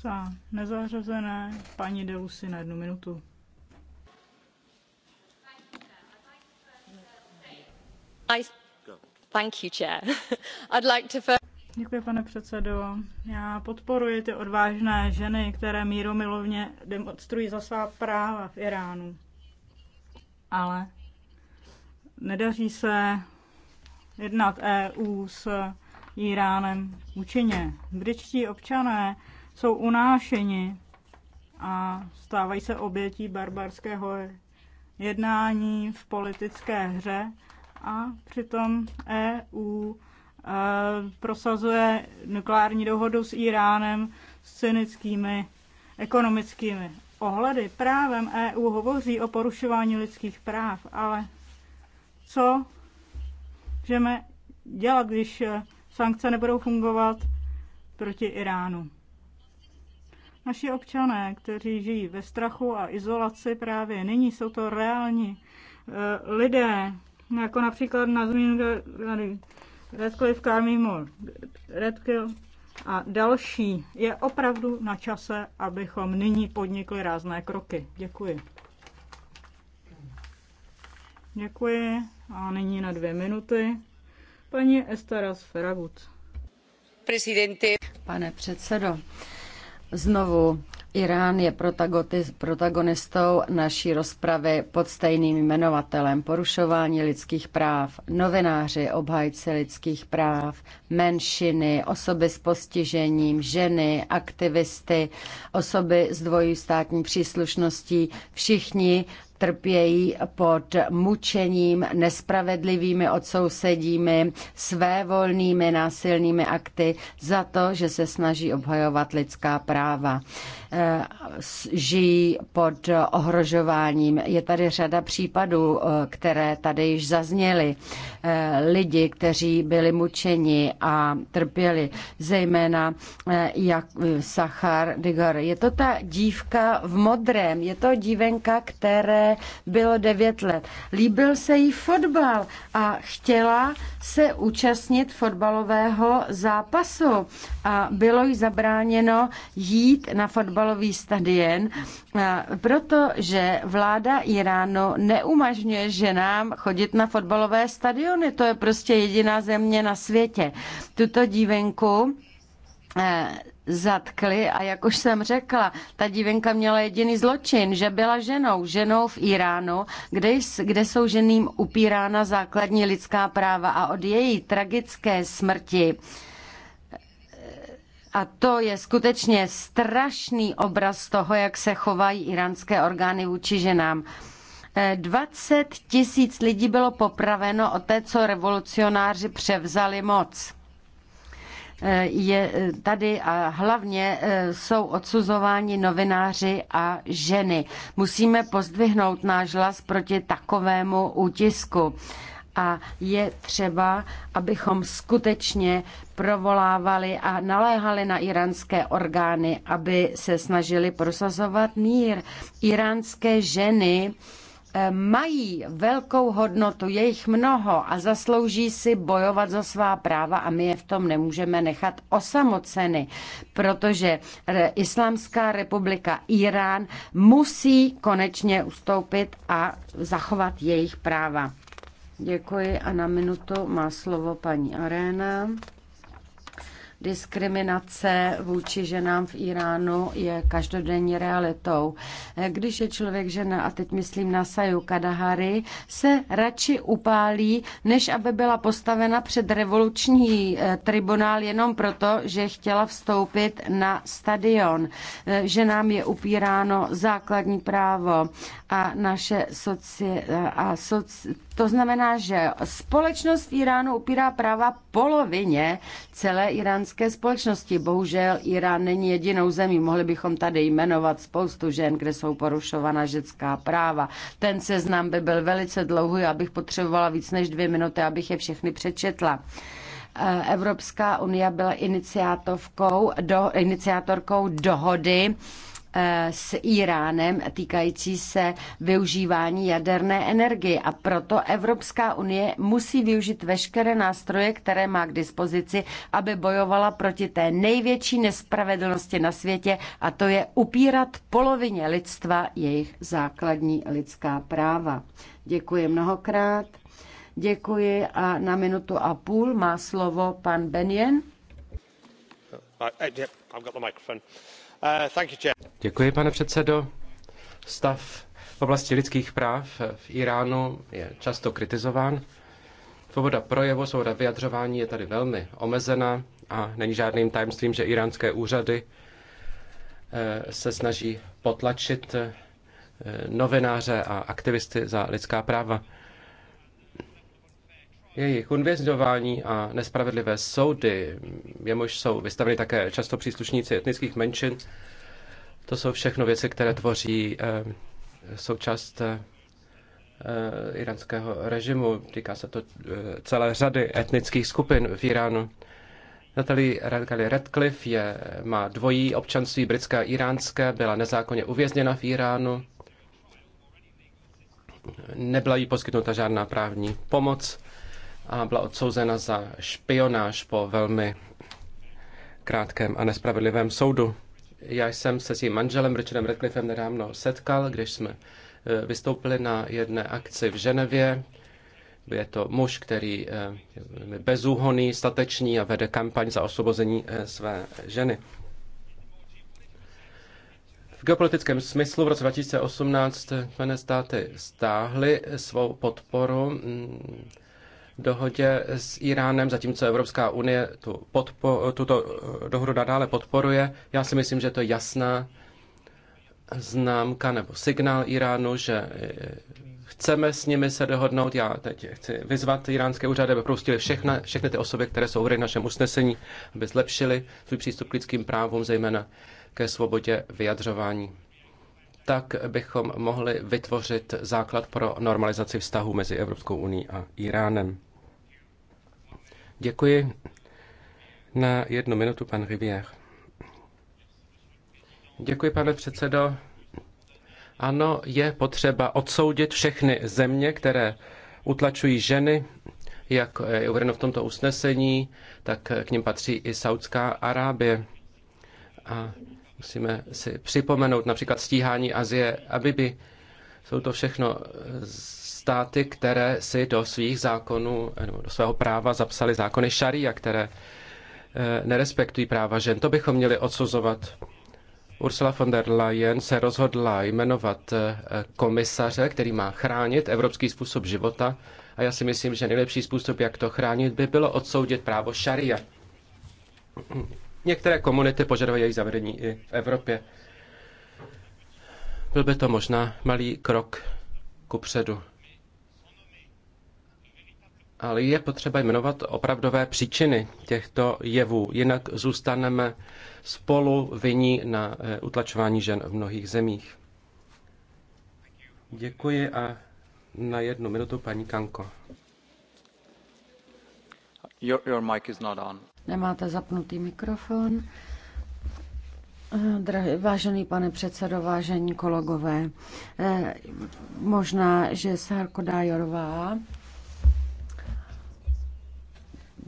Za nezařazené paní Deusy na jednu minutu. thank you, Chair. I'd like to first... Děkuji, pane předsedo. Já podporuji ty odvážné ženy, které míromilovně demonstrují za svá práva v Iránu. Ale nedaří se jednat EU s Iránem účinně. Britští občané jsou unášeni a stávají se obětí barbarského jednání v politické hře a přitom EU prosazuje nukleární dohodu s Iránem s cynickými ekonomickými ohledy. Právem EU hovoří o porušování lidských práv, ale co můžeme dělat, když sankce nebudou fungovat proti Iránu? Naši občané, kteří žijí ve strachu a izolaci právě nyní, jsou to reální eh, lidé, jako například na Zmínu, Redcliffe Moore, Redkill a další. Je opravdu na čase, abychom nyní podnikli rázné kroky. Děkuji. Děkuji a nyní na dvě minuty paní Estaras Feragut. Pane předsedo, znovu Irán je protagonistou naší rozpravy pod stejným jmenovatelem porušování lidských práv, novináři, obhajci lidských práv, menšiny, osoby s postižením, ženy, aktivisty, osoby s dvojí státní příslušností, všichni trpějí pod mučením, nespravedlivými odsousedími, svévolnými násilnými akty za to, že se snaží obhajovat lidská práva. Eh, žijí pod ohrožováním. Je tady řada případů, eh, které tady již zazněly. Eh, lidi, kteří byli mučeni a trpěli, zejména jak Sachar Digor. Je to ta dívka v modrém, je to dívenka, které bylo devět let. Líbil se jí fotbal a chtěla se účastnit fotbalového zápasu a bylo jí zabráněno jít na fotbal fotbalový stadion, protože vláda Iránu neumažňuje ženám chodit na fotbalové stadiony. To je prostě jediná země na světě. Tuto dívenku e, zatkli a jak už jsem řekla, ta dívenka měla jediný zločin, že byla ženou, ženou v Iránu, kde, kde jsou ženým upírána základní lidská práva a od její tragické smrti a to je skutečně strašný obraz toho, jak se chovají iránské orgány vůči ženám. 20 eh, tisíc lidí bylo popraveno o té, co revolucionáři převzali moc. Eh, je eh, tady a hlavně jsou odsuzováni novináři a ženy. Musíme pozdvihnout náš hlas proti takovému útisku a je třeba, abychom skutečně provolávali a naléhali na iránské orgány, aby se snažili prosazovat mír. Iránské ženy eh, mají velkou hodnotu, je jich mnoho a zaslouží si bojovat za svá práva a my je v tom nemůžeme nechat osamoceny, protože eh, Islámská republika Irán musí konečně ustoupit a zachovat jejich práva. Děkuji a na minutu má slovo paní Arena. Diskriminace vůči ženám v Iránu je každodenní realitou. Když je člověk žena, a teď myslím na Saju Kadahari, se radši upálí, než aby byla postavena před revoluční eh, tribunál jenom proto, že chtěla vstoupit na stadion. Eh, ženám je upíráno základní právo a naše soci, eh, a soci, to znamená, že společnost v Iránu upírá práva polovině celé iránské občanské společnosti. Bohužel Irán není jedinou zemí. Mohli bychom tady jmenovat spoustu žen, kde jsou porušována ženská práva. Ten seznam by byl velice dlouhý, abych potřebovala víc než dvě minuty, abych je všechny přečetla. Eh, Evropská unie byla iniciátorkou, do, iniciátorkou dohody s Iránem týkající se využívání jaderné energie a proto Evropská unie musí využít veškeré nástroje, které má k dispozici, aby bojovala proti té největší nespravedlnosti na světě a to je upírat polovině lidstva jejich základní lidská práva. Děkuji mnohokrát. Děkuji a na minutu a půl má slovo pan Benjen. Uh, I, I've got the microphone. Děkuji, pane předsedo. Stav v oblasti lidských práv v Iránu je často kritizován. Svoboda projevu, svoboda vyjadřování je tady velmi omezena a není žádným tajemstvím, že iránské úřady eh, se snaží potlačit eh, novináře a aktivisty za lidská práva. Jejich uvězňování a nespravedlivé soudy, jemuž jsou vystaveni také často příslušníci etnických menšin, to jsou všechno věci, které tvoří eh, součást eh, eh, iránského režimu. Týká se to celé řady etnických skupin v Iránu. Natalie Radkali Radcliffe je, má dvojí občanství britské a iránské, byla nezákonně uvězněna v Iránu. Nebyla jí poskytnuta žádná právní pomoc a byla odsouzena za špionáž po velmi krátkém a nespravedlivém soudu. Já jsem se s jejím manželem Richardem Radcliffem nedávno setkal, když jsme e, vystoupili na jedné akci v Ženevě. Je to muž, který e, je bezúhoný, statečný a vede kampaň za osvobození e, své ženy. V geopolitickém smyslu v roce 2018 Spojené státy stáhly svou podporu dohodě s Iránem, zatímco Evropská unie tu podpo, tuto eh, dohodu nadále podporuje. Já si myslím, že to je jasná známka nebo signál Iránu, že eh, chceme s nimi se dohodnout. Já teď chci vyzvat iránské úřady, aby prostili všechny, všechny ty osoby, které jsou v našem usnesení, aby zlepšili svůj přístup k lidským právům, zejména ke svobodě vyjadřování tak bychom mohli vytvořit základ pro normalizaci vztahů mezi Evropskou uní a Iránem. Děkuji. Na jednu minutu pan Rivière. Děkuji, pane předsedo. Ano, je potřeba odsoudit všechny země, které utlačují ženy, jak je uvedeno v tomto usnesení, tak k ním patří i Saudská Arábie. A Musíme si připomenout například stíhání Azie a Bibi. Jsou to všechno státy, které si do svých zákonů, nebo do svého práva zapsali zákony šaria, které eh, nerespektují práva žen. To bychom měli odsuzovat. Ursula von der Leyen se rozhodla jmenovat eh, komisaře, který má chránit evropský způsob života a já si myslím, že nejlepší způsob, jak to chránit, by bylo odsoudit právo šaria. Některé komunity požadovají její zavedení i v Evropě. Byl by to možná malý krok ku předu. Ale je potřeba jmenovat opravdové příčiny těchto jevů, jinak zůstaneme spolu viní na eh, utlačování žen v mnohých zemích. Děkuji a na jednu minutu paní Kanko. Your, your mic is not on. Nemáte zapnutý mikrofon. Eh, drahý, vážený pane předsedo, vážení kolegové, eh, možná, že Sárko Dajorová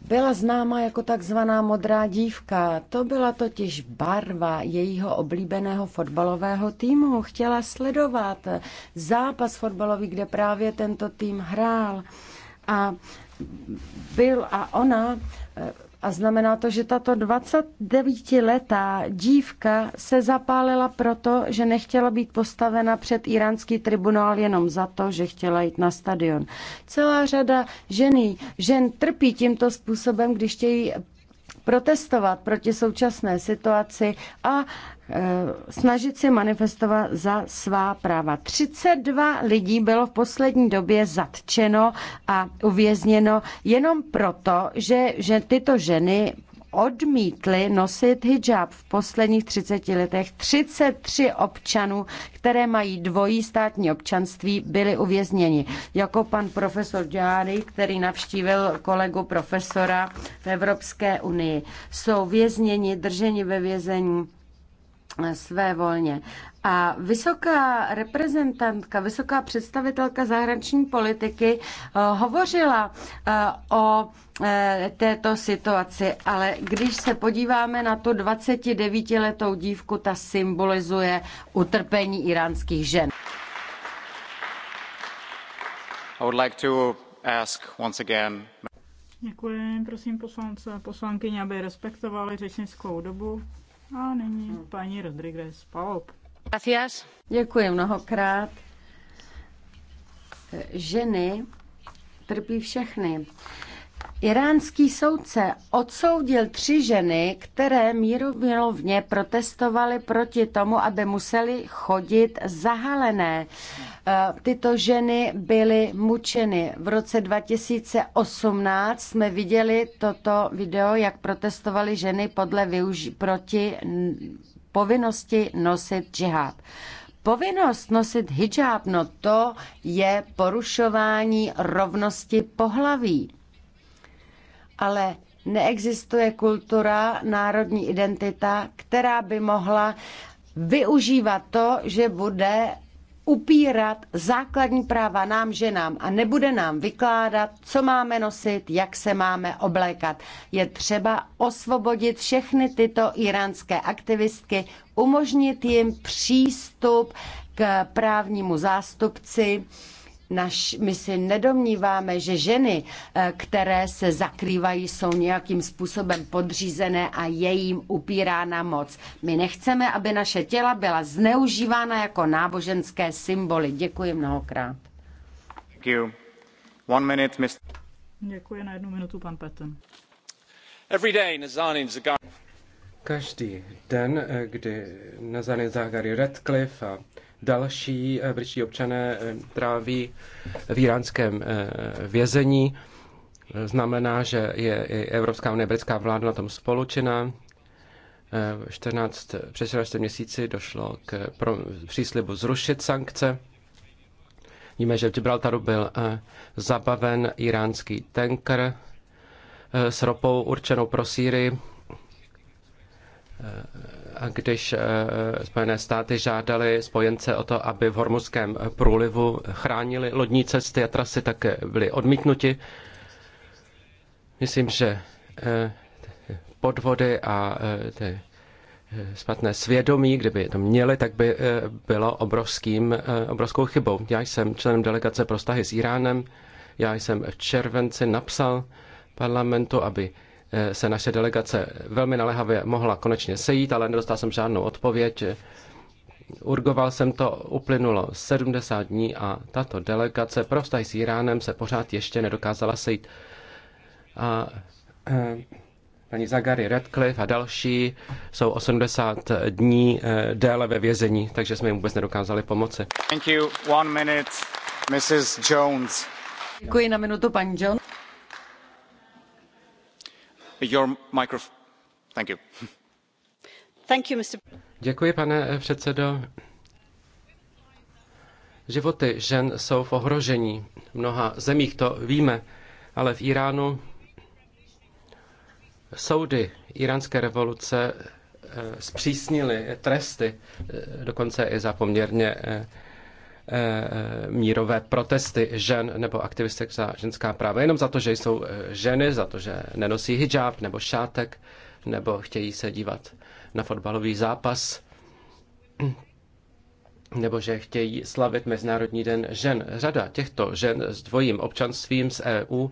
byla známa jako takzvaná modrá dívka. To byla totiž barva jejího oblíbeného fotbalového týmu. Chtěla sledovat zápas fotbalový, kde právě tento tým hrál. A byl a ona eh, a znamená to, že tato 29-letá dívka se zapálila proto, že nechtěla být postavena před iránský tribunál jenom za to, že chtěla jít na stadion. Celá řada žený, žen trpí tímto způsobem, když chtějí protestovat proti současné situaci a Eh, snažit se manifestovat za svá práva. 32 lidí bylo v poslední době zatčeno a uvězněno jenom proto, že, že tyto ženy odmítly nosit hijab v posledních 30 letech. 33 občanů, které mají dvojí státní občanství, byly uvězněni. Jako pan profesor Džáry, který navštívil kolegu profesora v Evropské unii. Jsou vězněni, drženi ve vězení Eh, své volně. A vysoká reprezentantka, vysoká představitelka zahraniční politiky eh, hovořila eh, o této situaci, ale když se podíváme na tu 29-letou dívku, ta symbolizuje utrpení iránských žen. I would like to ask once again... Děkuji, prosím poslance a poslankyně, aby respektovali řečnickou dobu. A nyní paní Rodriguez Palop. Děkuji mnohokrát. Ženy trpí všechny. Iránský soudce odsoudil tři ženy, které mírovně protestovaly proti tomu, aby museli chodit zahalené. E, tyto ženy byly mučeny. V roce 2018 jsme viděli toto video, jak protestovaly ženy podle využi- proti povinnosti nosit džihad povinnost nosit hijab, no to je porušování rovnosti pohlaví ale neexistuje kultura, národní identita, která by mohla využívat to, že bude upírat základní práva nám, ženám a nebude nám vykládat, co máme nosit, jak se máme oblékat. Je třeba osvobodit všechny tyto iránské aktivistky, umožnit jim přístup k právnímu zástupci, naš, my si nedomníváme, že ženy, eh, které se zakrývají, jsou nějakým způsobem podřízené a je jim upírána moc. My nechceme, aby naše těla byla zneužívána jako náboženské symboly. Děkuji mnohokrát. Thank you. One minute, Mr. Děkuji na jednu minutu, pan Petten. Every day, Nazanin Zagari. Každý den, eh, kdy Nazanin Zagari Redcliffe a Další eh, britští občané eh, tráví v iránském eh, vězení. Znamená, že je i Evropská unie, britská vláda na tom spolučená. 14, přes 14 měsíci došlo k příslibu zrušit sankce. Víme, že v Gibraltaru byl zabaven iránský tanker s ropou určenou pro Sýrii když eh, Spojené státy žádali spojence o to, aby v Hormuzském průlivu chránili lodní cesty a trasy, tak byly odmítnuti. Myslím, že eh, podvody a eh, ty špatné svědomí, kdyby to měli, tak by bylo obrovským, obrovskou chybou. Já jsem členem delegace pro vztahy s Iránem. Já jsem v červenci napsal parlamentu, aby Eh, se naše delegace velmi naléhavě mohla konečně sejít, ale nedostal jsem žádnou odpověď. Urgoval jsem to, uplynulo 70 dní a tato delegace pro vztah s Iránem se pořád ještě nedokázala sejít. A, eh, paní Zagary Radcliffe a další jsou 80 dní eh, déle ve vězení, takže jsme jim vůbec nedokázali pomoci. Thank you. One minute, Mrs. Jones. Děkuji na minutu, paní Jones. Děkuji, pane eh, předsedající Životy žen jsou v ohrožení. V mnoha zemích to víme, ale v Iránu soudy iránské revoluce eh, zpřísnily tresty, eh, dokonce i za poměrně Eh, eh, mírové protesty žen nebo aktivistek za ženská práva. Jenom za to, že jsou eh, ženy, za to, že nenosí hijab nebo šátek, nebo chtějí se dívat na fotbalový zápas, nebo že chtějí slavit Mezinárodní den žen. Řada těchto žen s dvojím občanstvím z EU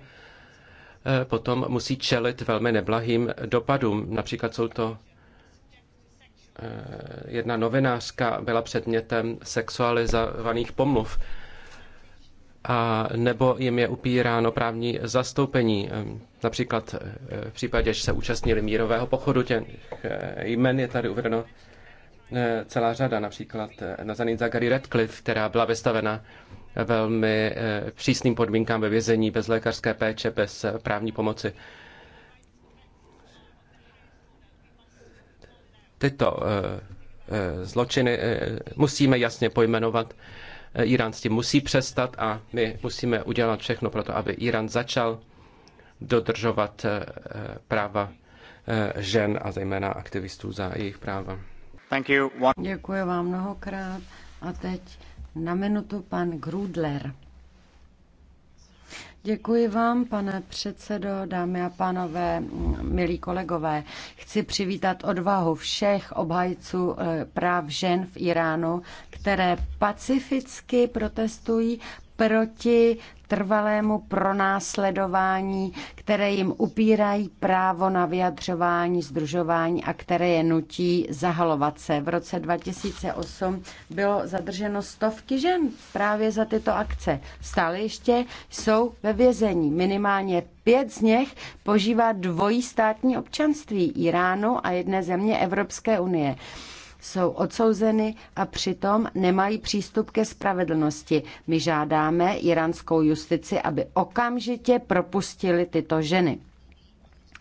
potom musí čelit velmi neblahým dopadům. Například jsou to Eh, jedna novinářka byla předmětem sexualizovaných pomluv a nebo jim je upíráno právní zastoupení. Eh, například eh, v případě, že se účastnili mírového pochodu, těch jmen je tady uvedeno celá řada, například Nazanin Zagary Redcliffe, která byla vystavena velmi přísným podmínkám ve vězení, bez lékařské péče, bez právní pomoci. tyto eh, eh, zločiny eh, musíme jasně pojmenovat. Irán s tím musí přestat a my musíme udělat všechno pro to, aby Irán začal dodržovat práva žen a zejména aktivistů za jejich práva. Thank you. One... Děkuji vám mnohokrát a teď na minutu pan Grudler. Děkuji vám, pane předsedo, dámy a pánové, milí kolegové. Chci přivítat odvahu všech obhajců eh, práv žen v Iránu, které pacificky protestují proti trvalému pronásledování, které jim upírají právo na vyjadřování, združování a které je nutí zahalovat se. V roce 2008 bylo zadrženo stovky žen právě za tyto akce. Stále ještě jsou ve vězení. Minimálně pět z nich požívá dvojí státní občanství Iránu a jedné země Evropské unie jsou odsouzeny a přitom nemají přístup ke spravedlnosti. My žádáme iránskou justici, aby okamžitě propustili tyto ženy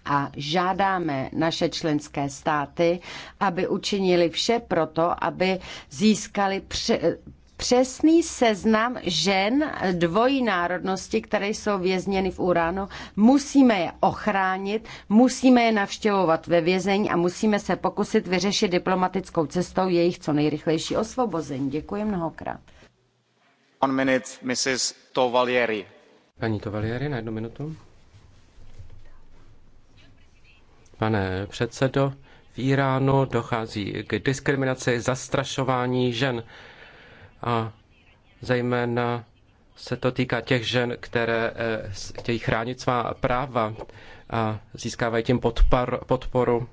a žádáme naše členské státy, aby učinili vše proto, aby získali pře- přesný seznam žen dvojí národnosti, které jsou vězněny v Uránu. Musíme je ochránit, musíme je navštěvovat ve vězení a musíme se pokusit vyřešit diplomatickou cestou jejich co nejrychlejší osvobození. Děkuji mnohokrát. One minute, Mrs. Tovalieri. Paní Tovalieri, na jednu minutu. Pane předsedo, v Iránu dochází k diskriminaci, zastrašování žen a zejména se to týká těch žen, které eh, chtějí chránit svá práva a získávají tím podpar, podporu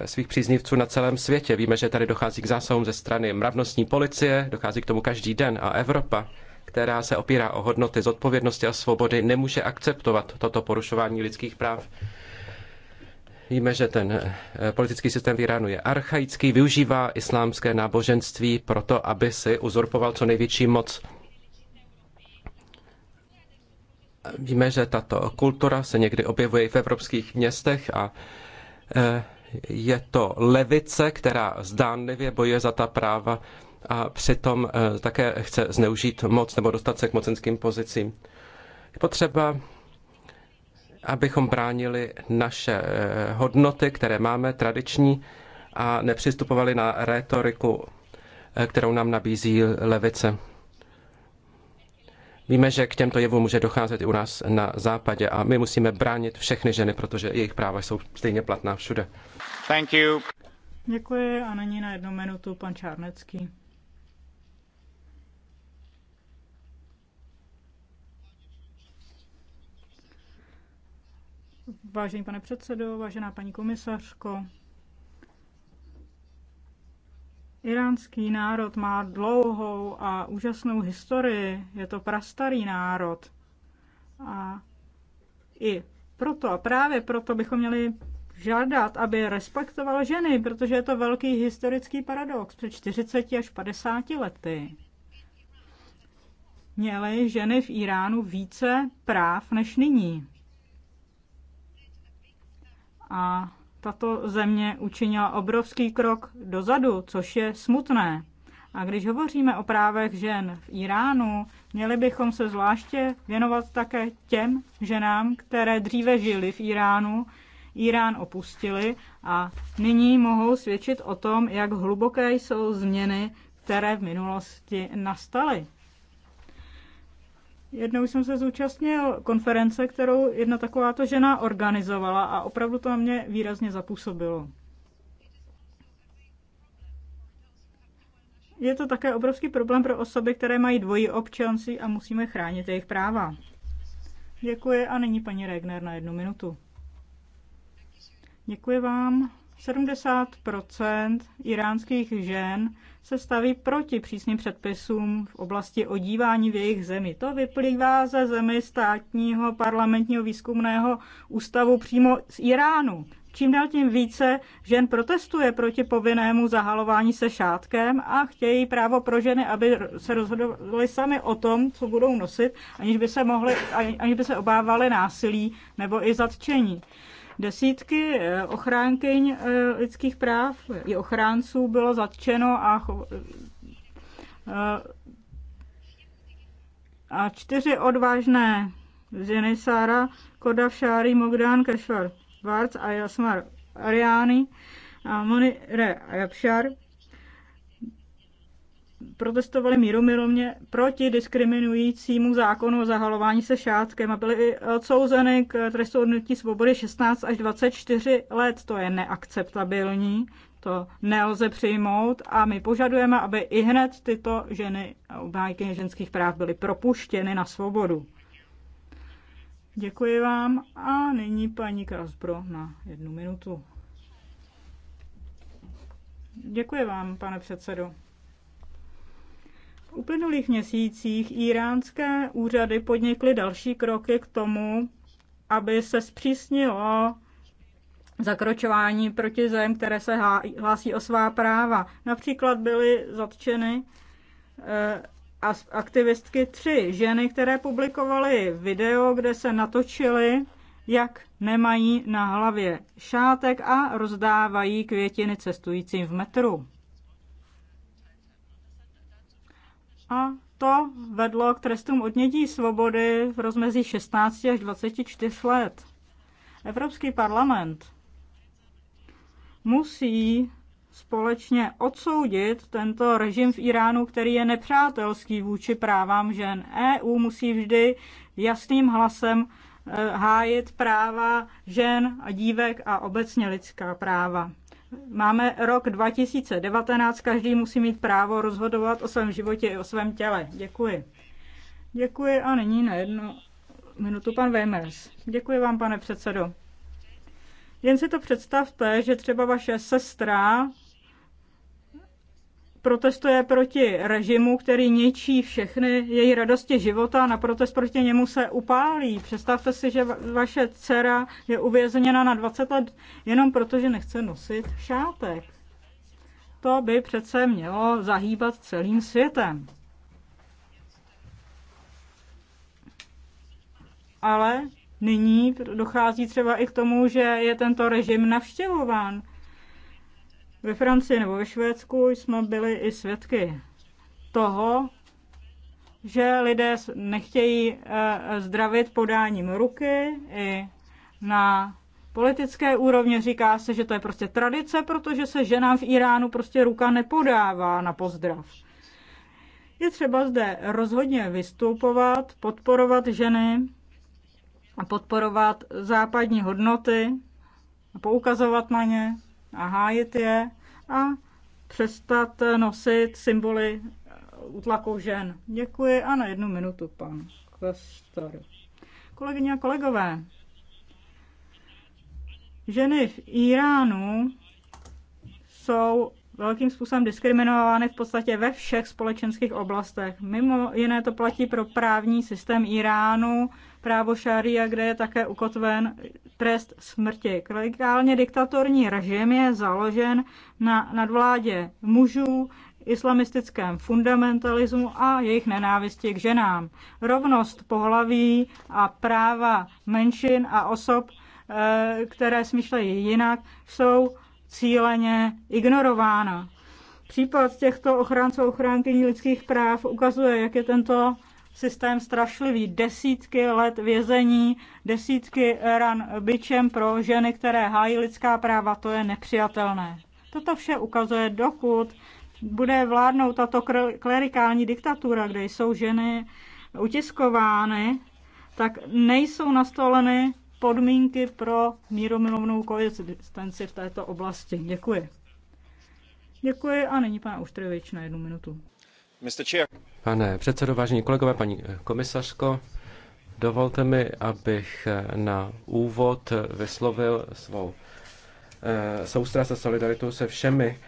eh, svých příznivců na celém světě. Víme, že tady dochází k zásahům ze strany mravnostní policie, dochází k tomu každý den a Evropa, která se opírá o hodnoty zodpovědnosti a svobody, nemůže akceptovat toto porušování lidských práv. Víme, že ten eh, politický systém v Iránu je archaický, využívá islámské náboženství proto, aby si uzurpoval co největší moc. Víme, že tato kultura se někdy objevuje i v evropských městech a eh, je to levice, která zdánlivě bojuje za ta práva a přitom eh, také chce zneužít moc nebo dostat se k mocenským pozicím. Je potřeba abychom bránili naše eh, hodnoty, které máme tradiční, a nepřistupovali na rétoriku, eh, kterou nám nabízí levice. Víme, že k těmto jevům může docházet i u nás na západě a my musíme bránit všechny ženy, protože jejich práva jsou stejně platná všude. Thank you. Děkuji a není na jednu minutu pan Čárnecký. Vážený pane předsedo, vážená paní komisařko, Iránský národ má dlouhou a úžasnou historii. Je to prastarý národ. A i proto, a právě proto bychom měli žádat, aby respektoval ženy, protože je to velký historický paradox. Před 40 až 50 lety měly ženy v Iránu více práv než nyní. A tato země učinila obrovský krok dozadu, což je smutné. A když hovoříme o právech žen v Iránu, měli bychom se zvláště věnovat také těm ženám, které dříve žili v Iránu, Irán opustili a nyní mohou svědčit o tom, jak hluboké jsou změny, které v minulosti nastaly. Jednou jsem se zúčastnil konference, kterou jedna takováto žena organizovala a opravdu to na mě výrazně zapůsobilo. Je to také obrovský problém pro osoby, které mají dvojí občanství a musíme chránit jejich práva. Děkuji a nyní paní Regner na jednu minutu. Děkuji vám. 70 iránských žen se staví proti přísným předpisům v oblasti odívání v jejich zemi. To vyplývá ze zemi státního parlamentního výzkumného ústavu přímo z Iránu. Čím dál tím více žen protestuje proti povinnému zahalování se šátkem a chtějí právo pro ženy, aby se rozhodovali sami o tom, co budou nosit, aniž by se, mohli, aniž by se obávali násilí nebo i zatčení. Desítky eh, ochránkyň eh, lidských práv i ochránců bylo zatčeno a eh, a čtyři odvážné ženy Sára, Šári, Mogdán, Kešvar, Várc a Jasmar Ariány a Monire Japšar protestovali míromilovně proti diskriminujícímu zákonu o zahalování se šátkem a byli odsouzeny k trestu odnutí svobody 16 až 24 let. To je neakceptabilní, to nelze přijmout a my požadujeme, aby i hned tyto ženy a obhájkyně ženských práv byly propuštěny na svobodu. Děkuji vám a nyní paní Krasbro na jednu minutu. Děkuji vám, pane předsedo. V uplynulých měsících iránské úřady podnikly další kroky k tomu, aby se zpřísnilo zakročování proti zem, které se hlásí o svá práva. Například byly zatčeny eh, aktivistky tři ženy, které publikovaly video, kde se natočily, jak nemají na hlavě šátek a rozdávají květiny cestujícím v metru. A to vedlo k trestům odnětí svobody v rozmezí 16 až 24 let. Evropský parlament musí společně odsoudit tento režim v Iránu, který je nepřátelský vůči právám žen. EU musí vždy jasným hlasem eh, hájit práva žen a dívek a obecně lidská práva. Máme rok 2019, každý musí mít právo rozhodovat o svém životě i o svém těle. Děkuji. Děkuji a nyní na jednu minutu pan Vemers. Děkuji vám, pane předsedo. Jen si to představte, že třeba vaše sestra protestuje proti režimu, který ničí všechny její radosti života, na protest proti němu se upálí. Představte si, že vaše dcera je uvězněna na 20 let jenom proto, že nechce nosit šátek. To by přece mělo zahýbat celým světem. Ale nyní dochází třeba i k tomu, že je tento režim navštěvován. Ve Francii nebo ve Švédsku jsme byli i svědky toho, že lidé nechtějí eh, zdravit podáním ruky i na politické úrovně říká se, že to je prostě tradice, protože se ženám v Iránu prostě ruka nepodává na pozdrav. Je třeba zde rozhodně vystupovat, podporovat ženy a podporovat západní hodnoty a poukazovat na ně, a hájit je a přestat nosit symboly utlaku žen. Děkuji a na jednu minutu pan kvestor. Kolegyně a kolegové, ženy v Iránu jsou velkým způsobem diskriminovány v podstatě ve všech společenských oblastech. Mimo jiné to platí pro právní systém Iránu, právo šária, kde je také ukotven trest smrti. Radikálně diktatorní režim je založen na nadvládě mužů, islamistickém fundamentalismu a jejich nenávisti k ženám. Rovnost pohlaví a práva menšin a osob, eh, které smýšlejí jinak, jsou cíleně ignorována. Případ těchto ochránců ochránkyní lidských práv ukazuje, jak je tento systém strašlivý. Desítky let vězení, desítky ran byčem pro ženy, které hájí lidská práva, to je nepřijatelné. Toto vše ukazuje, dokud bude vládnout tato klerikální diktatura, kde jsou ženy utiskovány, tak nejsou nastoleny podmínky pro míromilovnou koexistenci v této oblasti. Děkuji. Děkuji a nyní pan Uštrevič na jednu minutu. Mr. Chair. Pane předsedo, vážení kolegové, paní eh, komisařko, dovolte mi, abych eh, na úvod eh, vyslovil svou soustrast a solidaritu se všemi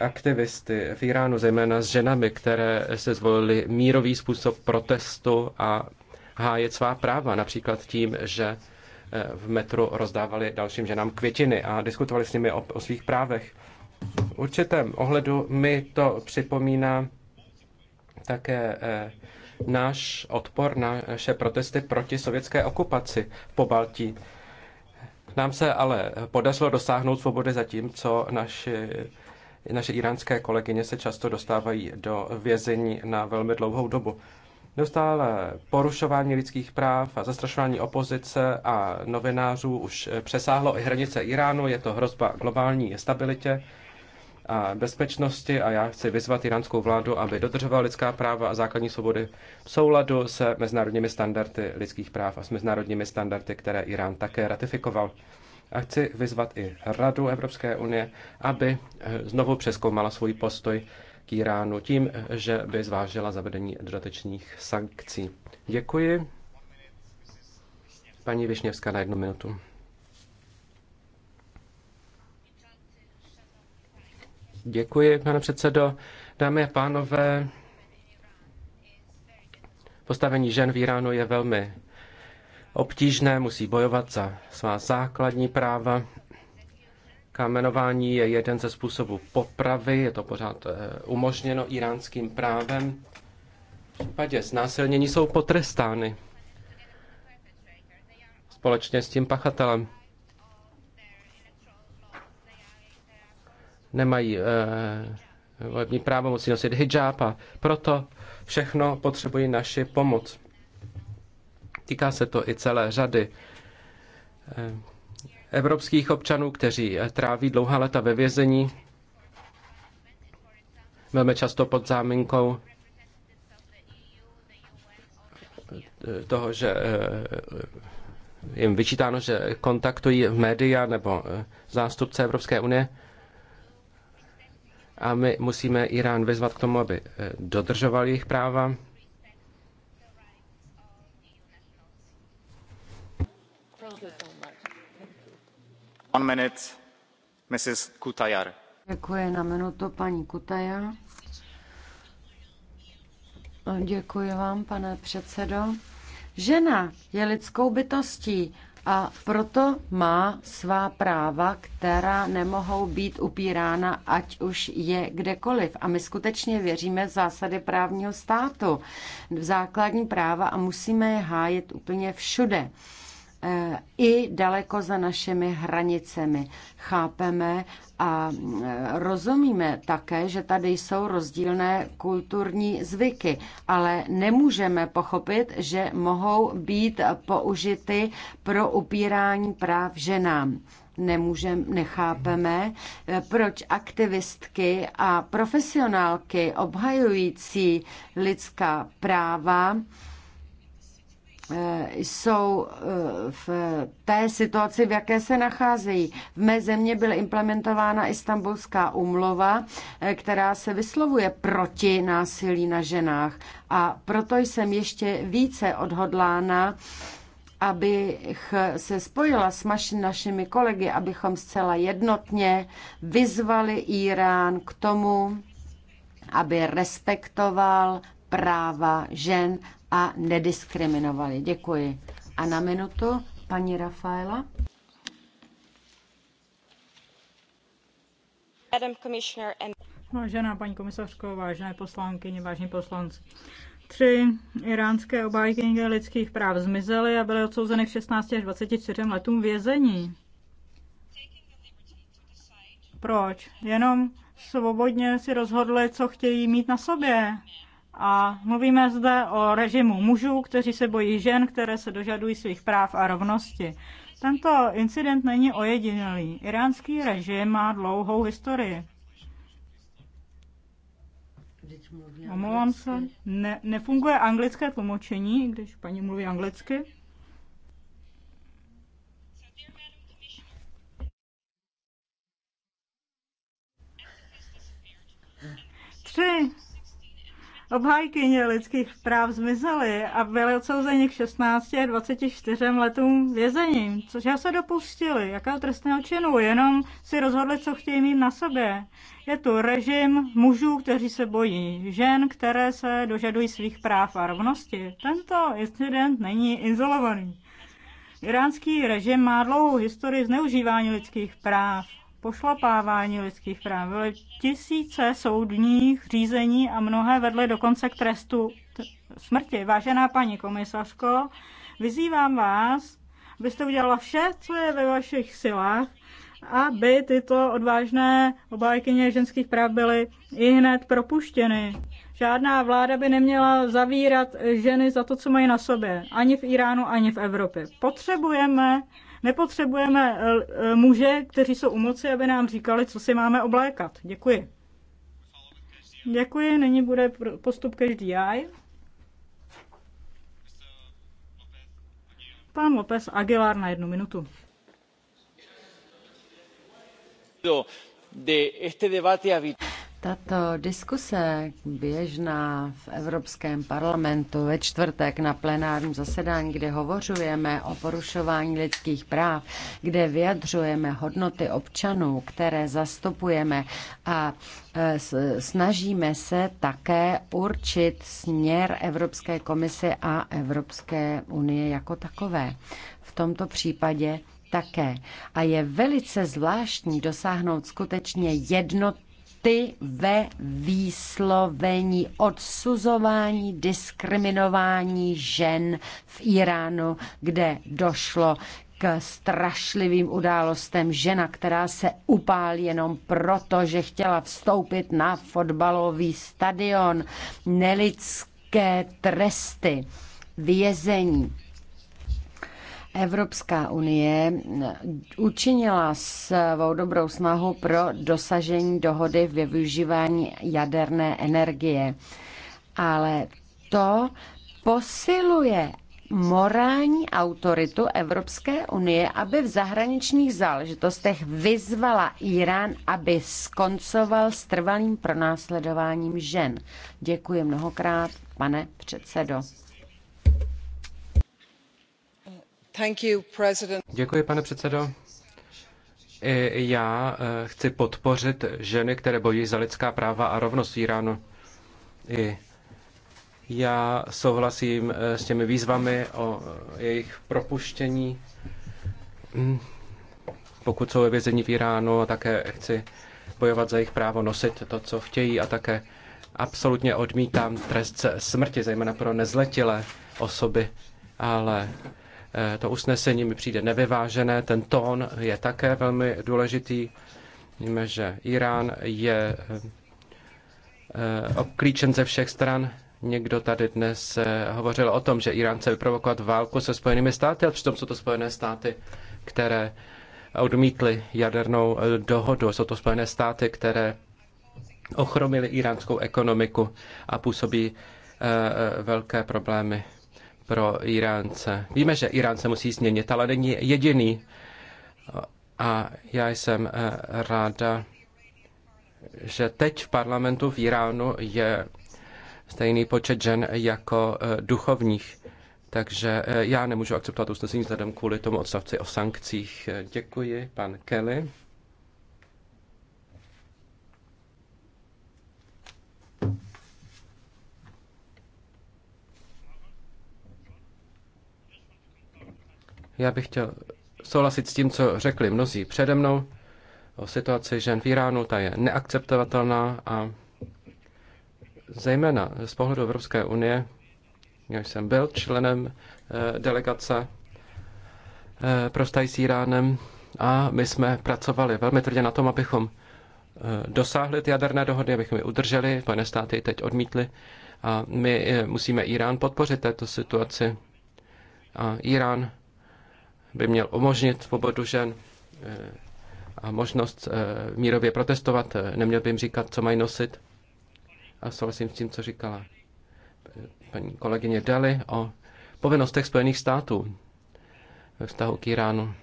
aktivisty v Iránu, zejména s ženami, které se zvolili mírový způsob protestu a hájet svá práva, například tím, že v metru rozdávali dalším ženám květiny a diskutovali s nimi o, o svých právech. V určitém ohledu mi to připomíná také eh, náš odpor, naše protesty proti sovětské okupaci po Baltí. Nám se ale podařilo dosáhnout svobody co naši, naše iránské kolegyně se často dostávají do vězení na velmi dlouhou dobu. Neustále porušování lidských práv a zastrašování opozice a novinářů už přesáhlo i hranice Iránu, je to hrozba globální stabilitě a bezpečnosti a já chci vyzvat iránskou vládu, aby dodržovala lidská práva a základní svobody v souladu se mezinárodními standardy lidských práv a s mezinárodními standardy, které Irán také ratifikoval. A chci vyzvat i Radu Evropské unie, aby eh, znovu přeskoumala svůj postoj k Iránu tím, eh, že by zvážila zavedení dodatečných sankcí. Děkuji. Paní Višněvská na jednu minutu. Děkuji, pane předsedo. Dámy a pánové, postavení žen v Iránu je velmi obtížné, musí bojovat za svá základní práva. Kamenování je jeden ze způsobů popravy, je to pořád eh, umožněno iránským právem. V případě znásilnění jsou potrestány společně s tím pachatelem. nemají eh, volební právo, musí nosit hijab a proto všechno potřebují naši pomoc. Týká se to i celé řady eh, evropských občanů, kteří eh, tráví dlouhá leta ve vězení, velmi často pod záminkou toho, že jim vyčítáno, že kontaktují média nebo zástupce Evropské unie a my musíme Irán vyzvat k tomu, aby eh, dodržoval jejich práva. One minute, Mrs. Kutayar. Děkuji na minutu paní Kutaja. Děkuji vám, pane předsedo. Žena je lidskou bytostí a proto má svá práva, která nemohou být upírána, ať už je kdekoliv. A my skutečně věříme v zásady právního státu, v základní práva a musíme je hájit úplně všude i daleko za našimi hranicemi. Chápeme a rozumíme také, že tady jsou rozdílné kulturní zvyky, ale nemůžeme pochopit, že mohou být použity pro upírání práv ženám nemůžem, nechápeme, proč aktivistky a profesionálky obhajující lidská práva Eh, jsou eh, v té situaci, v jaké se nacházejí. V mé země byla implementována istambulská umlova, eh, která se vyslovuje proti násilí na ženách. A proto jsem ještě více odhodlána abych se spojila s našimi kolegy, abychom zcela jednotně vyzvali Irán k tomu, aby respektoval práva žen a nediskriminovali. Děkuji. A na minutu paní Rafaela. Vážená paní komisařko, vážené poslankyně, vážení poslanci. Tři iránské obhájkyně lidských práv zmizely a byly odsouzeny k 16 až 24 letům vězení. Proč? Jenom svobodně si rozhodli, co chtějí mít na sobě. A mluvíme zde o režimu mužů, kteří se bojí žen, které se dožadují svých práv a rovnosti. Tento incident není ojedinělý. Iránský režim má dlouhou historii. Omlouvám se. Ne, nefunguje anglické tlumočení, když paní mluví anglicky. Tři obhájkyně lidských práv zmizely a byly odsouzeni k 16 a 24 letům vězením, což se dopustili, jakého trestného činu, jenom si rozhodli, co chtějí mít na sobě. Je tu režim mužů, kteří se bojí žen, které se dožadují svých práv a rovnosti. Tento incident není izolovaný. Iránský režim má dlouhou historii zneužívání lidských práv pošlapávání lidských práv. Byly tisíce soudních řízení a mnohé vedly dokonce k trestu smrti. Vážená paní komisařko, vyzývám vás, abyste udělala vše, co je ve vašich silách, aby tyto odvážné obájkyně ženských práv byly i hned propuštěny. Žádná vláda by neměla zavírat ženy za to, co mají na sobě, ani v Iránu, ani v Evropě. Potřebujeme Nepotřebujeme eh, eh, muže, kteří jsou u moci, aby nám říkali, co si máme oblékat. Děkuji. Děkuji, nyní bude postup každý jaj. Pan Lopez Aguilar na jednu minutu. De este debate habitual tato diskuse běžná v Evropském parlamentu ve čtvrtek na plenárním zasedání, kde hovořujeme o porušování lidských práv, kde vyjadřujeme hodnoty občanů, které zastupujeme a e, snažíme se také určit směr Evropské komise a Evropské unie jako takové. V tomto případě také. A je velice zvláštní dosáhnout skutečně jednoty ty ve výslovení odsuzování, diskriminování žen v Iránu, kde došlo k strašlivým událostem. Žena, která se upálí jenom proto, že chtěla vstoupit na fotbalový stadion. Nelidské tresty, vězení Evropská unie učinila svou dobrou snahu pro dosažení dohody ve využívání jaderné energie, ale to posiluje morální autoritu Evropské unie, aby v zahraničních záležitostech vyzvala Irán, aby skoncoval s trvalým pronásledováním žen. Děkuji mnohokrát, pane předsedo. Děkuji, pane předsedo. I já eh, chci podpořit ženy, které bojují za lidská práva a rovnost v Iránu. I já souhlasím eh, s těmi výzvami o eh, jejich propuštění, mm. pokud jsou ve vězení v Iránu, a také chci bojovat za jejich právo nosit to, co chtějí a také absolutně odmítám trest smrti, zejména pro nezletilé osoby, ale Eh, to usnesení mi přijde nevyvážené, ten tón je také velmi důležitý. Víme, že Irán je eh, obklíčen ze všech stran. Někdo tady dnes eh, hovořil o tom, že Irán chce vyprovokovat válku se Spojenými státy, a přitom jsou to Spojené státy, které odmítly jadernou dohodu. Jsou to Spojené státy, které ochromily iránskou ekonomiku a působí velké problémy pro Iránce. Víme, že Irán se musí změnit, ale není jediný. A já jsem eh, ráda, že teď v parlamentu v Iránu je stejný počet žen jako eh, duchovních. Takže eh, já nemůžu akceptovat usnesení vzhledem kvůli tomu odstavci o sankcích. Děkuji, pan Kelly. Já bych chtěl souhlasit s tím, co řekli mnozí přede mnou o situaci žen v Iránu. Ta je neakceptovatelná a zejména z pohledu Evropské unie, já jsem byl členem eh, delegace eh, pro s Iránem a my jsme pracovali velmi tvrdě na tom, abychom eh, dosáhli ty jaderné dohody, abychom je udrželi. Spojené státy teď odmítly a my musíme Irán podpořit této situaci. A Irán by měl umožnit svobodu žen eh, a možnost eh, mírově protestovat, eh, neměl by jim říkat, co mají nosit. A souhlasím s tím, co říkala paní kolegyně Dali o povinnostech Spojených států ve vztahu k Iránu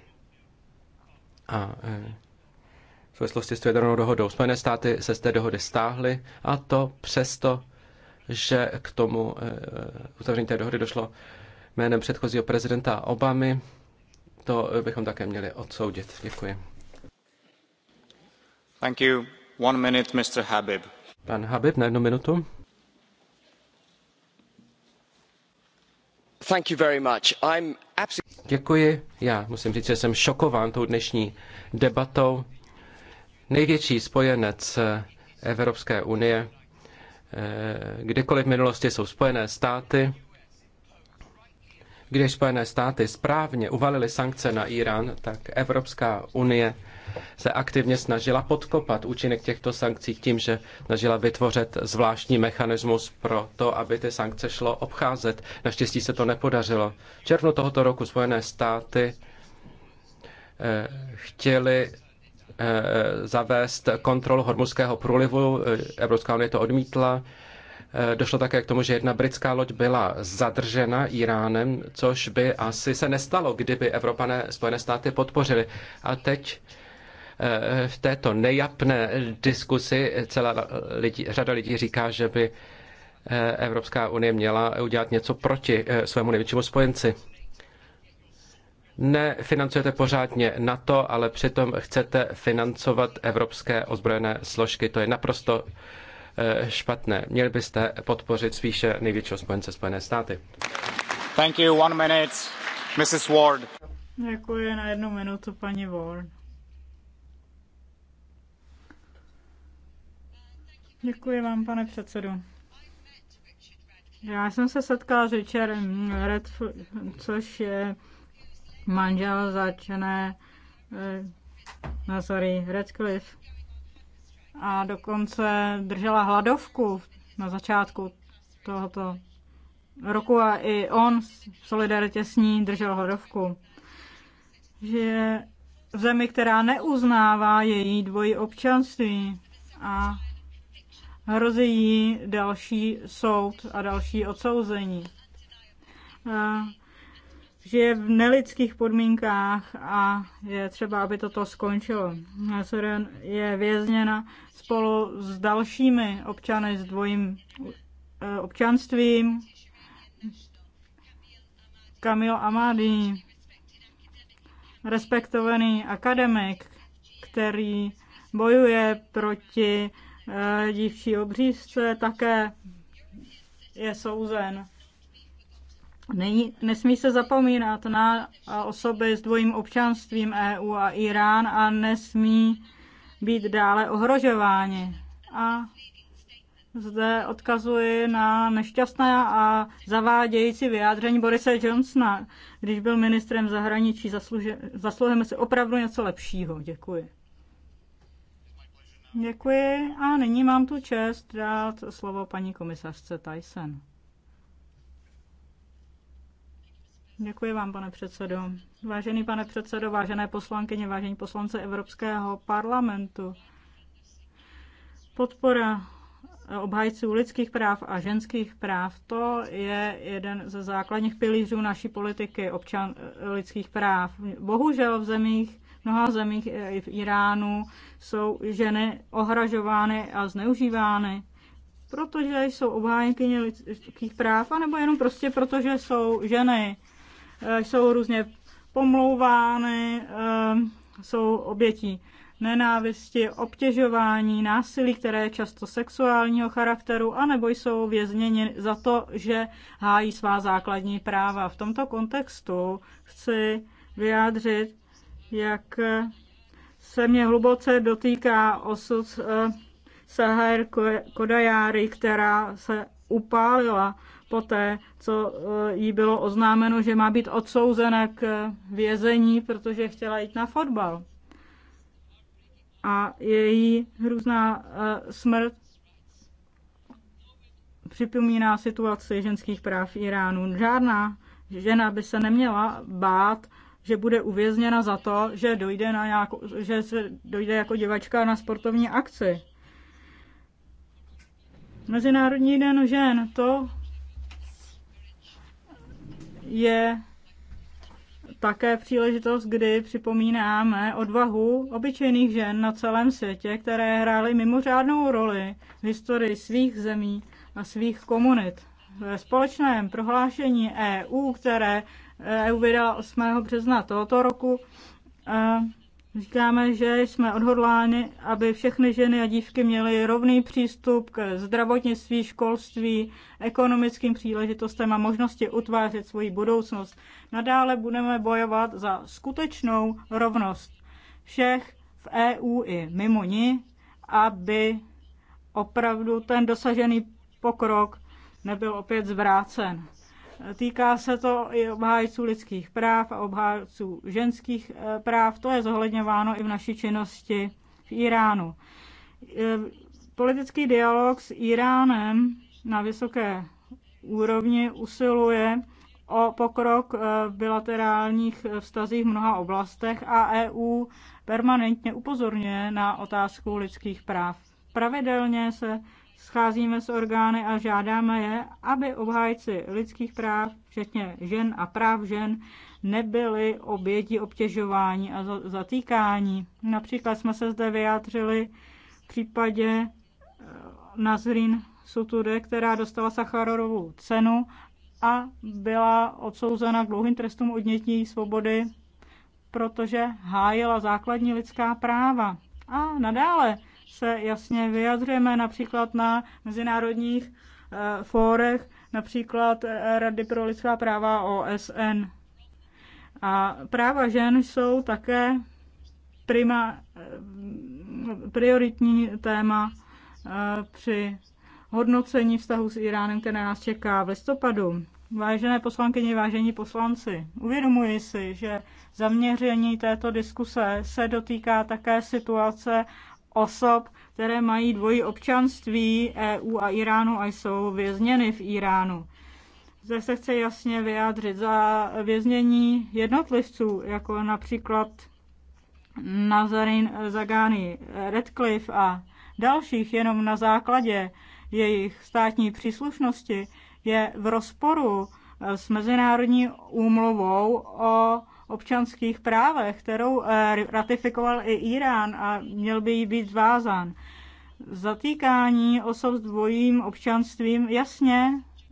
a v souvislosti s jadernou dohodou. Spojené státy se z té dohody stáhly a to přesto, že k tomu uzavření té dohody došlo jménem předchozího prezidenta Obamy to bychom také měli odsoudit. Děkuji. Thank you. One minute, Mr. Habib. Pan Habib na jednu minutu. Thank you very much. I'm Děkuji. Já musím říct, že jsem šokován tou dnešní debatou. Největší spojenec eh, Evropské unie, eh, Kdekoliv v minulosti jsou spojené státy, když Spojené státy správně uvalily sankce na Irán, tak Evropská unie se aktivně snažila podkopat účinek těchto sankcí tím, že snažila vytvořit zvláštní mechanismus pro to, aby ty sankce šlo obcházet. Naštěstí se to nepodařilo. V červnu tohoto roku Spojené státy eh, chtěli eh, zavést kontrolu hormuzského průlivu. Eh, Evropská unie to odmítla. Eh, došlo také k tomu, že jedna britská loď byla zadržena Iránem, což by asi se nestalo, kdyby Evropané Spojené státy podpořili. A teď eh, v této nejapné diskusi celá lidi, řada lidí říká, že by eh, Evropská unie měla udělat něco proti svému největšímu spojenci. Nefinancujete pořádně NATO, ale přitom chcete financovat evropské ozbrojené složky. To je naprosto Eh, špatné. Měli byste podpořit spíše největšího spojence Spojené státy. Thank you. One minute, Mrs. Ward. Děkuji na jednu minutu, paní Ward. Děkuji vám, pane předsedu. Já jsem se setkala s Richardem Redford, což je manžel začené eh, Nazary Redcliffe a dokonce držela hladovku na začátku tohoto roku a i on v solidaritě s ní držel hladovku. Že v zemi, která neuznává její dvojí občanství a hrozí jí další soud a další odsouzení žije v nelidských podmínkách a je třeba, aby toto skončilo. Soren je vězněna spolu s dalšími občany s dvojím eh, občanstvím. Kamil Amadi, respektovaný akademik, který bojuje proti eh, dívčí obřízce, také je souzen Není, nesmí se zapomínat na osoby s dvojím občanstvím EU a Irán a nesmí být dále ohrožováni. A zde odkazuji na nešťastné a zavádějící vyjádření Borise Johnsona, když byl ministrem zahraničí. Zasluže, zasluhujeme si opravdu něco lepšího. Děkuji. Děkuji a nyní mám tu čest dát slovo paní komisařce Tyson. Děkuji vám, pane předsedo. Vážený pane předsedo, vážené poslankyně, vážení poslance Evropského parlamentu, podpora obhájců lidských práv a ženských práv, to je jeden ze základních pilířů naší politiky občan lidských práv. Bohužel v zemích, mnoha zemích e, i v Iránu jsou ženy ohražovány a zneužívány, protože jsou obhájkyně lidských práv, anebo jenom prostě protože jsou ženy. Eh, jsou různě pomlouvány, eh, jsou obětí nenávisti, obtěžování, násilí, které je často sexuálního charakteru, anebo jsou vězněni za to, že hájí svá základní práva. V tomto kontextu chci vyjádřit, jak se mě hluboce dotýká osud eh, Sahar Kodajary, která se upálila poté, co eh, jí bylo oznámeno, že má být odsouzena k vězení, protože chtěla jít na fotbal. A její hrůzná eh, smrt připomíná situaci ženských práv Iránu. Žádná žena by se neměla bát, že bude uvězněna za to, že dojde, na nějakou, že se dojde jako divačka na sportovní akci. Mezinárodní den žen, to je také příležitost, kdy připomínáme odvahu obyčejných žen na celém světě, které hrály mimořádnou roli v historii svých zemí a svých komunit. Ve společném prohlášení EU, které EU vydal 8. března tohoto roku, eh, Říkáme, že jsme odhodláni, aby všechny ženy a dívky měly rovný přístup k zdravotnictví, školství, ekonomickým příležitostem a možnosti utvářet svoji budoucnost. Nadále budeme bojovat za skutečnou rovnost všech v EU i mimo ní, aby opravdu ten dosažený pokrok nebyl opět zvrácen. Týká se to i obhájců lidských práv a obhájců ženských eh, práv. To je zohledňováno i v naší činnosti v Iránu. Eh, politický dialog s Iránem na vysoké úrovni usiluje o pokrok eh, v bilaterálních vztazích v mnoha oblastech a EU permanentně upozorňuje na otázku lidských práv. Pravidelně se scházíme s orgány a žádáme je, aby obhájci lidských práv, včetně žen a práv žen, nebyli oběti obtěžování a zatýkání. Například jsme se zde vyjádřili v případě eh, Nazrin Suture, která dostala sacharovou cenu a byla odsouzena k dlouhým trestům odnětí svobody, protože hájila základní lidská práva. A nadále se jasně vyjadřujeme například na mezinárodních eh, fórech, například eh, Rady pro lidská práva OSN. A práva žen jsou také prima, eh, prioritní téma při hodnocení vztahu s Iránem, které nás čeká v listopadu. Vážené poslankyně, vážení poslanci, uvědomuji si, že zaměření této diskuse se dotýká také situace osob, které mají dvojí občanství EU a Iránu a jsou vězněny v Iránu. Zde se chce jasně vyjádřit za věznění jednotlivců, jako například Nazarin Zagani, Redcliffe a dalších jenom na základě jejich státní příslušnosti je v rozporu s Mezinárodní úmluvou o občanských právech, kterou eh, ratifikoval i Irán a měl by jí být zvázán. Zatýkání osob s dvojím občanstvím jasně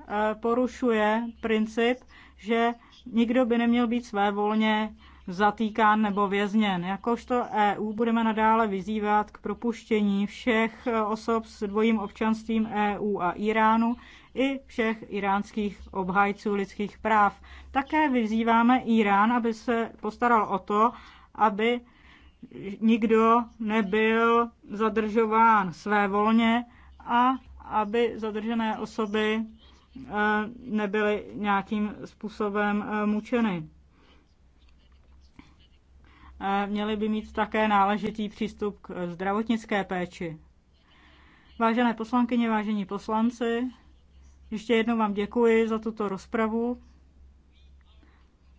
eh, porušuje princip, že nikdo by neměl být svévolně zatýkán nebo vězněn. Jakožto EU budeme nadále vyzývat k propuštění všech eh, osob s dvojím občanstvím EU a Iránu, i všech iránských obhajců lidských práv. Také vyzýváme Irán, aby se postaral o to, aby nikdo nebyl zadržován svévolně a aby zadržené osoby eh, nebyly nějakým způsobem eh, mučeny. Eh, měly by mít také náležitý přístup k zdravotnické péči. Vážené poslankyně, vážení poslanci, ještě jednou vám děkuji za tuto rozpravu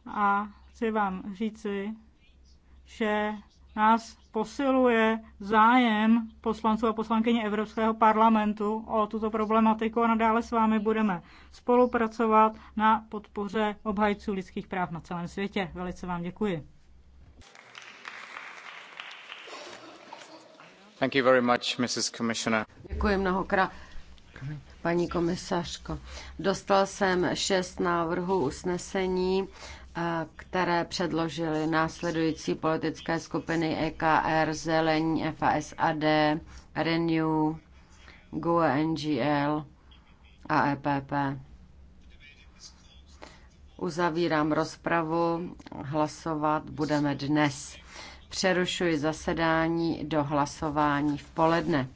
a chci vám říci, že nás posiluje zájem poslanců a poslankyně Evropského parlamentu o tuto problematiku a nadále s vámi budeme spolupracovat na podpoře obhajců lidských práv na celém světě. Velice vám děkuji. Thank you very much, Mrs. Commissioner. Děkuji mnohokrát paní komisařko. Dostal jsem šest návrhů usnesení, eh, které předložily následující politické skupiny EKR, Zelení, FASAD, Renew, GUE NGL a EPP. Uzavírám rozpravu, hlasovat budeme dnes. Přerušuji zasedání do hlasování v poledne.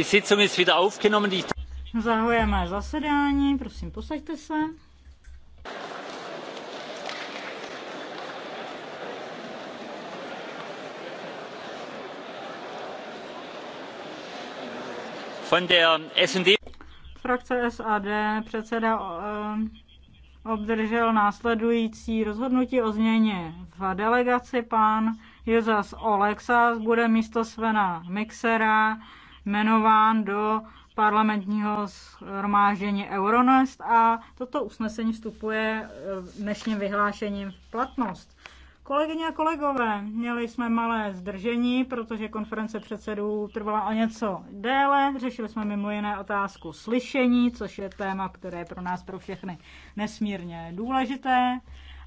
Die Sitzung ist wieder aufgenommen. Die... Zahujeme zasedání, prosím, posaďte se. Von der SD... Frakce SAD předseda uh, obdržel následující rozhodnutí o změně v delegaci. Pan Jezas Oleksas bude místo Svena Mixera jmenován do parlamentního shromáždění Euronest a toto usnesení vstupuje eh, dnešním vyhlášením v platnost. Kolegyně a kolegové, měli jsme malé zdržení, protože konference předsedů trvala o něco déle. Řešili jsme mimo jiné otázku slyšení, což je téma, které je pro nás pro všechny nesmírně důležité.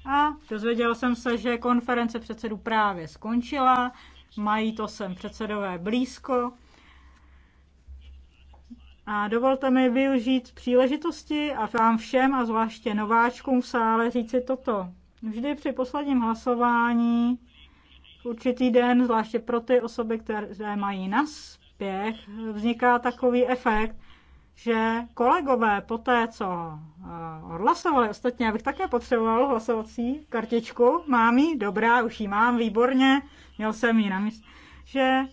A dozvěděl jsem se, že konference předsedů právě skončila, mají to sem předsedové blízko, a dovolte mi využít příležitosti a vám všem a zvláště nováčkům v sále říci toto. Vždy při posledním hlasování v určitý den, zvláště pro ty osoby, které mají naspěch, vzniká takový efekt, že kolegové po té, co eh, odhlasovali, ostatně abych také potřeboval hlasovací kartičku, mám ji, dobrá, už ji mám, výborně, měl jsem ji na místě, že eh,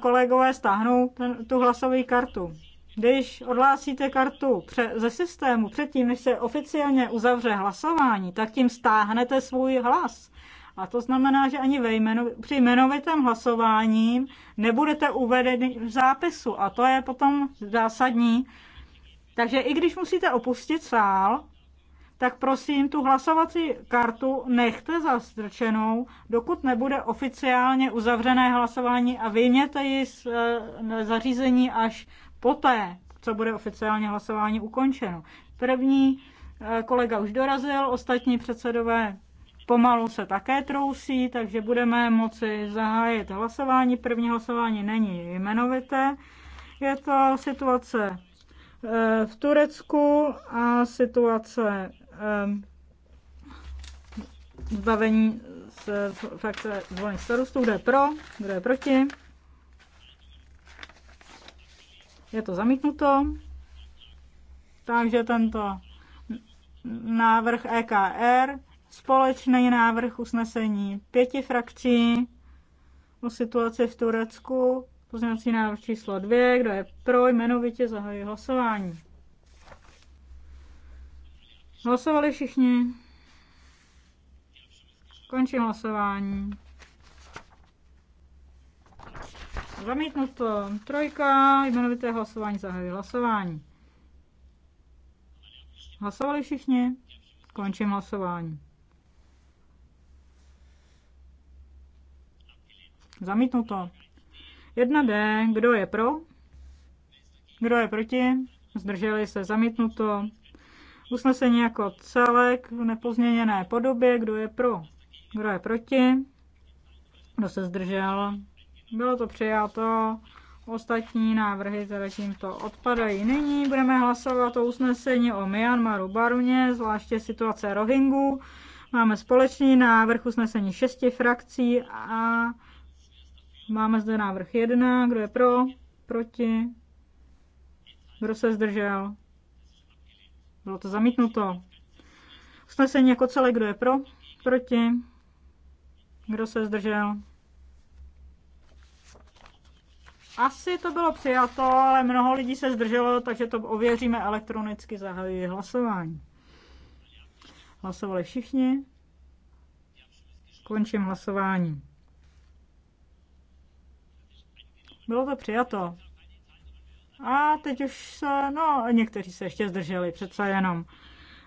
kolegové stáhnou ten, tu hlasovou kartu. Když odhlásíte kartu ze systému předtím, než se oficiálně uzavře hlasování, tak tím stáhnete svůj hlas. A to znamená, že ani ve jmenu, při jmenovitém hlasování nebudete uvedeni v zápisu. A to je potom zásadní. Takže i když musíte opustit sál, tak prosím tu hlasovací kartu nechte zastrčenou, dokud nebude oficiálně uzavřené hlasování a vyjměte ji z e, zařízení až poté, co bude oficiálně hlasování ukončeno. První eh, kolega už dorazil, ostatní předsedové pomalu se také trousí, takže budeme moci zahájit hlasování. První hlasování není jmenovité. Je to situace eh, v Turecku a situace eh, zbavení z frakce zvolených starostů, kdo je pro, kdo je proti. Je to zamítnuto. Takže tento návrh EKR, společný návrh usnesení pěti frakcí o situaci v Turecku, pozměňovací návrh číslo dvě, kdo je pro, jmenovitě zahojí hlasování. Hlasovali všichni? Končím hlasování. Zamítnuto. Trojka, jmenovité hlasování, zahajuji hlasování. Hlasovali všichni? Končím hlasování. Zamítnuto. 1D, kdo je pro? Kdo je proti? Zdrželi se, zamítnuto. Usnesení jako celek v nepozměněné podobě, kdo je pro? Kdo je proti? Kdo se zdržel? Bylo to přijato. Ostatní návrhy teda tímto odpadají. Nyní budeme hlasovat o usnesení o Myanmaru Baruně, zvláště situace Rohingů. Máme společný návrh usnesení šesti frakcí a máme zde návrh jedna. Kdo je pro? Proti? Kdo se zdržel? Bylo to zamítnuto. Usnesení jako celé, kdo je pro? Proti? Kdo se zdržel? Asi to bylo přijato, ale mnoho lidí se zdrželo, takže to ověříme elektronicky, zahajuji hlasování. Hlasovali všichni. Končím hlasování. Bylo to přijato. A teď už se, no, někteří se ještě zdrželi, přece jenom.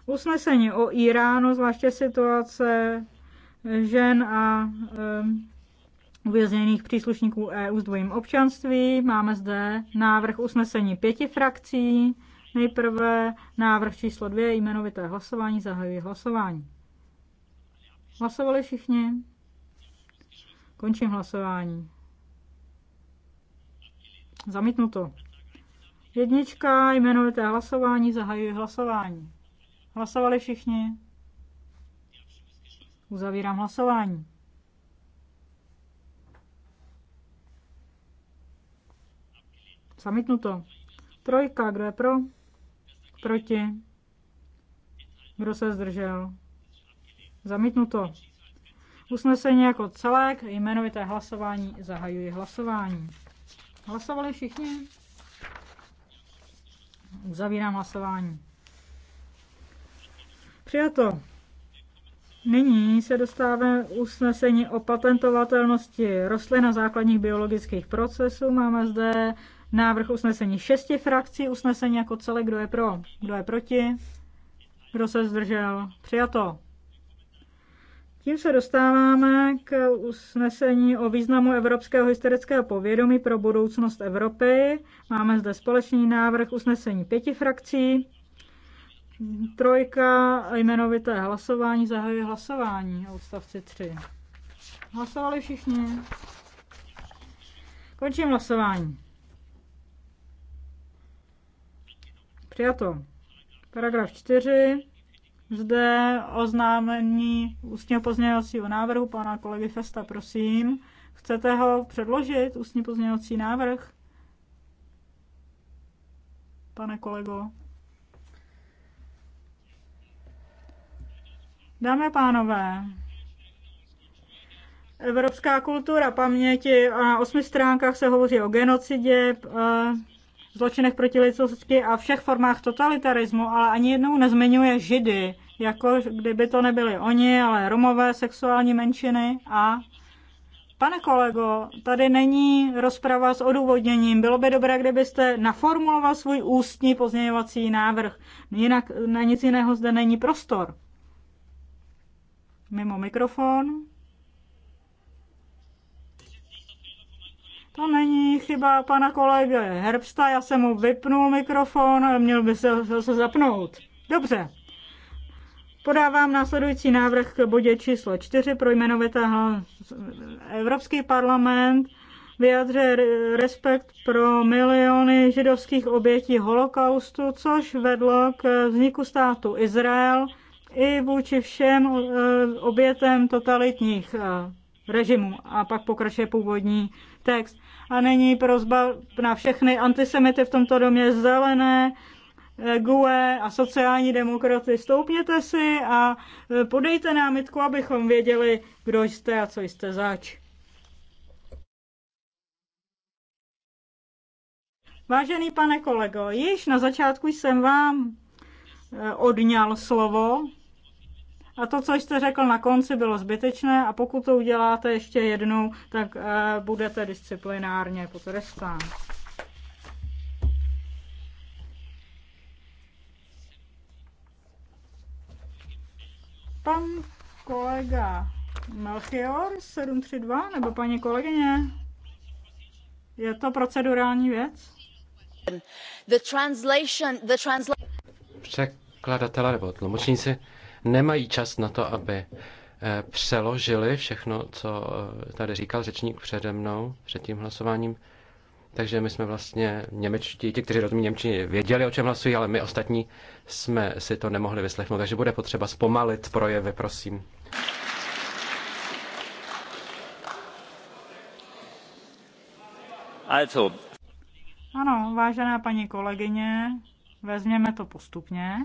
Usnesení o Iránu, zvláště situace žen a um, uvězněných příslušníků EU s dvojím občanství. Máme zde návrh usnesení pěti frakcí. Nejprve návrh číslo dvě, jmenovité hlasování, zahajuji hlasování. Hlasovali všichni? Končím hlasování. Zamítnuto. Jednička, jmenovité hlasování, zahajuji hlasování. Hlasovali všichni? Uzavírám hlasování. Zamítnuto. Trojka, kdo je pro? Proti? Kdo se zdržel? Zamítnuto. Usnesení jako celek, jmenovité hlasování, zahajuji hlasování. Hlasovali všichni? Uzavírám hlasování. Přijato. Nyní se dostáváme usnesení o patentovatelnosti rostlin a základních biologických procesů. Máme zde Návrh usnesení šesti frakcí, usnesení jako celé, kdo je pro, kdo je proti, kdo se zdržel, přijato. Tím se dostáváme k usnesení o významu evropského historického povědomí pro budoucnost Evropy. Máme zde společný návrh usnesení pěti frakcí. Trojka jmenovité hlasování zahajuje hlasování o odstavci 3. Hlasovali všichni? Končím hlasování. Přijato. Paragraf 4. Zde oznámení ústního pozměňovacího návrhu pana kolegy Festa, prosím. Chcete ho předložit, ústní pozměňovací návrh? Pane kolego. Dámy a pánové, Evropská kultura paměti. Na osmi stránkách se hovoří o genocidě, eh, zločinech proti lidskosti a všech formách totalitarismu, ale ani jednou nezmiňuje židy, jako kdyby to nebyli oni, ale romové, sexuální menšiny a Pane kolego, tady není rozprava s odůvodněním. Bylo by dobré, kdybyste naformuloval svůj ústní pozměňovací návrh. Jinak na nic jiného zde není prostor. Mimo mikrofon. To není chyba pana kolegy Herbsta, já jsem mu vypnul mikrofon, měl by se zase zapnout. Dobře. Podávám následující návrh k bodě číslo 4 pro jmenovitého Evropský parlament vyjadřuje respekt pro miliony židovských obětí holokaustu, což vedlo k vzniku státu Izrael i vůči všem e, obětem totalitních e, režimů. A pak pokračuje původní text. A není prozba na všechny antisemity v tomto domě zelené, eh, GUE a sociální demokraty. Stoupněte si a eh, podejte námitku, abychom věděli, kdo jste a co jste zač. Vážený pane kolego, již na začátku jsem vám eh, odňal slovo, a to, co jste řekl na konci, bylo zbytečné a pokud to uděláte ještě jednou, tak uh, budete disciplinárně potrestán. Pan kolega Melchior 732 nebo paní kolegyně? Je to procedurální věc? The translation, the translation... Překladatele nebo tlumočníci nemají čas na to, aby eh, přeložili všechno, co eh, tady říkal řečník přede mnou, před tím hlasováním. Takže my jsme vlastně němečtí, ti, kteří rozumí Němčině, věděli, o čem hlasují, ale my ostatní jsme si to nemohli vyslechnout. Takže bude potřeba zpomalit projevy, prosím. Also. Ano, vážená paní kolegyně, vezměme to postupně.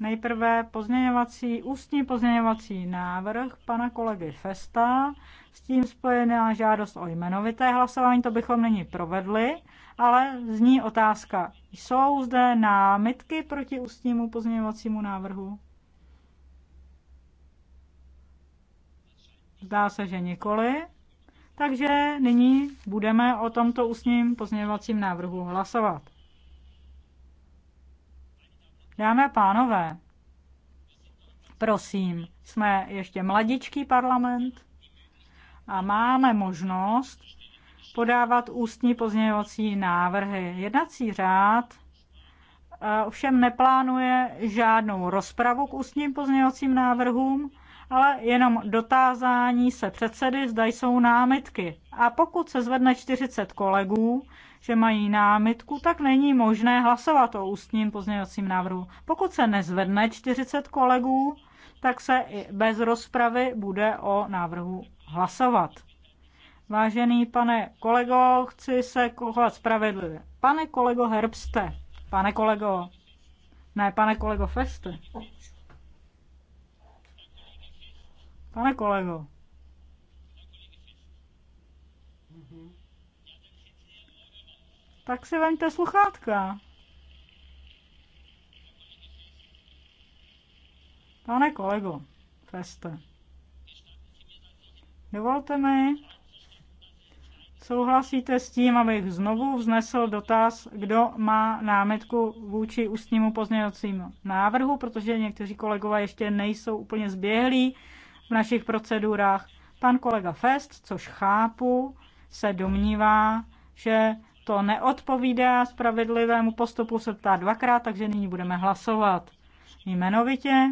Nejprve pozměňovací, ústní pozměňovací návrh pana kolegy Festa, s tím spojená žádost o jmenovité hlasování, to bychom nyní provedli, ale zní otázka, jsou zde námitky proti ústnímu pozměňovacímu návrhu? Zdá se, že nikoli. Takže nyní budeme o tomto ústním pozměňovacím návrhu hlasovat. Dámy a pánové, prosím, jsme ještě mladičký parlament a máme možnost podávat ústní pozměňovací návrhy. Jednací řád eh, ovšem neplánuje žádnou rozpravu k ústním pozměňovacím návrhům, ale jenom dotázání se předsedy, zda jsou námitky. A pokud se zvedne 40 kolegů, že mají námitku, tak není možné hlasovat o ústním pozměňovacím návrhu. Pokud se nezvedne 40 kolegů, tak se i bez rozpravy bude o návrhu hlasovat. Vážený pane kolego, chci se chovat spravedlivě. Pane kolego Herbste, pane kolego, ne, pane kolego Feste. Pane kolego. tak si vemte sluchátka. Pane kolego, feste. Dovolte mi, souhlasíte s tím, abych znovu vznesl dotaz, kdo má námitku vůči ústnímu pozměňovacím návrhu, protože někteří kolegové ještě nejsou úplně zběhlí v našich procedurách. Pan kolega Fest, což chápu, se domnívá, že to neodpovídá spravedlivému postupu se ptá dvakrát, takže nyní budeme hlasovat jmenovitě.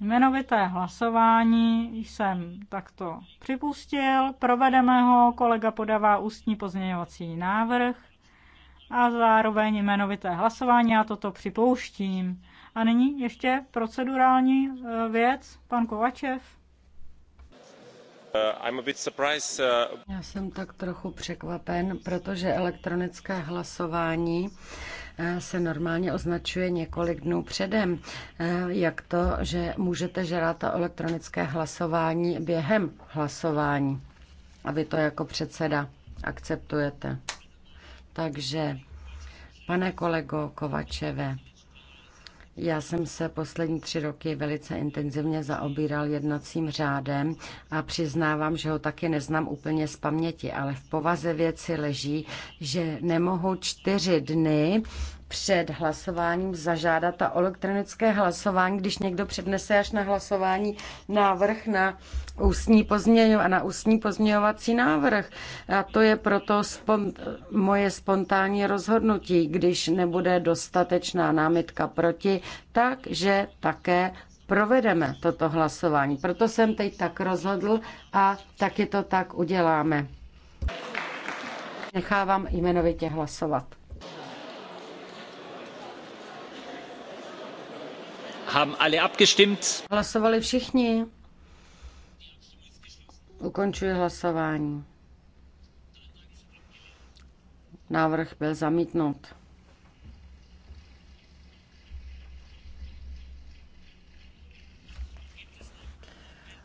Jmenovité hlasování jsem takto připustil. Provedeme ho, kolega podává ústní pozměňovací návrh a zároveň jmenovité hlasování, já toto připouštím. A nyní ještě procedurální eh, věc, pan Kovačev. Uh, uh, Já jsem tak trochu překvapen, protože elektronické hlasování eh, se normálně označuje několik dnů předem. Eh, jak to, že můžete žádat o elektronické hlasování během hlasování? A vy to jako předseda akceptujete. Takže, pane kolego Kovačeve, já jsem se poslední tři roky velice intenzivně zaobíral jednacím řádem a přiznávám, že ho taky neznám úplně z paměti, ale v povaze věci leží, že nemohu čtyři dny před hlasováním zažádat a elektronické hlasování, když někdo přednese až na hlasování návrh na ústní, pozměňo, na ústní pozměňovací návrh. A to je proto spon, moje spontánní rozhodnutí, když nebude dostatečná námitka proti, takže také provedeme toto hlasování. Proto jsem teď tak rozhodl a taky to tak uděláme. Nechávám jmenovitě hlasovat. Hlasovali všichni. Ukončuji hlasování. Návrh byl zamítnut.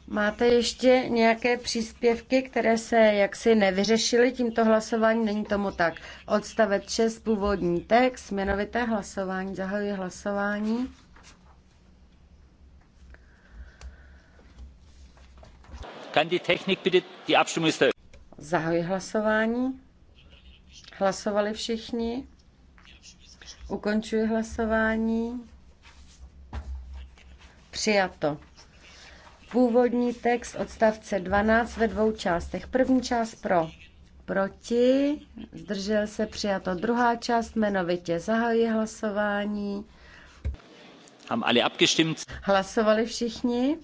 Máte ještě nějaké příspěvky, které se jaksi nevyřešily tímto hlasováním? Není tomu tak. Odstavec 6, původní text, jmenovité hlasování, zahajuji hlasování. Zahajuji hlasování. Hlasovali všichni. Ukončuji hlasování. Přijato. Původní text odstavce 12 ve dvou částech. První část pro, proti, zdržel se přijato. Druhá část jmenovitě zahajuji hlasování. Hlasovali všichni.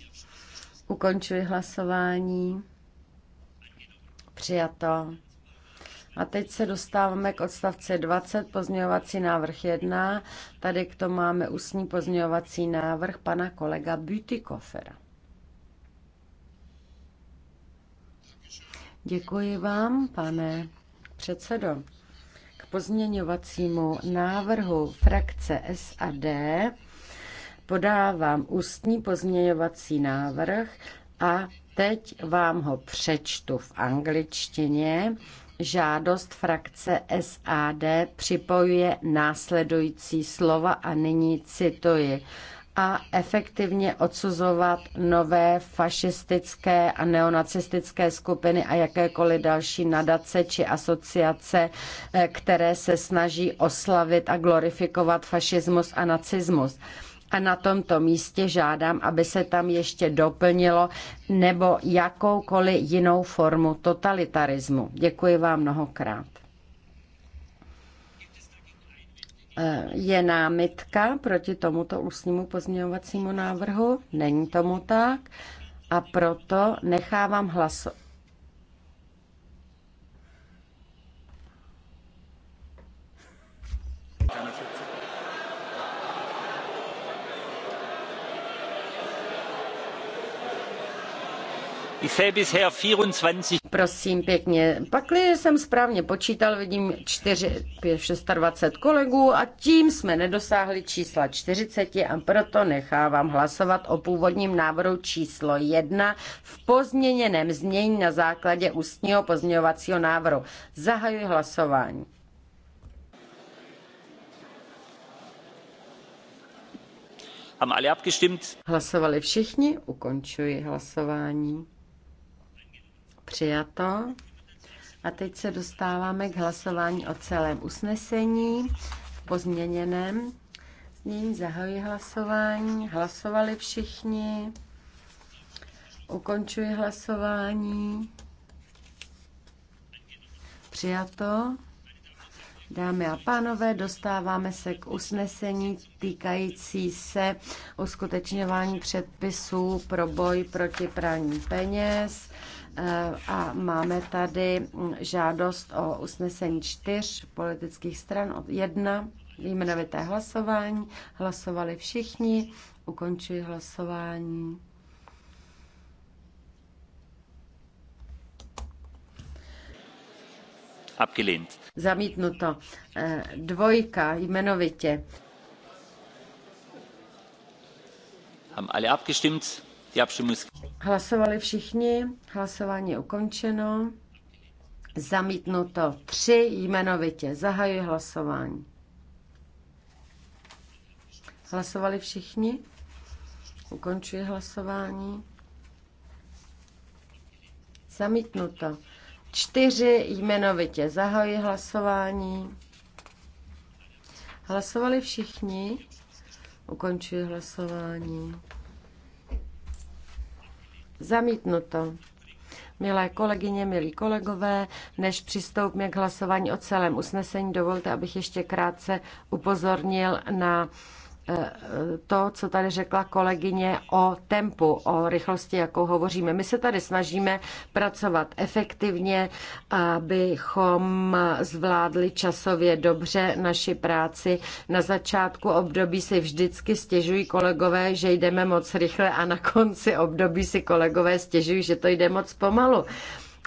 Ukončuji hlasování. Přijato. A teď se dostáváme k odstavci 20, pozměňovací návrh 1. Tady k tomu máme ústní pozměňovací návrh pana kolega Bütikofera. Děkuji vám, pane předsedo. K pozměňovacímu návrhu frakce SAD podávám ústní pozměňovací návrh a teď vám ho přečtu v angličtině. Žádost frakce SAD připojuje následující slova a nyní cituji a efektivně odsuzovat nové fašistické a neonacistické skupiny a jakékoliv další nadace či asociace, eh, které se snaží oslavit a glorifikovat fašismus a nacismus a na tomto místě žádám, aby se tam ještě doplnilo nebo jakoukoliv jinou formu totalitarismu. Děkuji vám mnohokrát. Eh, je námitka proti tomuto ústnímu pozměňovacímu návrhu? Není tomu tak. A proto nechávám hlasovat. Prosím pěkně, pakli jsem správně počítal, vidím 4, 5, 26 kolegů a tím jsme nedosáhli čísla 40 a proto nechávám hlasovat o původním návrhu číslo 1 v pozměněném znění na základě ústního pozměňovacího návrhu. Zahajuji hlasování. Hlasovali všichni, ukončuji hlasování. Přijato. A teď se dostáváme k hlasování o celém usnesení po pozměněném. Nyní zahajuji hlasování. Hlasovali všichni. Ukončuji hlasování. Přijato. Dámy a pánové, dostáváme se k usnesení týkající se uskutečňování předpisů pro boj proti praní peněz. Eh, a máme tady žádost o usnesení čtyř politických stran od jedna jmenovité hlasování. Hlasovali všichni. Ukončuji hlasování. Abgelehnt. Zamítnuto. Eh, dvojka jmenovitě. Haben alle abgestimmt? Hlasovali všichni, hlasování je ukončeno. Zamítnuto tři jmenovitě. Zahajuji hlasování. Hlasovali všichni? Ukončuji hlasování. Zamítnuto. Čtyři jmenovitě. Zahajuji hlasování. Hlasovali všichni? Ukončuji hlasování. Zamítnuto. Milé kolegyně, milí kolegové, než přistoupíme k hlasování o celém usnesení, dovolte, abych ještě krátce upozornil na to, co tady řekla kolegyně o tempu, o rychlosti, jakou hovoříme. My se tady snažíme pracovat efektivně, abychom zvládli časově dobře naši práci. Na začátku období si vždycky stěžují kolegové, že jdeme moc rychle a na konci období si kolegové stěžují, že to jde moc pomalu.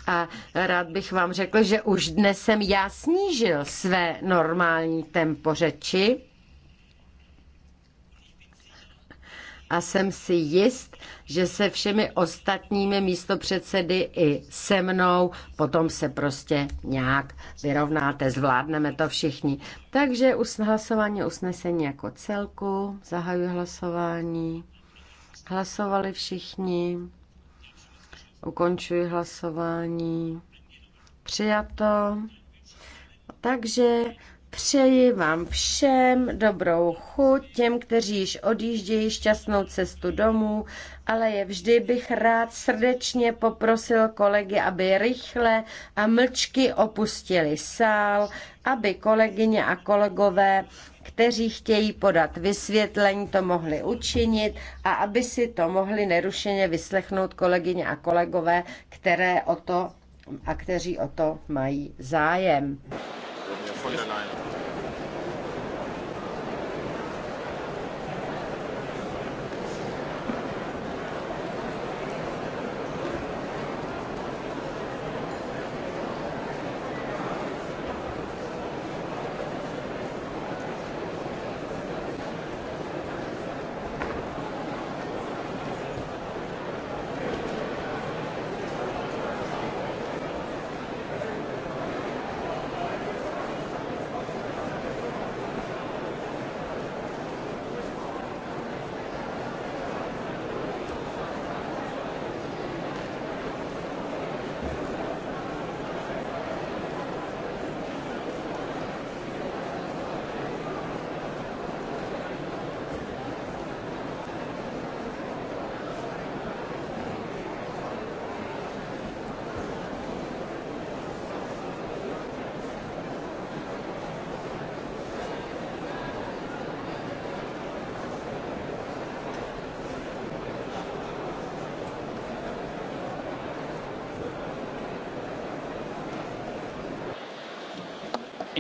A rád bych vám řekl, že už dnes jsem já snížil své normální tempo řeči, a jsem si jist, že se všemi ostatními místopředsedy i se mnou potom se prostě nějak vyrovnáte, zvládneme to všichni. Takže hlasování usnesení jako celku, zahajuji hlasování, hlasovali všichni, ukončuji hlasování, přijato. Takže Přeji vám všem dobrou chuť, těm, kteří již odjíždějí šťastnou cestu domů, ale je vždy bych rád srdečně poprosil kolegy, aby rychle a mlčky opustili sál, aby kolegyně a kolegové, kteří chtějí podat vysvětlení, to mohli učinit a aby si to mohli nerušeně vyslechnout kolegyně a kolegové, které o to a kteří o to mají zájem von der Leyen.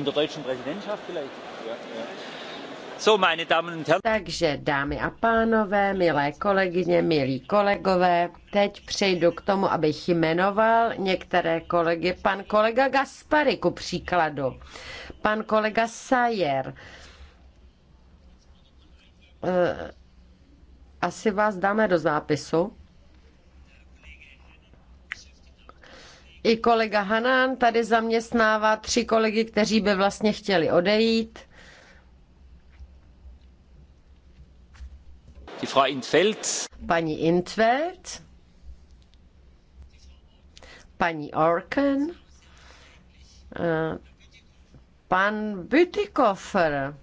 In der deutschen Präsidentschaft vielleicht? Ja, ja. Takže dámy a pánové, milé kolegyně, milí kolegové, teď přejdu k tomu, abych jmenoval některé kolegy. Pan kolega Gaspary, ku příkladu, pan kolega Sayer. Eh, asi vás dáme do zápisu. I kolega Hanán tady zaměstnává tři kolegy, kteří by vlastně chtěli odejít. Die Frau Intfeld. Paní Intveld. Paní Orken. Eh, pan Bütikofer.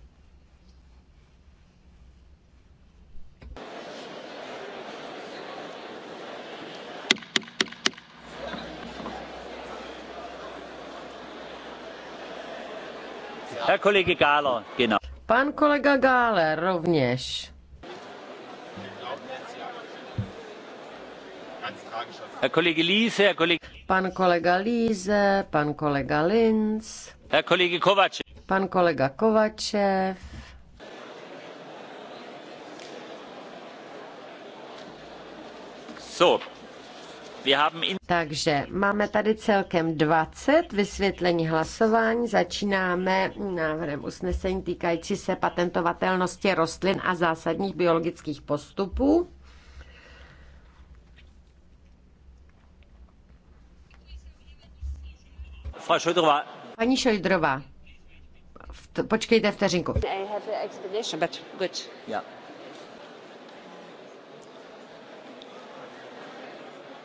Herr Kollege Gahler, genau. Pan kolega Gáler rovněž. Herr Kollege Liese, Herr Kollege... Pan kolega Liese, pan kolega Linz. Herr Kollege Kovačev. Pan kolega Kovačev. So, takže máme tady celkem 20 vysvětlení hlasování. Začínáme návrhem usnesení týkající se patentovatelnosti rostlin a zásadních biologických postupů. Paní Šojdrová, počkejte vteřinku.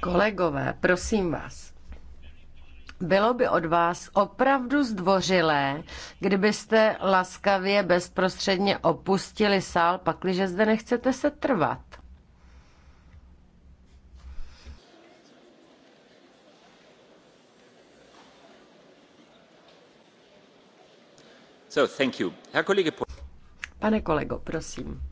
Kolegové, prosím vás, bylo by od vás opravdu zdvořilé, kdybyste laskavě bezprostředně opustili sál, pakliže zde nechcete se trvat. So, thank you. Pane kolego, prosím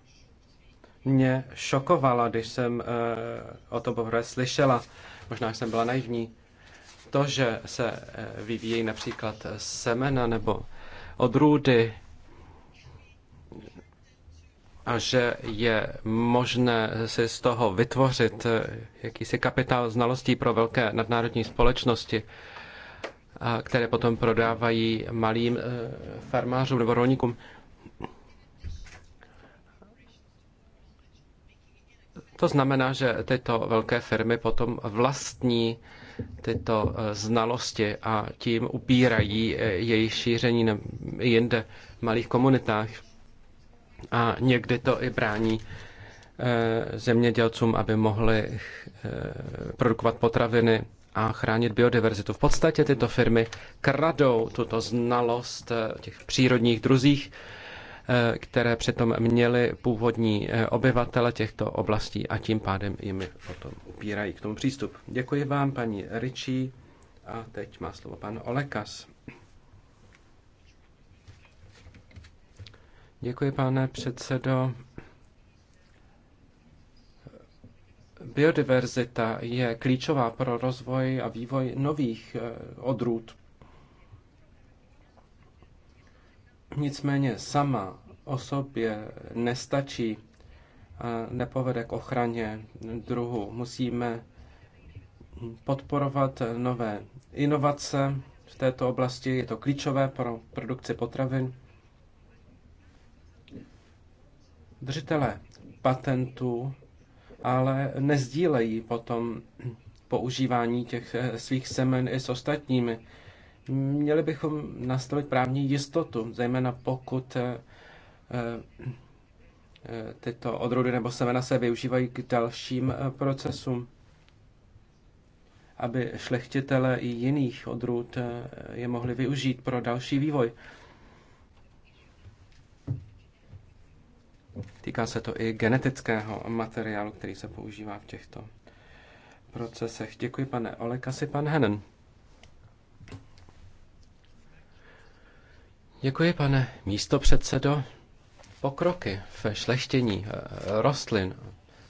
mě šokovala, když jsem eh, o tom poprvé slyšela. Možná jsem byla naivní. To, že se eh, vyvíjí například semena nebo odrůdy a že je možné si z toho vytvořit eh, jakýsi kapitál znalostí pro velké nadnárodní společnosti, které potom prodávají malým farmářům nebo rolníkům. To znamená, že tyto velké firmy potom vlastní tyto eh, znalosti a tím upírají eh, jejich šíření jinde v malých komunitách. A někdy to i brání eh, zemědělcům, aby mohli produkovat potraviny a chránit biodiverzitu. V podstatě tyto firmy kradou tuto znalost těch přírodních druzích Eh, které přitom měli původní eh, obyvatele těchto oblastí a tím pádem jim potom upírají k tomu přístup. Děkuji vám, paní Ričí. A teď má slovo pan Olekas. Děkuji, pane předsedo. Biodiverzita je klíčová pro rozvoj a vývoj nových eh, odrůd Nicméně sama o sobě nestačí, nepovede k ochraně druhu. Musíme podporovat nové inovace v této oblasti. Je to klíčové pro produkci potravin. Držitelé patentů ale nezdílejí potom používání těch svých semen i s ostatními. Měli bychom nastavit právní jistotu, zejména pokud eh, eh, tyto odrody nebo semena se využívají k dalším eh, procesům, aby šlechtitele i jiných odrůd je mohli využít pro další vývoj. Týká se to i genetického materiálu, který se používá v těchto procesech. Děkuji, pane Olekasi, pan Henen. Děkuji, pane Místo předsedo. Pokroky ve šlechtění eh, rostlin,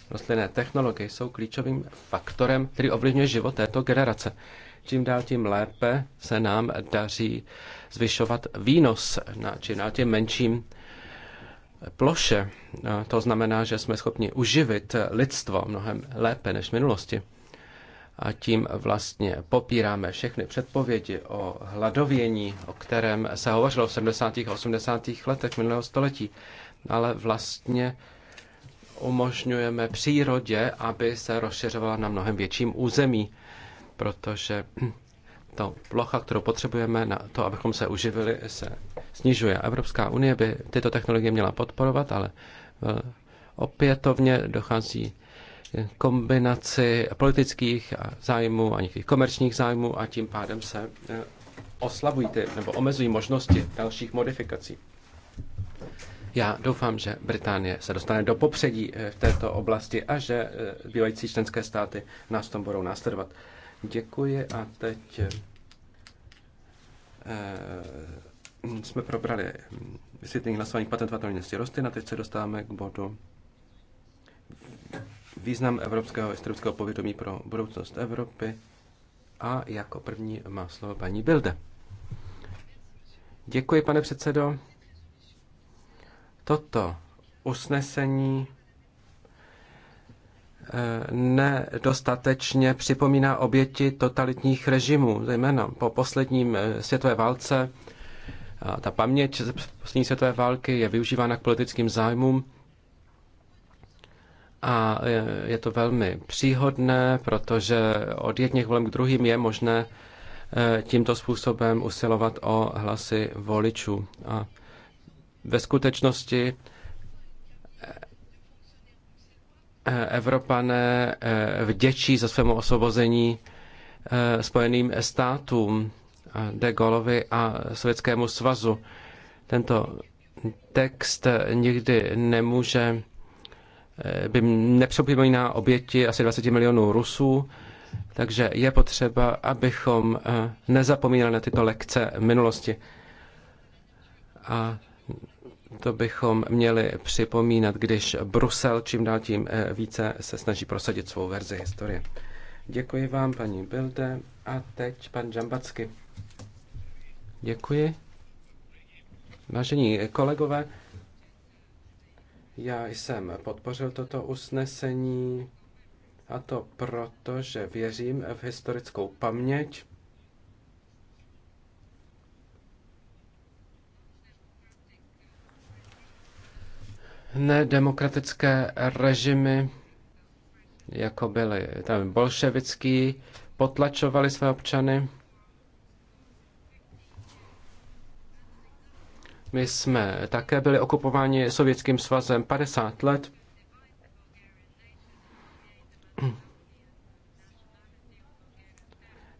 rostlinné technologie jsou klíčovým faktorem, který ovlivňuje život této generace. Čím dál tím lépe se nám daří zvyšovat výnos na čím dál tím menším ploše. To znamená, že jsme schopni uživit lidstvo mnohem lépe než v minulosti a tím vlastně popíráme všechny předpovědi o hladovění, o kterém se hovořilo v 70. a 80. letech minulého století, ale vlastně umožňujeme přírodě, aby se rozšiřovala na mnohem větším území, protože to plocha, kterou potřebujeme na to, abychom se uživili, se snižuje. Evropská unie by tyto technologie měla podporovat, ale eh, opětovně dochází kombinaci politických zájmů a některých komerčních zájmů a tím pádem se eh, oslabují ty, nebo omezují možnosti dalších modifikací. Já doufám, že Británie se dostane do popředí eh, v této oblasti a že eh, bývající členské státy nás tom budou následovat. Děkuji a teď jsme probrali hm, vysvětlení hlasování patentovatelnosti rostlin a teď se dostáváme k bodu význam evropského historického povědomí pro budoucnost Evropy. A jako první má slovo paní Bilde. Děkuji, pane předsedo. Toto usnesení eh, nedostatečně připomíná oběti totalitních režimů, zejména po posledním eh, světové válce. Ta paměť z poslední světové války je využívána k politickým zájmům a je to velmi příhodné, protože od jedných voleb k druhým je možné eh, tímto způsobem usilovat o hlasy voličů. A ve skutečnosti eh, eh, Evropané vděčí za svému osvobození Spojeným státům, De Gaulovi a Sovětskému svazu. Tento text nikdy nemůže Eh, by nepřipomíná oběti asi 20 milionů Rusů, takže je potřeba, abychom eh, nezapomínali na tyto lekce minulosti. A to bychom měli připomínat, když Brusel čím dál tím eh, více se snaží prosadit svou verzi historie. Děkuji vám, paní Bilde. A teď pan Džambacky. Děkuji. Vážení kolegové, já jsem podpořil toto usnesení a to proto, že věřím v historickou paměť nedemokratické režimy, jako byly tam bolševický, potlačovali své občany. My jsme také byli okupováni Sovětským svazem 50 let.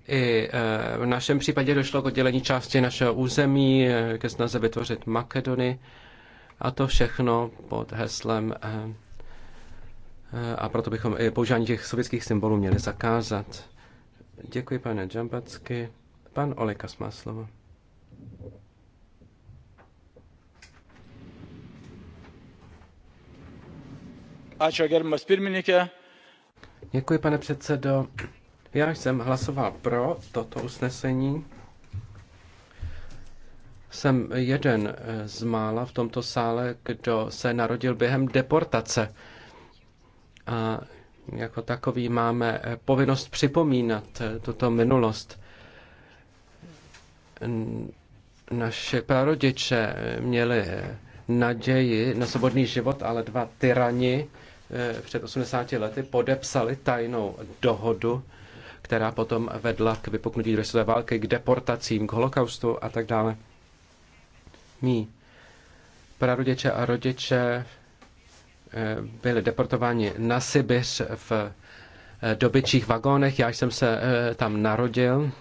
I e, v našem případě došlo k oddělení části našeho území, e, ke snaze vytvořit Makedony a to všechno pod heslem e, a proto bychom i používání těch sovětských symbolů měli zakázat. Děkuji, pane Džambacky. Pan Olekas má slovo. Děkuji, pane předsedo. Já jsem hlasoval pro toto usnesení. Jsem jeden eh, z mála v tomto sále, kdo se narodil během deportace. A jako takový máme eh, povinnost připomínat eh, tuto minulost. Naše prarodiče měli naději na svobodný život, ale dva tyrani Eh, před 80 lety podepsali tajnou dohodu, která potom vedla k vypuknutí druhé světové války, k deportacím, k holokaustu a tak dále. Mí prarodiče a rodiče eh, byli deportováni na Sibiř v eh, dobyčích vagónech. Já jsem se tam narodil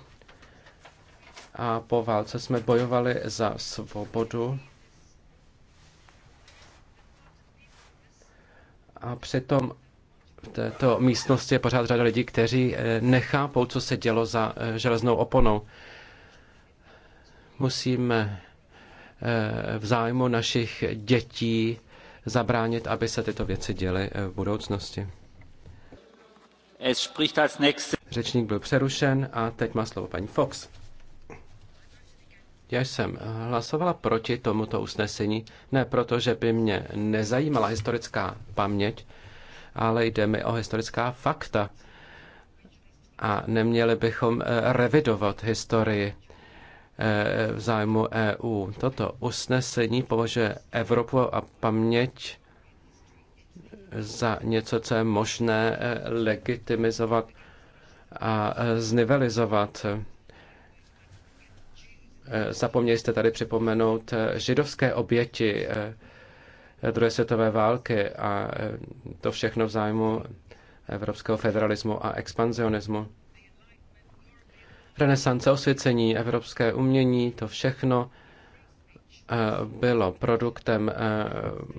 a po válce jsme bojovali za svobodu a přitom v této místnosti je pořád řada lidí, kteří eh, nechápou, co se dělo za eh, železnou oponou. Musíme eh, v zájmu našich dětí zabránit, aby se tyto věci děly v budoucnosti. Řečník byl přerušen a teď má slovo paní Fox. Já jsem hlasovala proti tomuto usnesení, ne proto, že by mě nezajímala historická paměť, ale jde mi o historická fakta. A neměli bychom eh, revidovat historii eh, v zájmu EU. Toto usnesení považuje Evropu a paměť za něco, co je možné eh, legitimizovat a znivelizovat. Eh, zapomněli jste tady připomenout eh, židovské oběti eh, druhé světové války a to všechno v zájmu evropského federalismu a expanzionismu. Renesance osvěcení, evropské umění, to všechno bylo produktem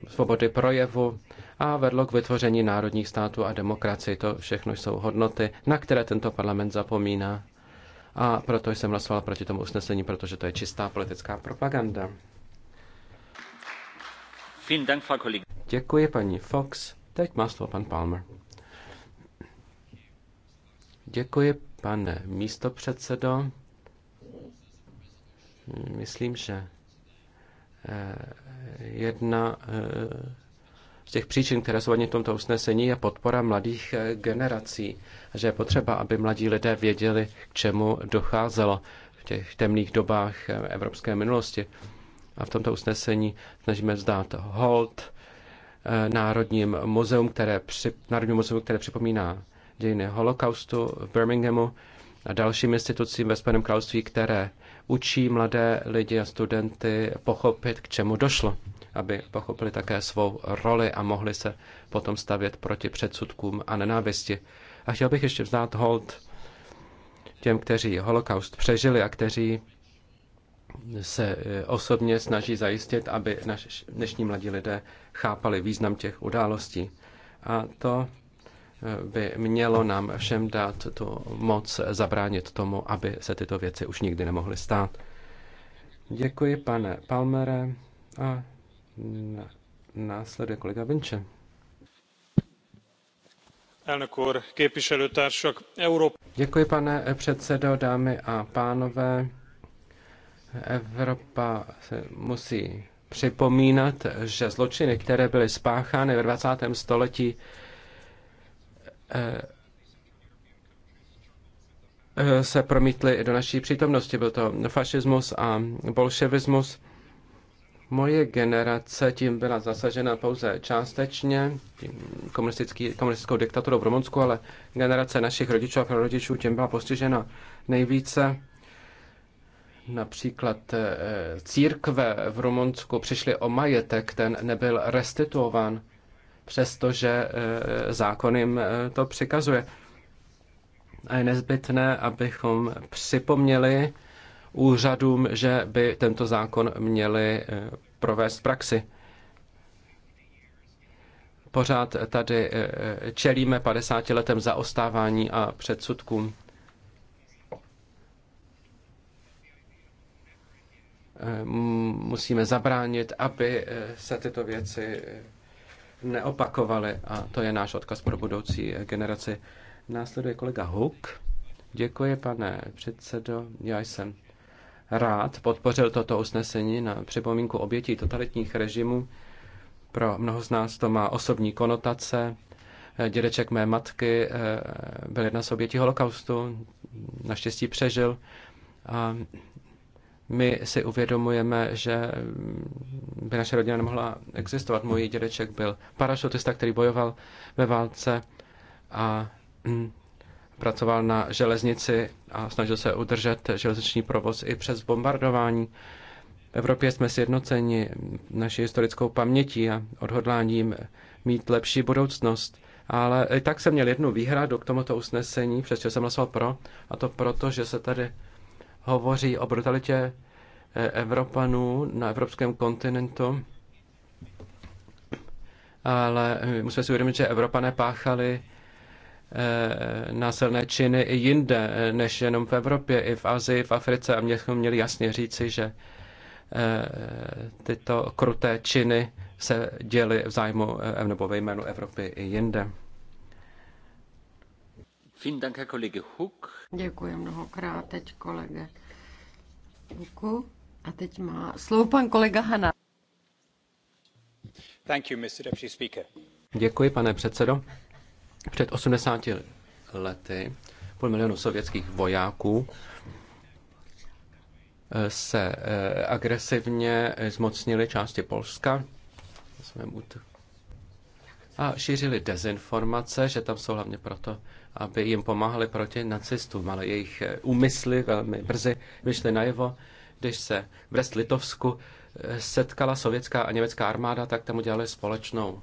svobody projevu a vedlo k vytvoření národních států a demokracii. To všechno jsou hodnoty, na které tento parlament zapomíná a proto jsem hlasoval proti tomu usnesení, protože to je čistá politická propaganda. Děkuji paní Fox. Teď má slovo pan Palmer. Děkuji, pane místopředsedo. Myslím, že eh, jedna eh, z těch příčin, které jsou v tomto usnesení, je podpora mladých eh, generací že je potřeba, aby mladí lidé věděli, k čemu docházelo v těch temných dobách evropské minulosti. A v tomto usnesení snažíme zdát hold eh, Národním muzeum, které, při, Národním muzeum, které připomíná dějiny holokaustu v Birminghamu a dalším institucím ve Spojeném království, které učí mladé lidi a studenty pochopit, k čemu došlo, aby pochopili také svou roli a mohli se potom stavět proti předsudkům a nenávisti. A chtěl bych ještě vzdát hold těm, kteří holokaust přežili a kteří se eh, osobně snaží zajistit, aby naši dnešní mladí lidé chápali význam těch událostí. A to eh, by mělo nám všem dát tu moc zabránit tomu, aby se tyto věci už nikdy nemohly stát. Děkuji, pane Palmere. A následuje kolega Vinče. Děkuji, pane předsedající dámy a Evropa musí připomínat, že zločiny, které byly spáchány ve dvacátém století, eh, se promítly i do naší přítomnosti. Byl to fašismus a bolševismus. Moje generace tím byla zasažena pouze částečně komunistický, komunistickou diktaturou v Rumunsku, ale generace našich rodičů a prarodičů tím byla postižena nejvíce. Například eh, církve v Rumunsku přišly o majetek, ten nebyl restituován, přestože eh, zákon jim eh, to přikazuje. A je nezbytné, abychom připomněli, úřadům, že by tento zákon měli eh, provést praxi. Pořád tady eh, čelíme 50 letem zaostávání a předsudkům. Eh, musíme zabránit, aby se tyto věci neopakovaly a to je náš odkaz pro budoucí generaci. Následuje kolega Huk. Děkuji, pane předsedo. Já jsem rád podpořil toto usnesení na připomínku obětí totalitních režimů. Pro mnoho z nás to má osobní konotace. Dědeček mé matky eh, byl jedna z obětí holokaustu, naštěstí přežil. A my si uvědomujeme, že by naše rodina nemohla existovat. Můj dědeček byl parašutista, který bojoval ve válce a mm, pracoval na železnici a snažil se udržet železniční provoz i přes bombardování. V Evropě jsme sjednoceni naší historickou pamětí a odhodláním mít lepší budoucnost. Ale i tak jsem měl jednu výhradu k tomuto usnesení, přestože jsem hlasoval pro, a to proto, že se tady hovoří o brutalitě eh, Evropanů na evropském kontinentu. Ale eh, musíme si uvědomit, že Evropané páchali Eh, násilné činy i jinde, eh, než jenom v Evropě, i v Asii, v Africe. A mě jsme měli jasně říci, že eh, tyto kruté činy se děly v zájmu nebo ve jménu Evropy i jinde. Děkuji mnohokrát teď kolege Huku. A teď má slovo pan kolega Hana. Thank you, Mr. Deputy Speaker. Děkuji, pane předsedo. Před 80 lety půl milionu sovětských vojáků eh, se eh, agresivně zmocnili části Polska a šířili dezinformace, že tam jsou hlavně proto, aby jim pomáhali proti nacistům, ale jejich eh, úmysly velmi brzy vyšly najevo. Když se v Brest-Litovsku setkala sovětská a německá armáda, tak tam udělali společnou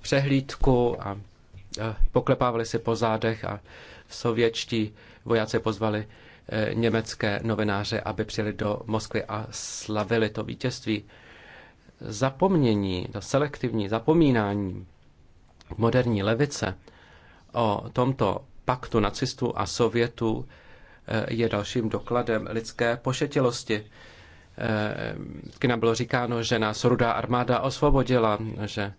přehlídku a Eh, poklepávali si po zádech a sovětští vojáci pozvali eh, německé novináře, aby přijeli do Moskvy a slavili to vítězství. Zapomnění, to selektivní zapomínání moderní levice o tomto paktu nacistů a sovětů eh, je dalším dokladem lidské pošetilosti. Vždycky nám bylo říkáno, že nás rudá armáda osvobodila, že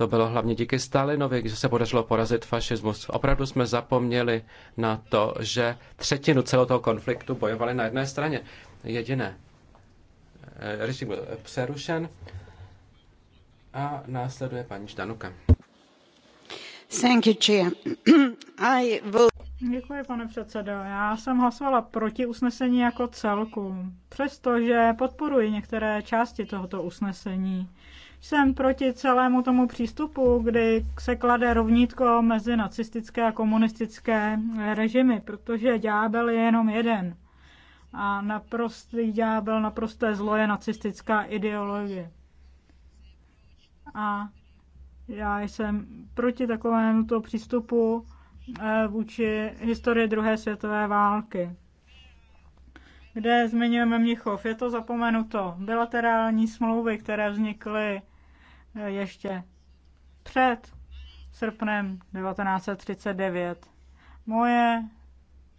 to bylo hlavně díky Stalinovi, že se podařilo porazit fašismus. Opravdu jsme zapomněli na to, že třetinu celého toho konfliktu bojovali na jedné straně. Jediné. Eh, režim byl přerušen a následuje paní Ždanuka. Thank you, Chia. I will... Děkuji, pane předsedo. Já jsem hlasovala proti usnesení jako celku, přestože podporuji některé části tohoto usnesení. Jsem proti celému tomu přístupu, kdy se klade rovnítko mezi nacistické a komunistické režimy, protože ďábel je jenom jeden. A naprostý ďábel, naprosté zlo je nacistická ideologie. A já jsem proti takovému to přístupu eh, vůči historii druhé světové války kde zmiňujeme Mnichov. Je to zapomenuto. Bilaterální smlouvy, které vznikly ještě před srpnem 1939. Moje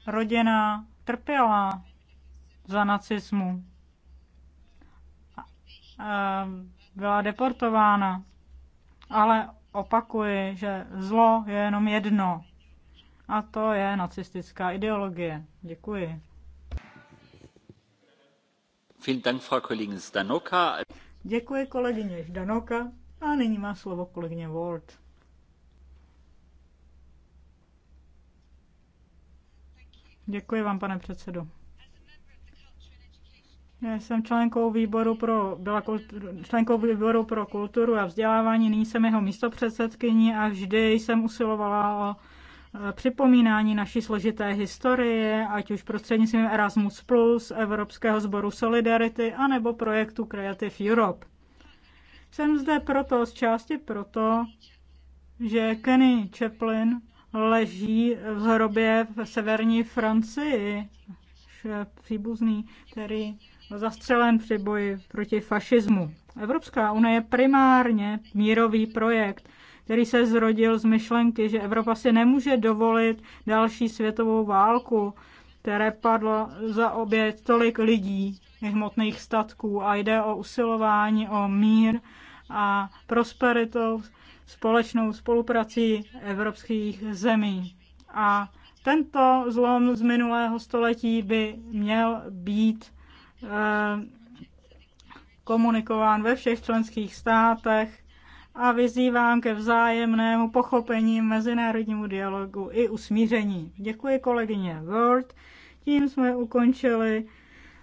rodina trpěla za nacismu. Byla deportována. Ale opakuji, že zlo je jenom jedno. A to je nacistická ideologie. Děkuji. Děkuji kolegyně Ždanoka. A nyní má slovo kolegyně Ward. Děkuji vám, pane předsedo. Já jsem členkou výboru pro, byla kulturu, členkou výboru pro kulturu a vzdělávání, nyní jsem jeho místopředsedkyní a vždy jsem usilovala o e, připomínání naší složité historie, ať už prostřednictvím Erasmus+, Evropského sboru Solidarity, anebo projektu Creative Europe. Jsem zde proto, z části proto, že Kenny Chaplin leží v hrobě v severní Francii, příbuzný, který byl zastřelen při boji proti fašismu. Evropská unie je primárně mírový projekt, který se zrodil z myšlenky, že Evropa si nemůže dovolit další světovou válku, které padlo za oběť tolik lidí hmotných statků a jde o usilování o mír a prosperitou společnou spoluprací evropských zemí. A tento zlom z minulého století by měl být eh, komunikován ve všech členských státech a vyzývám ke vzájemnému pochopení mezinárodnímu dialogu i usmíření. Děkuji kolegyně Word. Tím jsme ukončili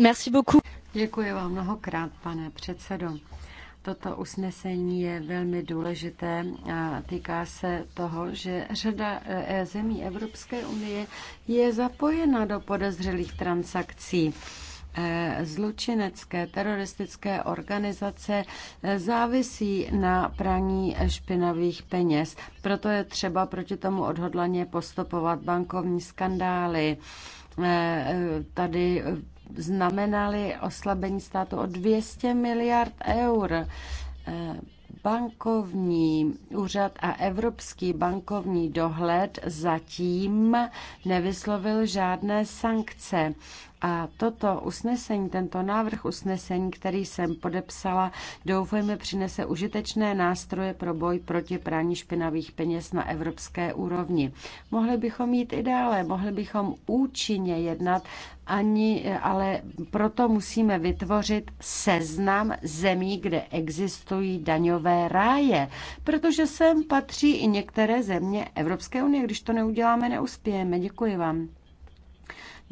Merci beaucoup. Děkuji vám mnohokrát, pane předsedo. Toto usnesení je velmi důležité a týká se toho, že řada e, zemí Evropské unie je zapojena do podezřelých transakcí e, zločinecké teroristické organizace e, závisí na praní špinavých peněz. Proto je třeba proti tomu odhodlaně postupovat bankovní skandály. Tady znamenaly oslabení státu o 200 miliard eur. Eh, bankovní úřad a Evropský bankovní dohled zatím nevyslovil žádné sankce. A toto usnesení, tento návrh usnesení, který jsem podepsala, doufejme přinese užitečné nástroje pro boj proti prání špinavých peněz na evropské úrovni. Mohli bychom jít i dále, mohli bychom účinně jednat, ani, ale proto musíme vytvořit seznam zemí, kde existují daňové ráje, protože sem patří i některé země Evropské unie. Když to neuděláme, neuspějeme. Děkuji vám.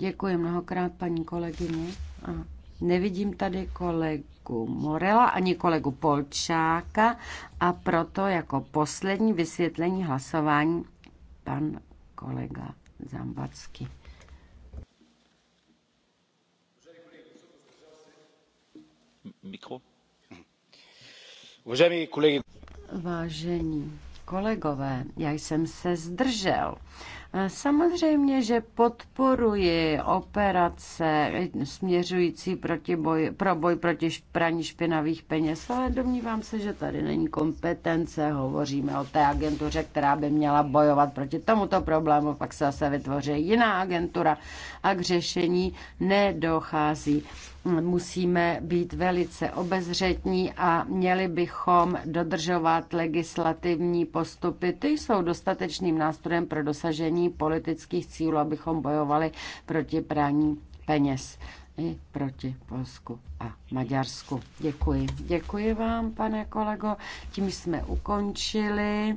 Děkuji mnohokrát, paní kolegyně. A nevidím tady kolegu Morela ani kolegu Polčáka a proto jako poslední vysvětlení hlasování pan kolega Zambacky. Mikro. Vážení kolegové, já jsem se zdržel. Eh, samozřejmě, že podporuji operace směřující proti boj, pro boj proti praní špinavých peněz, ale domnívám se, že tady není kompetence. Hovoříme o té agentuře, která by měla bojovat proti tomuto problému, pak se zase vytvoří jiná agentura a k řešení nedochází musíme být velice obezřetní a měli bychom dodržovat legislativní postupy. Ty jsou dostatečným nástrojem pro dosažení politických cílů, abychom bojovali proti praní peněz i proti Polsku a Maďarsku. Děkuji. Děkuji vám, pane kolego. Tím jsme ukončili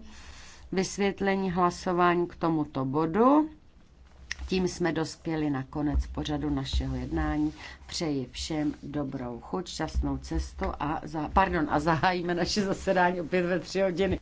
vysvětlení hlasování k tomuto bodu. Tím jsme dospěli na konec pořadu našeho jednání. Přeji všem dobrou chuť, šťastnou cestu a, za, pardon, a zahájíme naše zasedání opět ve tři hodiny.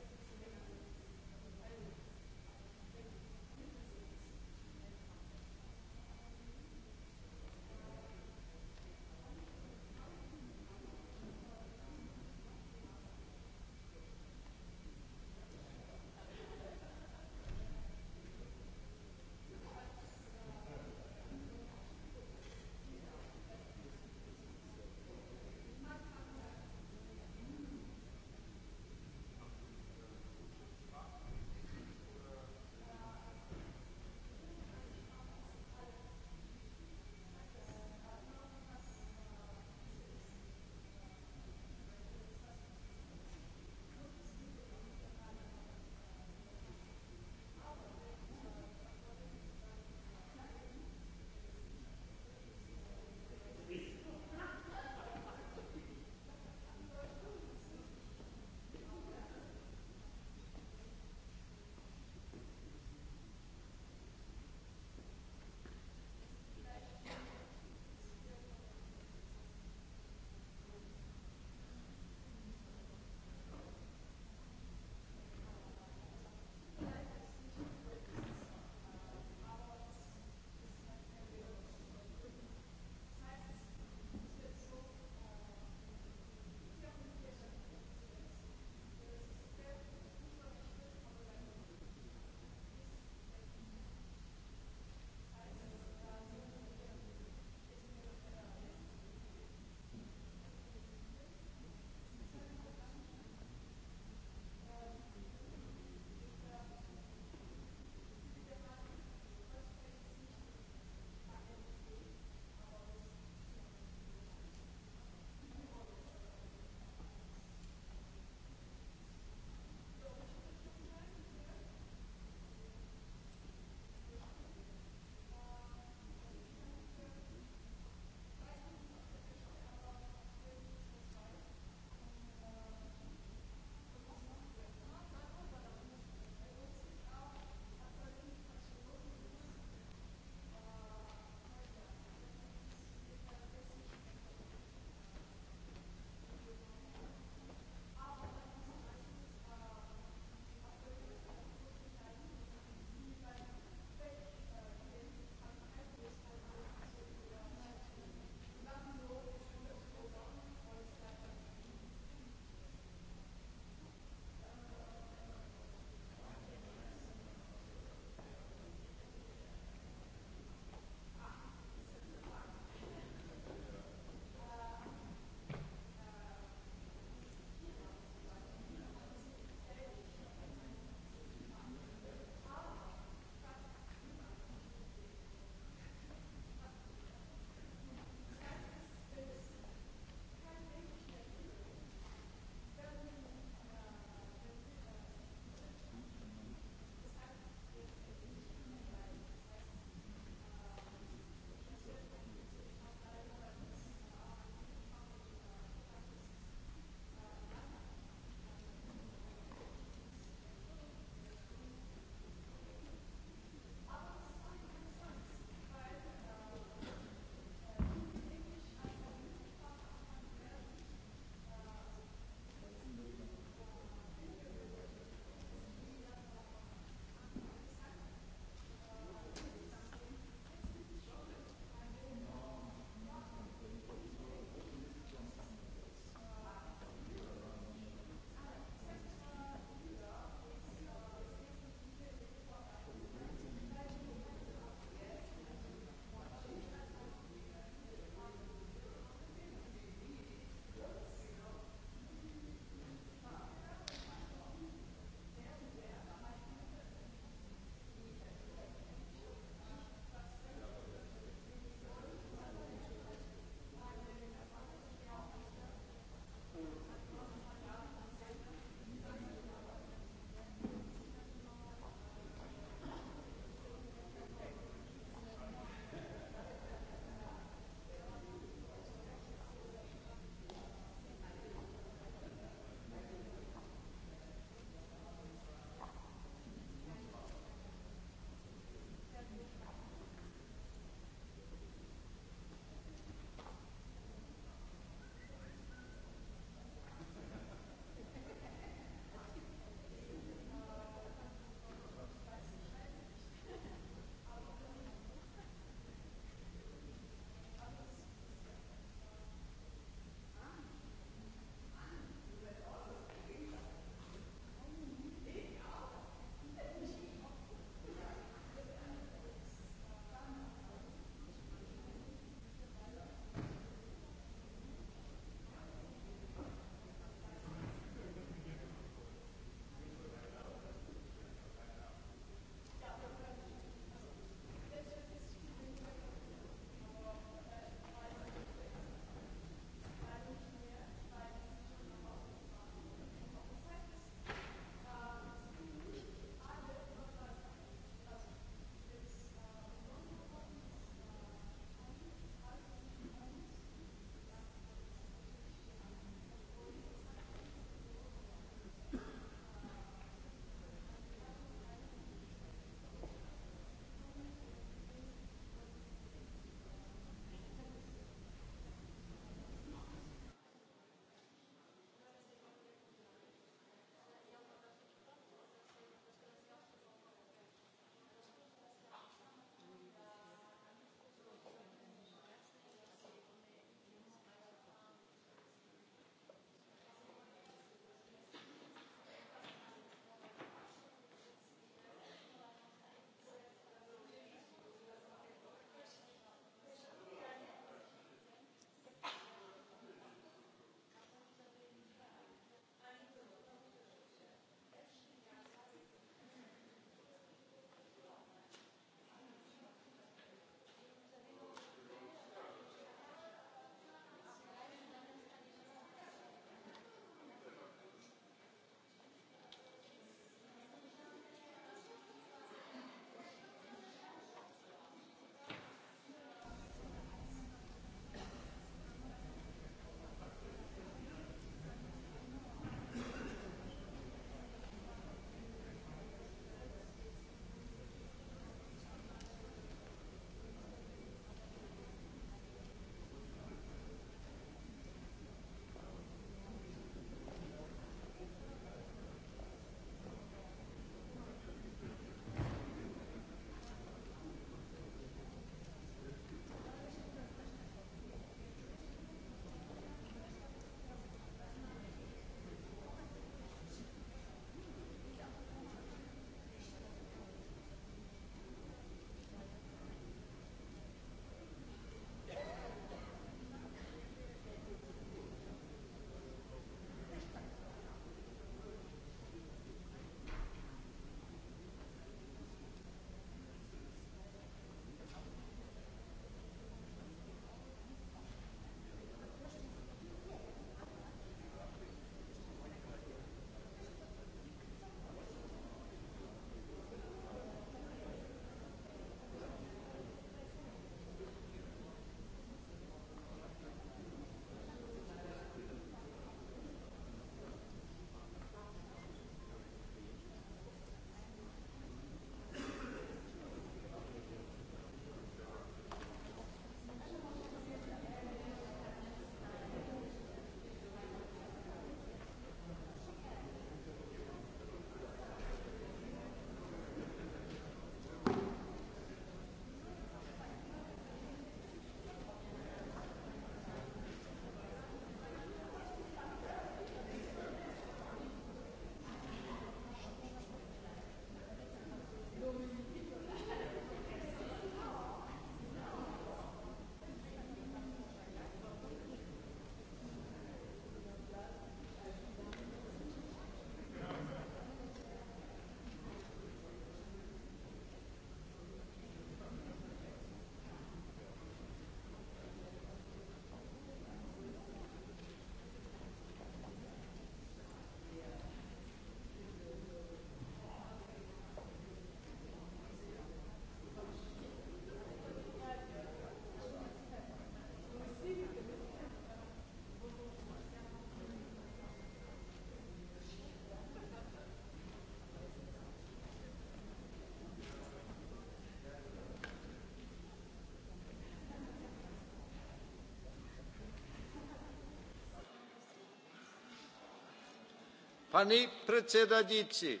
Pani předsedající.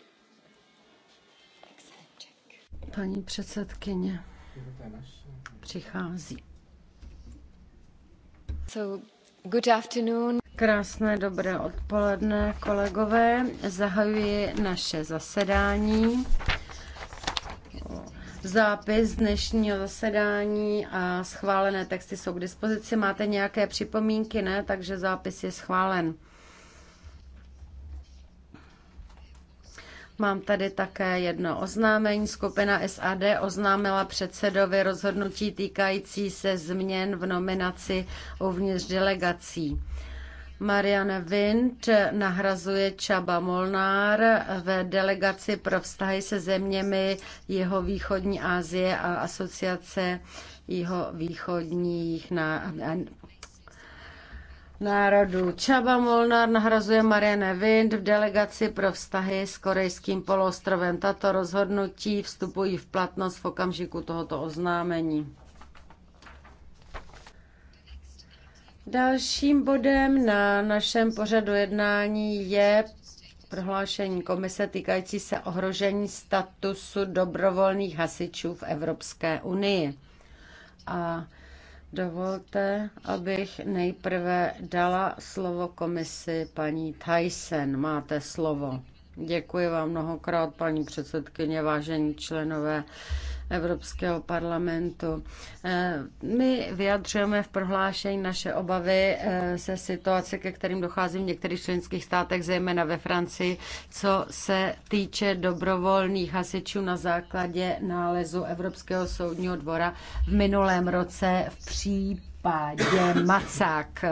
Paní předsedkyně přichází. So, good afternoon. Krásné dobré odpoledne, kolegové. Zahajuji naše zasedání. Zápis dnešního zasedání a schválené texty jsou k dispozici. Máte nějaké připomínky, ne? Takže zápis je schválen. Mám tady také jedno oznámení. Skupina SAD oznámila předsedovi rozhodnutí týkající se změn v nominaci uvnitř delegací. Marianne Wind nahrazuje Čaba Molnár ve delegaci pro vztahy se zeměmi jeho východní Asie a asociace jeho východních národů. Čaba Molnár nahrazuje Marianne Wind v delegaci pro vztahy s korejským poloostrovem. Tato rozhodnutí vstupují v platnost v okamžiku tohoto oznámení. Dalším bodem na našem pořadu jednání je prohlášení komise týkající se ohrožení statusu dobrovolných hasičů v Evropské unii. A Dovolte, abych nejprve dala slovo komisi paní Tyson. Máte slovo. Děkuji vám mnohokrát, paní předsedkyně, vážení členové Evropského parlamentu. Eh, my vyjadřujeme v prohlášení naše obavy eh, se situace, ke kterým dochází v některých členských státech, zejména ve Francii, co se týče dobrovolných hasičů na základě nálezu Evropského soudního dvora v minulém roce v případě Macák.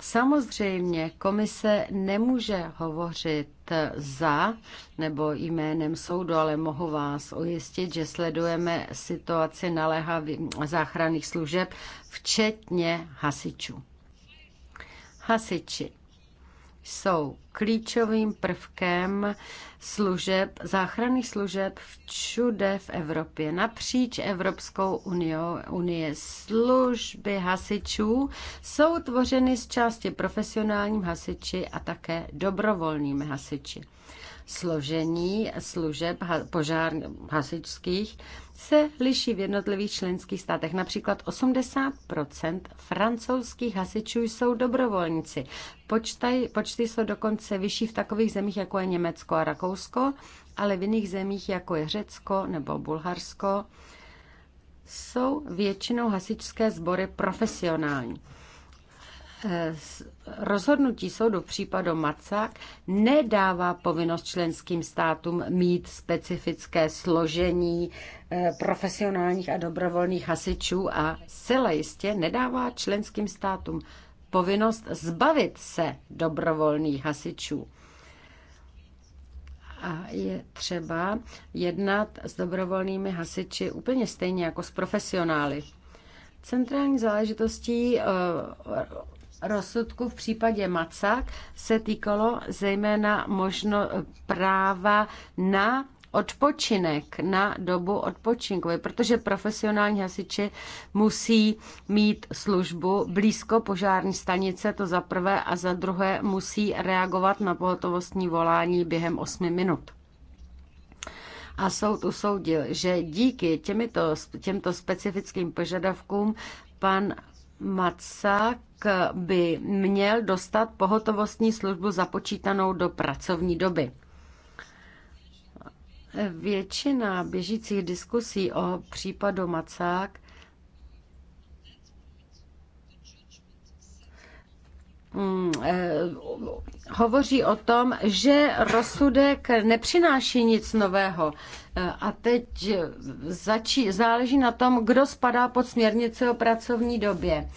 Samozřejmě komise nemůže hovořit za nebo jménem soudu, ale mohu vás ujistit, že sledujeme situaci naléhavých záchranných služeb, včetně hasičů. Hasiči jsou klíčovým prvkem služeb, záchranných služeb všude v Evropě, napříč Evropskou unio, unie. Služby hasičů jsou tvořeny z části profesionálním hasiči a také dobrovolnými hasiči složení služeb požár hasičských se liší v jednotlivých členských státech. Například 80 francouzských hasičů jsou dobrovolníci. Počtaj, počty jsou dokonce vyšší v takových zemích, jako je Německo a Rakousko, ale v jiných zemích, jako je Řecko nebo Bulharsko, jsou většinou hasičské sbory profesionální. Eh, rozhodnutí soudu v případu Macak nedává povinnost členským státům mít specifické složení eh, profesionálních a dobrovolných hasičů a zcela jistě nedává členským státům povinnost zbavit se dobrovolných hasičů a je třeba jednat s dobrovolnými hasiči úplně stejně jako s profesionály. Centrální záležitostí eh, rozsudku v případě Macak se týkalo zejména možno práva na odpočinek, na dobu odpočinku, protože profesionální hasiči musí mít službu blízko požární stanice, to za prvé, a za druhé musí reagovat na pohotovostní volání během 8 minut a soud usoudil, že díky těmito, těmto specifickým požadavkům pan Macak by měl dostat pohotovostní službu započítanou do pracovní doby. Většina běžících diskusí o případu Macák Mm, eh, hovoří o tom, že rozsudek nepřináší nic nového. Eh, a teď eh, začí, záleží na tom, kdo spadá pod směrnici o pracovní době.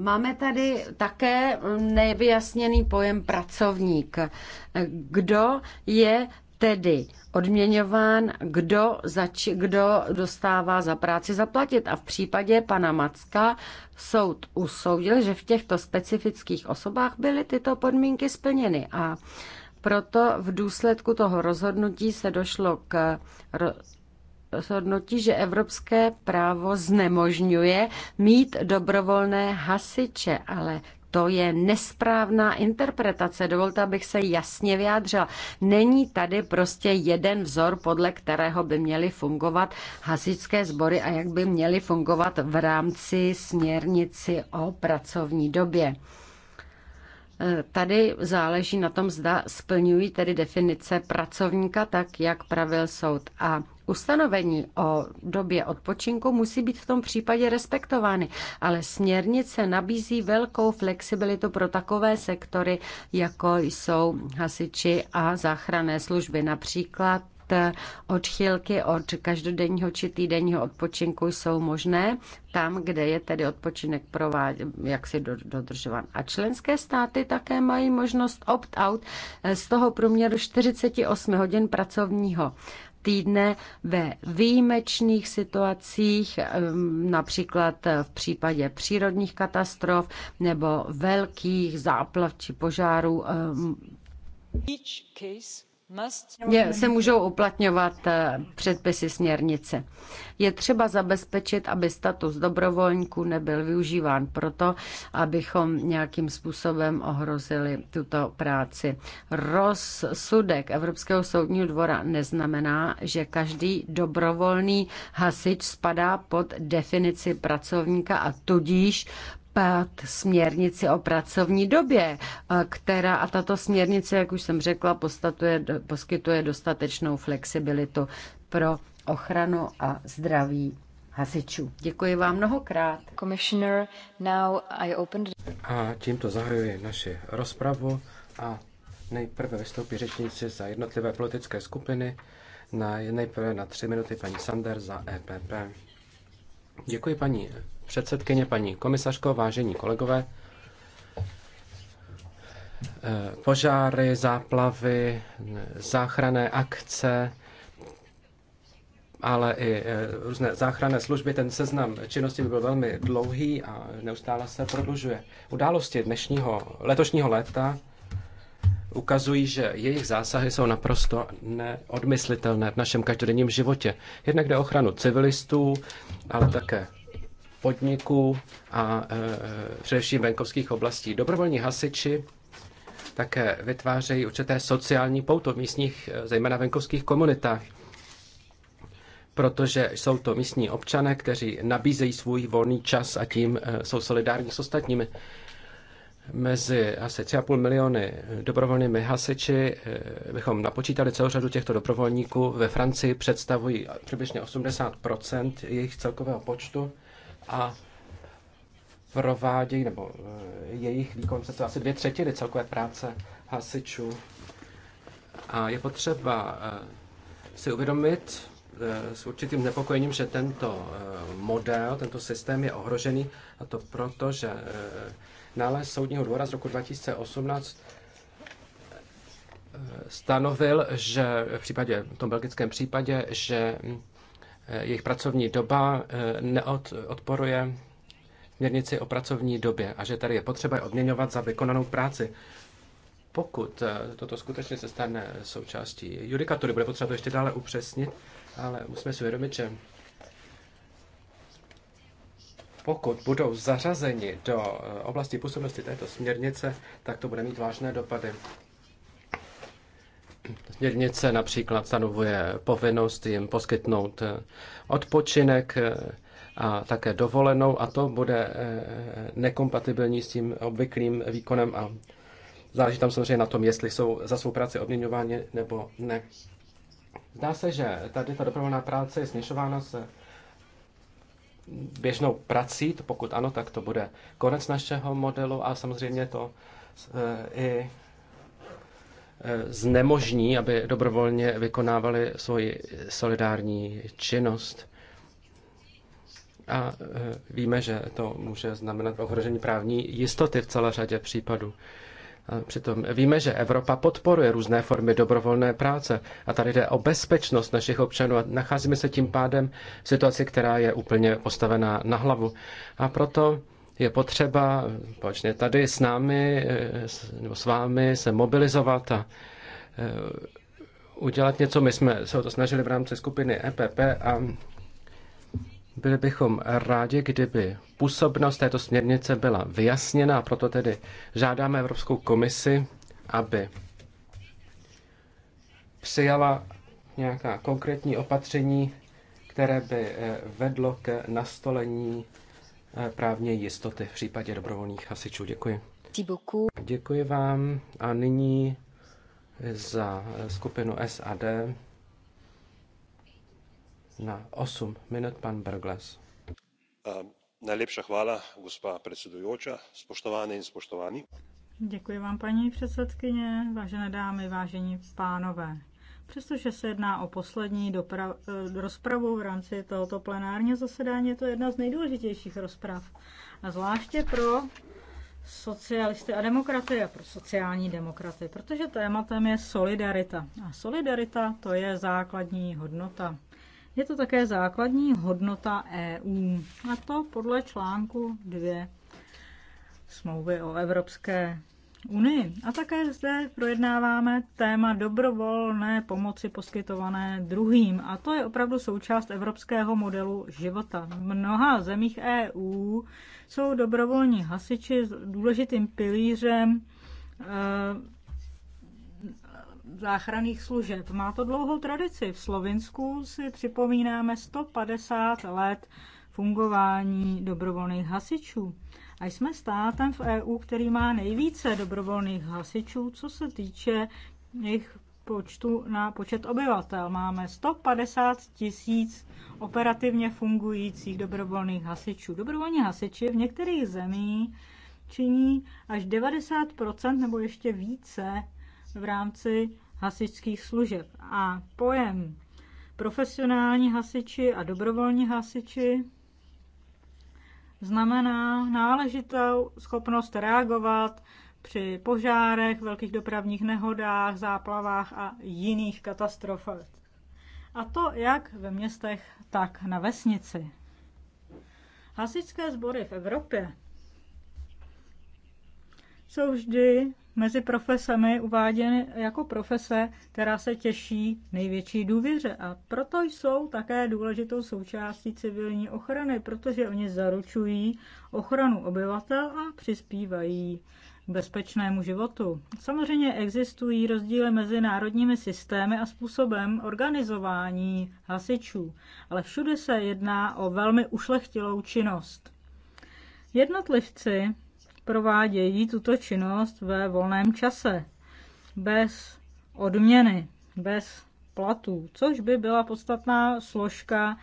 Máme tady také nevyjasněný pojem pracovník. Kdo je tedy odměňován, kdo, zač, kdo dostává za práci zaplatit. A v případě pana Macka soud usoudil, že v těchto specifických osobách byly tyto podmínky splněny. A proto v důsledku toho rozhodnutí se došlo k rozhodnutí, že evropské právo znemožňuje mít dobrovolné hasiče, ale to je nesprávná interpretace. Dovolte, abych se jasně vyjádřila. Není tady prostě jeden vzor, podle kterého by měly fungovat hasičské sbory a jak by měly fungovat v rámci směrnici o pracovní době. E, tady záleží na tom, zda splňují tedy definice pracovníka, tak jak pravil soud. A Ustanovení o době odpočinku musí být v tom případě respektovány, ale směrnice nabízí velkou flexibilitu pro takové sektory, jako jsou hasiči a záchranné služby. Například eh, odchylky od každodenního či týdenního odpočinku jsou možné tam, kde je tedy odpočinek provád, si dodržovan. A členské státy také mají možnost opt-out eh, z toho průměru 48 hodin pracovního týdne ve výjimečných situacích, například v případě přírodních katastrof nebo velkých záplav či požárů. Each case se můžou uplatňovat eh, předpisy směrnice. Je třeba zabezpečit, aby status dobrovolníků nebyl využíván proto, abychom nějakým způsobem ohrozili tuto práci. Rozsudek Evropského soudního dvora neznamená, že každý dobrovolný hasič spadá pod definici pracovníka a tudíž pak směrnici o pracovní době, eh, která a tato směrnice, jak už jsem řekla, postatuje, poskytuje dostatečnou flexibilitu pro ochranu a zdraví hasičů. Děkuji vám mnohokrát. Commissioner, now I open... A tímto zahajuji naše rozpravu a nejprve vystoupí řečníci za jednotlivé politické skupiny. Na, nejprve na tři minuty paní Sander za EPP. Děkuji paní předsedkyně, paní komisařko, vážení kolegové. Eh, požáry, záplavy, záchranné akce, ale i eh, různé záchranné služby. Ten seznam činností by byl velmi dlouhý a neustále se prodlužuje. Události dnešního, letošního léta ukazují, že jejich zásahy jsou naprosto neodmyslitelné v našem každodenním životě. Jednak jde o ochranu civilistů, ale také podniků a e, e, především venkovských oblastí. Dobrovolní hasiči také vytvářejí určité sociální pouto v místních, e, zejména venkovských komunitách, protože jsou to místní občané, kteří nabízejí svůj volný čas a tím jsou solidární s ostatními. Mezi asi 3,5 miliony dobrovolnými hasiči bychom napočítali celou řadu těchto dobrovolníků. Ve Francii představují přibližně 80 jejich celkového počtu a provádějí, nebo eh, jejich výkon to asi dvě třetiny celkové práce hasičů. A je potřeba eh, si uvědomit eh, s určitým nepokojením, že tento model, tento systém je ohrožený, a to proto, že nález Soudního dvora z roku 2018 stanovil, že v případě, v tom belgickém případě, že hm, Eh, jejich pracovní doba eh, neodporuje směrnici o pracovní době a že tady je potřeba je odměňovat za vykonanou práci. Pokud eh, toto skutečně se stane součástí judikatury, bude potřeba to ještě dále upřesnit, ale musíme si uvědomit, že pokud budou zařazeni do oblasti působnosti této směrnice, tak to bude mít vážné dopady. Směrnice například stanovuje povinnost jim poskytnout eh, odpočinek eh, a také dovolenou a to bude eh, nekompatibilní s tím obvyklým výkonem a záleží tam samozřejmě na tom, jestli jsou za svou práci odměňováni nebo ne. Zdá se, že tady ta dobrovolná práce je směšována se běžnou prací, to pokud ano, tak to bude konec našeho modelu a samozřejmě to i znemožní, aby dobrovolně vykonávali svoji solidární činnost. A e, víme, že to může znamenat ohrožení právní jistoty v celé řadě případů. A přitom víme, že Evropa podporuje různé formy dobrovolné práce a tady jde o bezpečnost našich občanů a nacházíme se tím pádem v situaci, která je úplně postavená na hlavu. A proto je potřeba společně tady s námi nebo s vámi se mobilizovat a eh, udělat něco. My jsme se o to snažili v rámci skupiny EPP a byli bychom rádi, kdyby působnost této směrnice byla vyjasněna, a proto tedy žádáme Evropskou komisi, aby přijala nějaká konkrétní opatření, které by eh, vedlo k nastolení Eh, právně jistoty v případě dobrovolných hasičů. Děkuji. Děkuji vám a nyní za skupinu SAD na 8 minut pan Brgles. Ehm, Nejlepší chvála, gospa předsedujíča, spoštovány in spoštovány. Děkuji vám, paní předsedkyně, vážené dámy, vážení pánové. Přestože se jedná o poslední doprav, eh, rozpravu v rámci tohoto plenárního zasedání, je to jedna z nejdůležitějších rozprav. A zvláště pro socialisty a demokraty a pro sociální demokraty, protože tématem je solidarita. A solidarita to je základní hodnota. Je to také základní hodnota EU, a to podle článku 2 smlouvy o Evropské unii. A také zde projednáváme téma dobrovolné pomoci poskytované druhým. A to je opravdu součást evropského modelu života. V mnoha zemích EU jsou dobrovolní hasiči s důležitým pilířem eh, záchranných služeb. Má to dlouhou tradici. V Slovinsku si připomínáme 150 let fungování dobrovolných hasičů. A jsme státem v EU, který má nejvíce dobrovolných hasičů, co se týče jejich počtu na počet obyvatel. Máme 150 tisíc operativně fungujících dobrovolných hasičů. Dobrovolní hasiči v některých zemích činí až 90 nebo ještě více v rámci hasičských služeb. A pojem profesionální hasiči a dobrovolní hasiči znamená náležitou schopnost reagovat při požárech, velkých dopravních nehodách, záplavách a jiných katastrofách. A to jak ve městech, tak na vesnici. Hasičské sbory v Evropě jsou vždy mezi profesemi uváděn jako profese, která se těší největší důvěře. A proto jsou také důležitou součástí civilní ochrany, protože oni zaručují ochranu obyvatel a přispívají k bezpečnému životu. Samozřejmě existují rozdíly mezi národními systémy a způsobem organizování hasičů, ale všude se jedná o velmi ušlechtilou činnost. Jednotlivci provádějí tuto činnost ve volném čase, bez odměny, bez platů, což by byla podstatná složka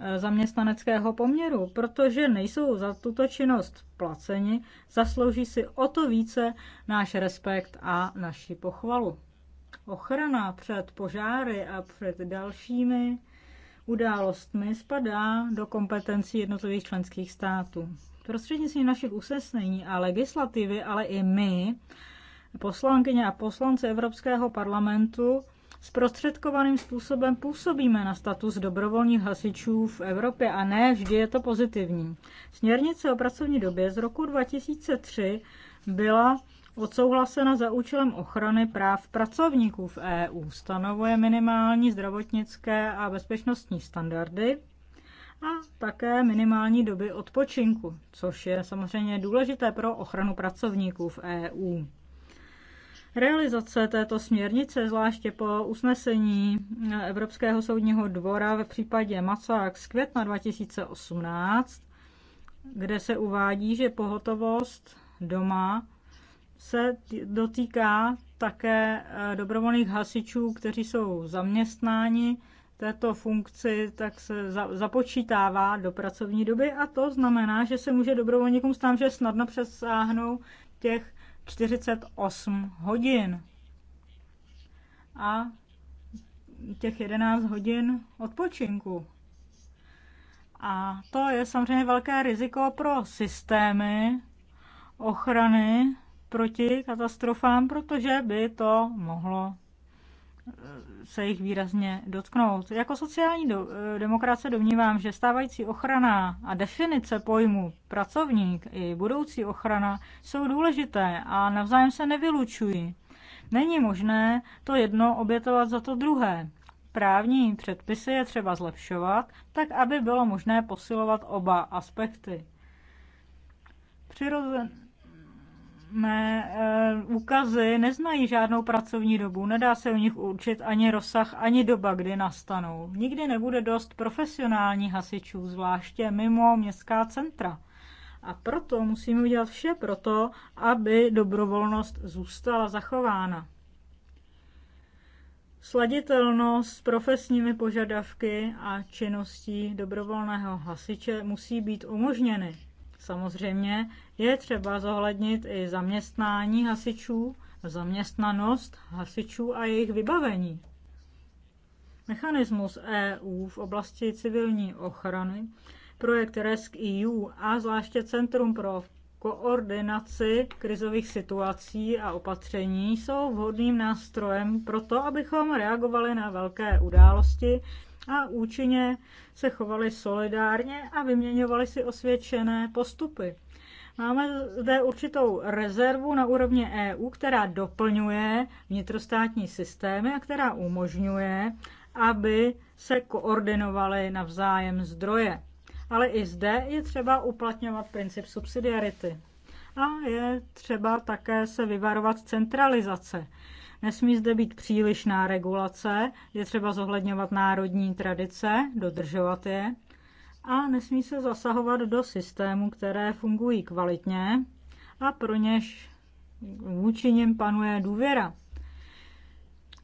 eh, zaměstnaneckého poměru, protože nejsou za tuto činnost placeni, zaslouží si o to více náš respekt a naši pochvalu. Ochrana před požáry a před dalšími událostmi spadá do kompetencí jednotlivých členských států. Prostřednictvím našich usnesení a legislativy, ale i my, poslankyně a poslanci Evropského parlamentu, zprostředkovaným způsobem působíme na status dobrovolných hasičů v Evropě a ne vždy je to pozitivní. Směrnice o pracovní době z roku 2003 byla odsouhlasena za účelem ochrany práv pracovníků v EU. Stanovuje minimální zdravotnické a bezpečnostní standardy a také minimální doby odpočinku, což je samozřejmě důležité pro ochranu pracovníků v EU. Realizace této směrnice, zvláště po usnesení Evropského soudního dvora v případě Macák z května 2018, kde se uvádí, že pohotovost doma se dotýká také eh, dobrovolných hasičů, kteří jsou zaměstnáni této funkci, tak se za, započítává do pracovní doby a to znamená, že se může dobrovolníkům stát, že snadno přesáhnou těch 48 hodin. A těch 11 hodin odpočinku. A to je samozřejmě velké riziko pro systémy ochrany proti katastrofám, protože by to mohlo se jich výrazně dotknout. Jako sociální do, eh, demokracie domnívám, že stávající ochrana a definice pojmu pracovník i budoucí ochrana jsou důležité a navzájem se nevylučují. Není možné to jedno obětovat za to druhé. Právní předpisy je třeba zlepšovat, tak aby bylo možné posilovat oba aspekty. Přirozen, mé eh, úkazy neznají žádnou pracovní dobu, nedá se u nich určit ani rozsah, ani doba, kdy nastanou. Nikdy nebude dost profesionální hasičů, zvláště mimo městská centra. A proto musíme udělat vše pro to, aby dobrovolnost zůstala zachována. Sladitelnost s profesními požadavky a činností dobrovolného hasiče musí být umožněny. Samozřejmě je třeba zohlednit i zaměstnání hasičů, zaměstnanost hasičů a jejich vybavení. Mechanismus EU v oblasti civilní ochrany, projekt RESC-EU a zvláště Centrum pro koordinaci krizových situací a opatření jsou vhodným nástrojem pro to, abychom reagovali na velké události a účinně se chovali solidárně a vyměňovali si osvědčené postupy. Máme zde určitou rezervu na úrovni EU, která doplňuje vnitrostátní systémy a která umožňuje, aby se koordinovaly navzájem zdroje. Ale i zde je třeba uplatňovat princip subsidiarity. A je třeba také se vyvarovat centralizace. Nesmí zde být přílišná regulace, je třeba zohledňovat národní tradice, dodržovat je a nesmí se zasahovat do systémů, které fungují kvalitně a pro něž vůči nim panuje důvěra.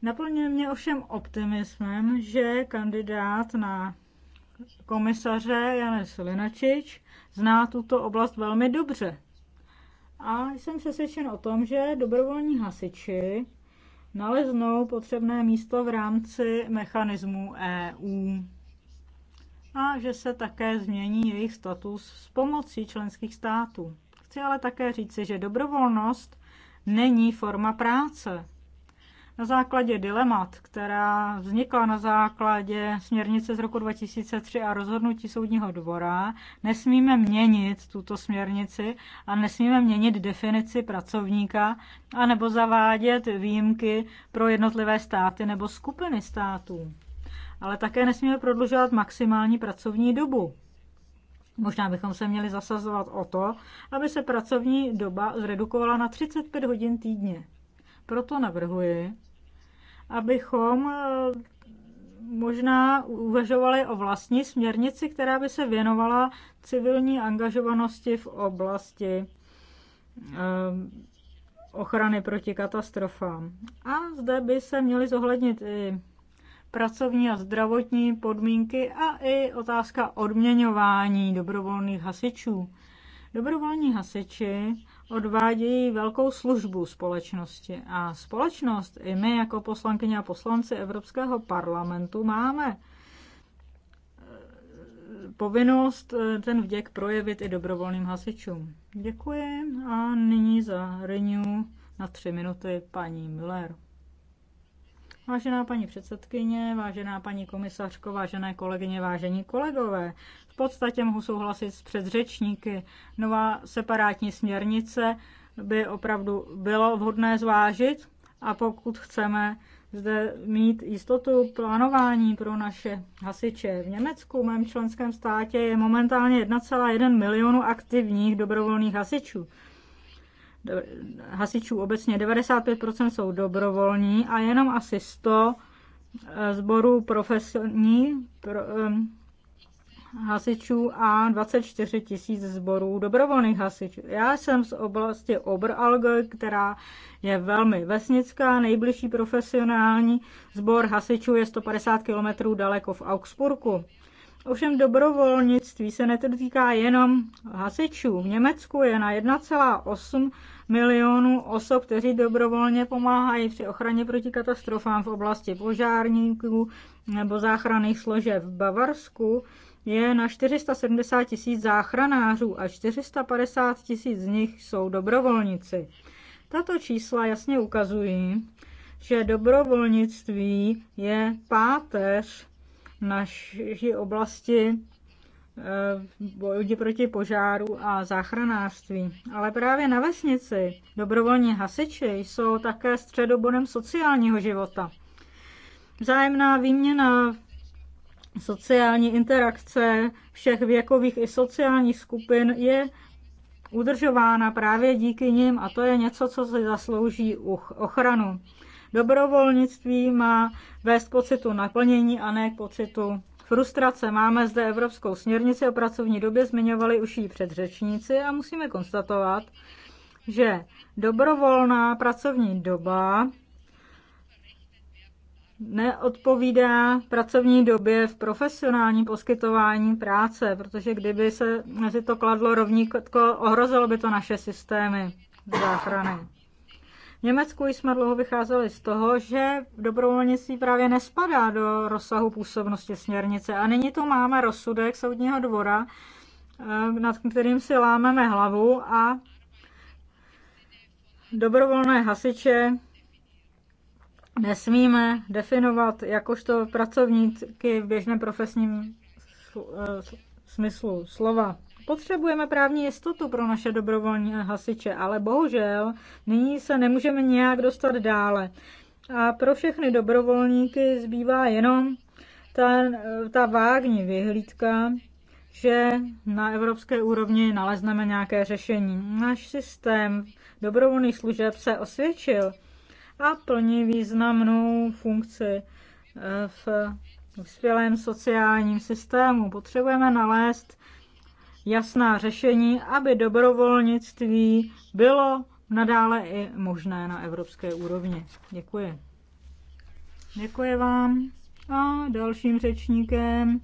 Naplňuje mě ovšem optimismem, že kandidát na komisaře Janes Linačič zná tuto oblast velmi dobře. A jsem přesvědčen o tom, že dobrovolní hasiči naleznou potřebné místo v rámci mechanismu EU a že se také změní jejich status s pomocí členských států. Chci ale také říci, že dobrovolnost není forma práce. Na základě dilemat, která vznikla na základě směrnice z roku 2003 a rozhodnutí soudního dvora, nesmíme měnit tuto směrnici a nesmíme měnit definici pracovníka anebo zavádět výjimky pro jednotlivé státy nebo skupiny států ale také nesmíme prodlužovat maximální pracovní dobu. Možná bychom se měli zasazovat o to, aby se pracovní doba zredukovala na 35 hodin týdně. Proto navrhuji, abychom eh, možná uvažovali o vlastní směrnici, která by se věnovala civilní angažovanosti v oblasti eh, ochrany proti katastrofám. A zde by se měly zohlednit i pracovní a zdravotní podmínky a i otázka odměňování dobrovolných hasičů. Dobrovolní hasiči odvádějí velkou službu společnosti a společnost i my jako poslankyně a poslanci Evropského parlamentu máme eh, povinnost eh, ten vděk projevit i dobrovolným hasičům. Děkuji a nyní za Renew na tři minuty paní Müller. Vážená paní předsedkyně, vážená paní komisařko, vážené kolegyně, vážení kolegové, v podstatě mohu souhlasit s předřečníky. Nová separátní směrnice by opravdu bylo vhodné zvážit a pokud chceme zde mít jistotu plánování pro naše hasiče. V Německu, v mém členském státě, je momentálně 1,1 milionu aktivních dobrovolných hasičů hasičů obecně 95% jsou dobrovolní a jenom asi 100 zborů eh, profesionální pro, hasičů a 24 tisíc zborů dobrovolných hasičů. Já jsem z oblasti Oberalge, která je velmi vesnická. Nejbližší profesionální sbor hasičů je 150 km daleko v Augsburgu. Ovšem dobrovolnictví se netýká jenom hasičů. V Německu je na 1,8 milionů osob, kteří dobrovolně pomáhají při ochraně proti katastrofám v oblasti požárníků nebo záchranných složek v Bavarsku, je na 470 tisíc záchranářů a 450 tisíc z nich jsou dobrovolníci. Tato čísla jasně ukazují, že dobrovolnictví je páteř naší oblasti Eh, bojí proti požáru a záchranářství. Ale právě na vesnici dobrovolní hasiči jsou také středobodem sociálního života. Vzájemná výměna, sociální interakce všech věkových i sociálních skupin je udržována právě díky nim a to je něco, co si zaslouží ochranu. Dobrovolnictví má vést k pocitu naplnění a ne k pocitu frustrace. Máme zde Evropskou směrnici o pracovní době, zmiňovali už ji předřečníci a musíme konstatovat, že dobrovolná pracovní doba neodpovídá pracovní době v profesionálním poskytování práce, protože kdyby se si to kladlo rovníko, ohrozilo by to naše systémy záchrany. Německu jsme dlouho vycházeli z toho, že dobrovolnictví právě nespadá do rozsahu působnosti směrnice. A nyní tu máme rozsudek soudního dvora, eh, nad kterým si lámeme hlavu a dobrovolné hasiče nesmíme definovat jakožto pracovníky v běžném profesním eh, smyslu slova. Potřebujeme právní jistotu pro naše dobrovolní hasiče, ale bohužel nyní se nemůžeme nějak dostat dále. A pro všechny dobrovolníky zbývá jenom ta, ta vágní vyhlídka, že na evropské úrovni nalezneme nějaké řešení. Náš systém dobrovolných služeb se osvědčil a plní významnou funkci eh, v uspělém sociálním systému. Potřebujeme nalézt jasná řešení, aby dobrovolnictví bylo nadále i možné na evropské úrovni. Děkuji. Děkuji vám. A dalším řečníkem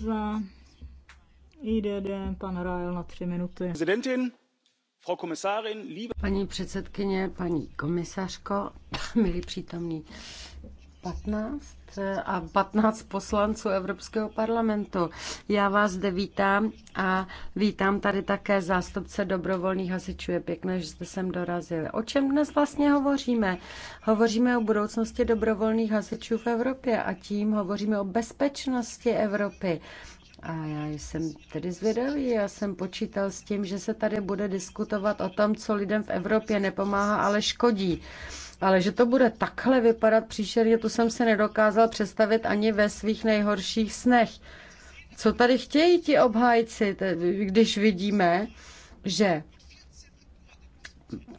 za IDD pan Rael na tři minuty. Paní předsedkyně, paní komisařko, milí přítomní, 15 eh, a 15 poslanců Evropského parlamentu. Já vás zde vítám a vítám tady také zástupce dobrovolných hasičů. Je pěkné, že jste sem dorazili. O čem dnes vlastně hovoříme? Hovoříme o budoucnosti dobrovolných hasičů v Evropě a tím hovoříme o bezpečnosti Evropy. A já jsem tedy zvědavý, já jsem počítal s tím, že se tady bude diskutovat o tom, co lidem v Evropě nepomáhá, ale škodí. Ale že to bude takhle vypadat příšerně, to jsem se nedokázal představit ani ve svých nejhorších snech. Co tady chtějí ti obhájci, když vidíme, že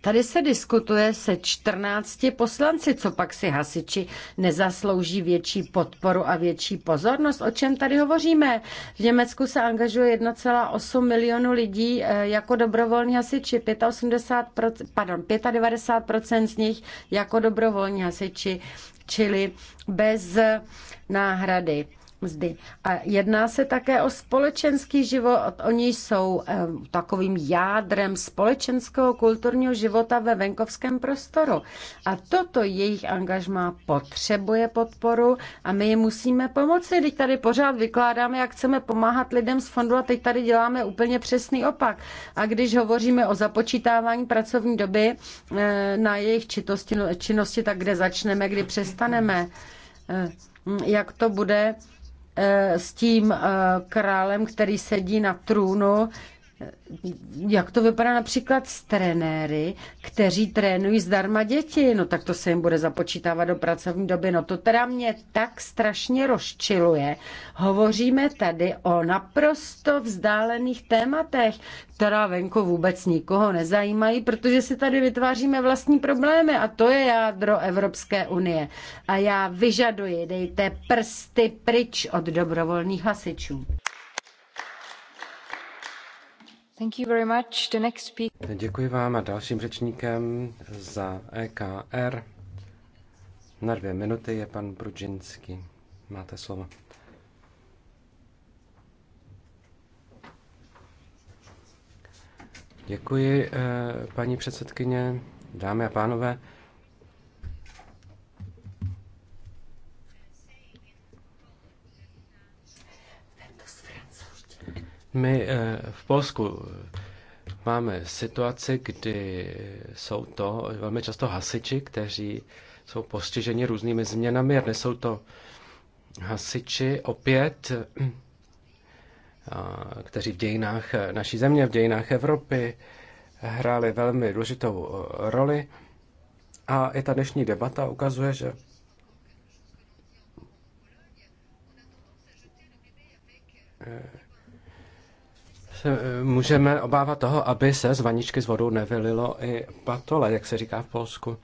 Tady se diskutuje se 14 poslanci, co pak si hasiči nezaslouží větší podporu a větší pozornost. O čem tady hovoříme? V Německu se angažuje 1,8 milionu lidí eh, jako dobrovolní hasiči, 85%, pardon, 95% z nich jako dobrovolní hasiči, čili bez náhrady mzdy. A jedná se také o společenský život. Oni jsou eh, takovým jádrem společenského kulturního života ve venkovském prostoru. A toto jejich angažmá potřebuje podporu a my jim musíme pomoci. Teď tady pořád vykládáme, jak chceme pomáhat lidem z fondu a teď tady děláme úplně přesný opak. A když hovoříme o započítávání pracovní doby eh, na jejich čitosti, činnosti, tak kde začneme, kdy přestaneme eh, jak to bude s tím eh, králem, který sedí na trůnu, jak to vypadá například s trenéry, kteří trénují zdarma děti, no tak to se jim bude započítávat do pracovní doby, no to teda mě tak strašně rozčiluje. Hovoříme tady o naprosto vzdálených tématech, která venku vůbec nikoho nezajímají, protože si tady vytváříme vlastní problémy a to je jádro Evropské unie. A já vyžaduji, dejte prsty pryč od dobrovolných hasičů. Thank you very much. The next speaker. Děkuji vám a dalším řečníkem za EKR na dvě minuty je pan Brudžinský. Máte slovo. Děkuji, eh, paní předsedkyně, dámy a pánové. My eh, v Polsku eh, máme situaci, kdy jsou to velmi často hasiči, kteří jsou postiženi různými změnami a dnes jsou to hasiči opět, eh, kteří v dějinách naší země, v dějinách Evropy hráli velmi důležitou roli. A i ta dnešní debata ukazuje, že se eh, můžeme obávat toho, aby se z vaničky s vodou nevylilo i patole, jak se říká v Polsku.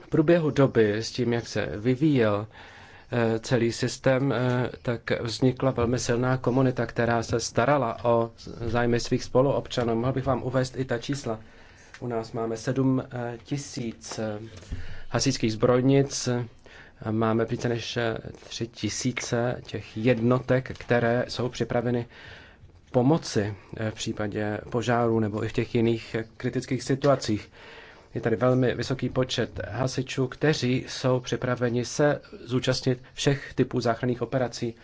V průběhu doby s tím, jak se vyvíjel eh, celý systém, eh, tak vznikla velmi silná komunita, která se starala o zájmy svých spoluobčanů. Mohl bych vám uvést i ta čísla. U nás máme 7 tisíc hasičských zbrojnic, Máme více než eh, tři tisíce těch jednotek, které jsou připraveny pomoci eh, v případě požáru nebo i v těch jiných eh, kritických situacích. Je tady velmi vysoký počet hasičů, kteří jsou připraveni se zúčastnit všech typů záchranných operací.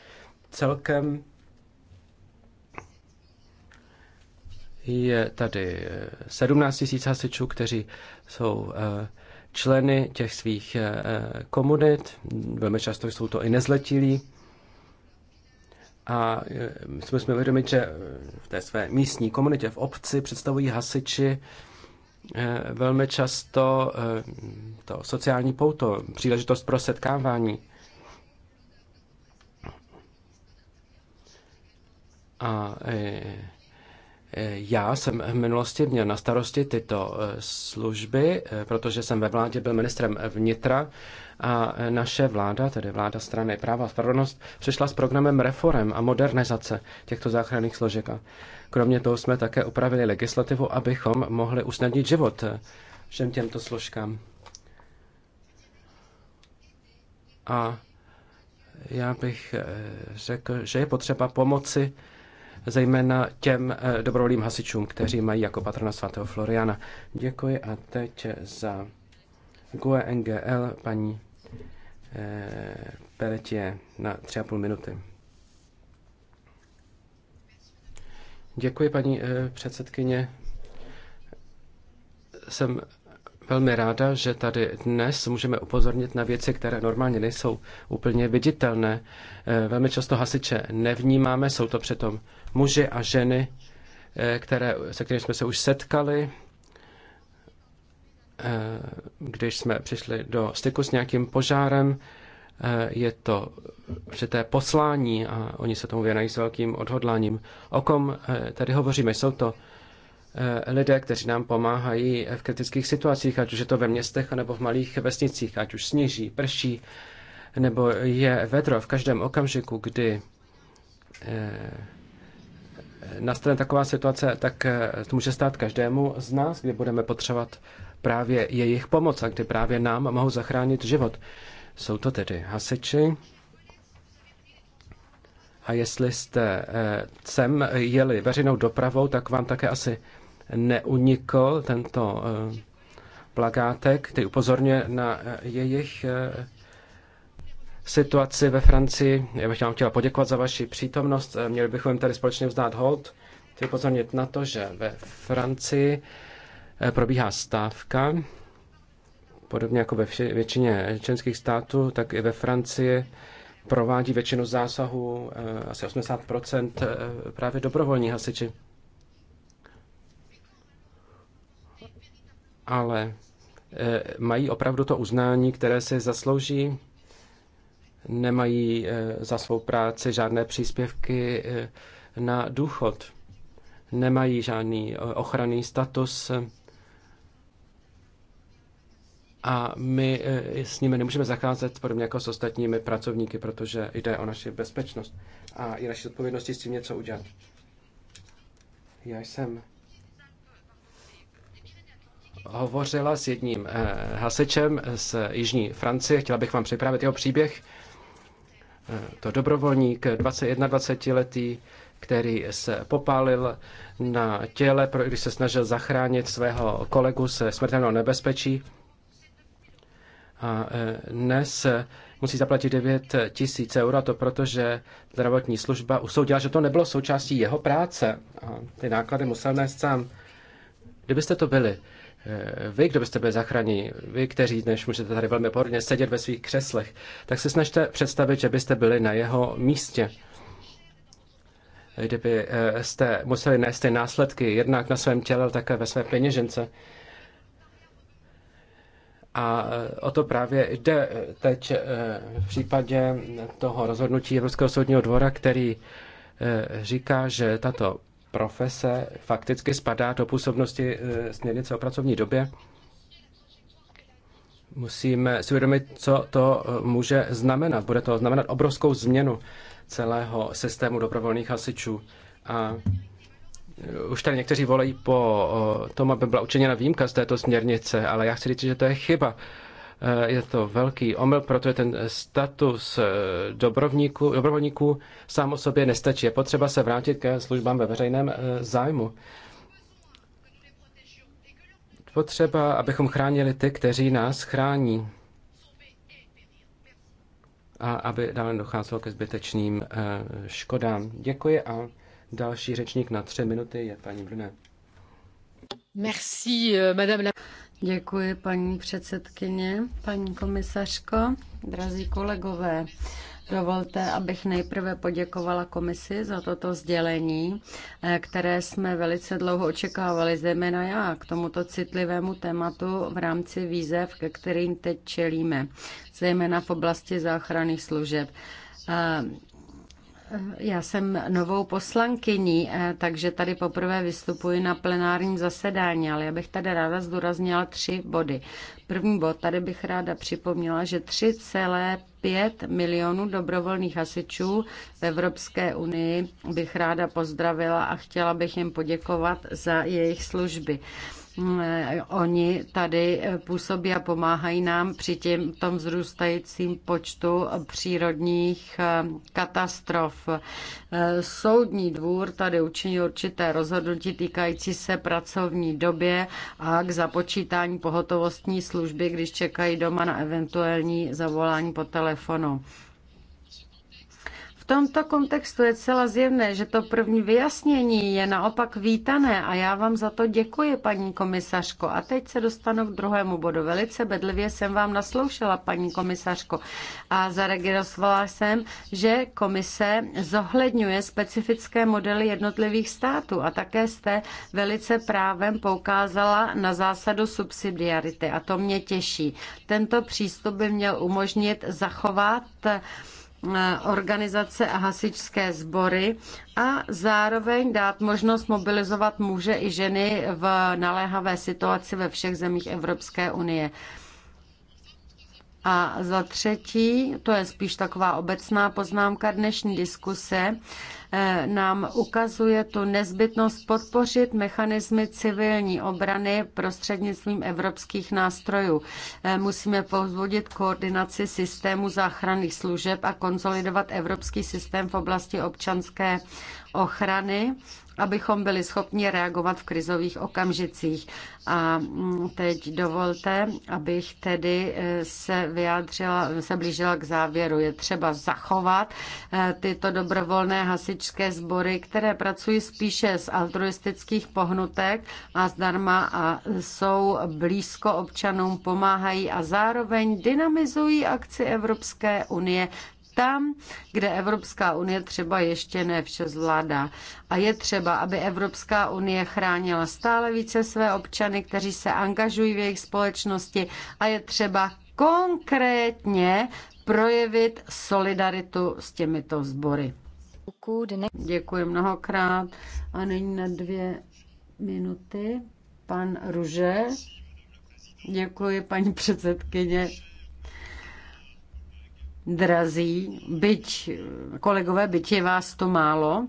Celkem je tady 17 000 hasičů, kteří jsou členy těch svých eh, eh, komunit, velmi často jsou to i nezletilí. A eh, jsme jsme uvědomit, že v té své místní komunitě, v obci představují hasiči velmi často to sociální pouto, příležitost pro setkávání. A já jsem v minulosti měl na starosti tyto eh, služby, eh, protože jsem ve vládě byl ministrem vnitra a eh, naše vláda, tedy vláda strany práva a spravedlnost, přišla s programem reform a modernizace těchto záchranných složek. kromě toho jsme také upravili legislativu, abychom mohli usnadnit život všem těmto složkám. A já bych řekl, že je potřeba pomoci zejména těm eh, dobrovolným hasičům, kteří mají jako patrona svatého Floriana. Děkuji a teď za GUE NGL paní eh, Peretě na tři a půl minuty. Děkuji, paní eh, předsedkyně. Jsem velmi ráda, že tady dnes můžeme upozornit na věci, které normálně nejsou úplně viditelné. Velmi často hasiče nevnímáme, jsou to přitom Muže a ženy, eh, které, se kterými jsme se už setkali, eh, když jsme přišli do styku s nějakým požárem. Eh, je to určité poslání a oni se tomu věnají s velkým odhodláním. O kom tady hovoříme? Jsou to lidé, kteří nám pomáhají v kritických situacích, ať už je to ve městech nebo v malých vesnicích, ať už sněží, prší, nebo je vedro v každém okamžiku, kdy nastane taková situace, tak eh, to může stát každému z nás, kdy budeme potřebovat právě jejich pomoc a kdy právě nám mohou zachránit život. Jsou to tedy hasiči. A jestli jste eh, sem jeli veřejnou dopravou, tak vám také asi neunikl tento eh, plakátek, který upozorňuje na jejich situaci ve Francii. Já bych vám chtěla poděkovat za vaši přítomnost. Eh, měli bychom jim tady společně vzdát hold. Chci upozornit na to, že ve Francii eh, probíhá stávka, podobně jako ve většině členských států, tak i ve Francii provádí většinu zásahů, eh, asi 80% právě dobrovolní hasiči. Ale mají opravdu to uznání, které si zaslouží nemají eh, za svou práci žádné příspěvky eh, na důchod, nemají žádný eh, ochranný status a my s nimi nemůžeme zacházet podobně jako s ostatními pracovníky, protože jde o naši bezpečnost a i naši odpovědnosti s tím něco udělat. Já jsem hovořila s jedním hasečem z Jižní Francie. Chtěla bych vám připravit jeho příběh to dobrovolník, 21-letý, který se popálil na těle, když se snažil zachránit svého kolegu se smrtelného nebezpečí. A e, dnes musí zaplatit 9 tisíc euro, to protože zdravotní služba usoudila, že to nebylo součástí jeho práce. A ty náklady musel nést sám. Kdybyste to byli Eh, vy, kdo byste byli zachráněni, vy, kteří dnes můžete tady velmi pohodlně sedět ve svých křeslech, tak se snažte představit, že byste byli na jeho místě. Eh, kdyby eh, jste museli nést ty následky jednak na svém těle, také ve své peněžence. A o to právě jde teď v případě toho rozhodnutí Evropského soudního dvora, který říká, že tato profese fakticky spadá do působnosti eh, směrnice o pracovní době. Musíme si uvědomit, co to eh, může znamenat. Bude to znamenat obrovskou změnu celého systému dobrovolných hasičů. A eh, už tady někteří volají po tom, aby byla učiněna výjimka z této směrnice, ale já chci říct, že to je chyba, Eh, je to velký omyl, protože ten status eh, dobrovníků, dobrovolníků sám o sobě nestačí. Je potřeba se vrátit ke službám ve veřejném eh, zájmu. Potřeba, abychom chránili ty, kteří nás chrání a aby dále docházelo ke zbytečným škodám. Děkuji a další řečník na tři minuty je paní Brune. Merci, madame la... Děkuji, paní předsedkyně, paní komisařko, drazí kolegové. Dovolte, abych nejprve poděkovala komisi za toto sdělení, eh, které jsme velice dlouho očekávali, zejména já, k tomuto citlivému tématu v rámci výzev, ke kterým teď čelíme, zejména v oblasti záchranných služeb. Eh, já jsem novou poslankyní, eh, takže tady poprvé vystupuji na plenárním zasedání, ale já bych tady ráda zdůraznila tři body. První bod, tady bych ráda připomněla, že 3,5 milionů dobrovolných hasičů v Evropské unii bych ráda pozdravila a chtěla bych jim poděkovat za jejich služby. Eh, oni tady eh, působí a pomáhají nám při tím, tom vzrůstajícím počtu přírodních eh, katastrof. Soudní dvůr tady učinil určité rozhodnutí týkající se pracovní době a k započítání pohotovostní služby, když čekají doma na eventuální zavolání po telefonu. V tomto kontextu je celá zjevné, že to první vyjasnění je naopak vítané a já vám za to děkuji, paní komisařko. A teď se dostanu k druhému bodu. Velice bedlivě jsem vám nasloušela, paní komisařko, a zaregistrovala jsem, že komise zohledňuje specifické modely jednotlivých států a také jste velice právem poukázala na zásadu subsidiarity a to mě těší. Tento přístup by měl umožnit zachovat Eh, organizace a hasičské sbory a zároveň dát možnost mobilizovat muže i ženy v naléhavé situaci ve všech zemích Evropské unie. A za třetí, to je spíš taková obecná poznámka dnešní diskuse, eh, nám ukazuje tu nezbytnost podpořit mechanismy civilní obrany prostřednictvím evropských nástrojů. Eh, musíme povzbudit koordinaci systému záchranných služeb a konsolidovat evropský systém v oblasti občanské ochrany abychom byli schopni reagovat v krizových okamžicích. A mm, teď dovolte, abych tedy e, se vyjádřila, se blížila k závěru. Je třeba zachovat e, tyto dobrovolné hasičské sbory, které pracují spíše z altruistických pohnutek a zdarma a jsou blízko občanům, pomáhají a zároveň dynamizují akci Evropské unie tam, kde Evropská unie třeba ještě ne vše zvládá. A je třeba, aby Evropská unie chránila stále více své občany, kteří se angažují v jejich společnosti a je třeba konkrétně projevit solidaritu s těmito sbory. Děkuji mnohokrát a nyní na dvě minuty pan Ruže. Děkuji, paní předsedkyně drazí, byť kolegové, byť je vás to málo,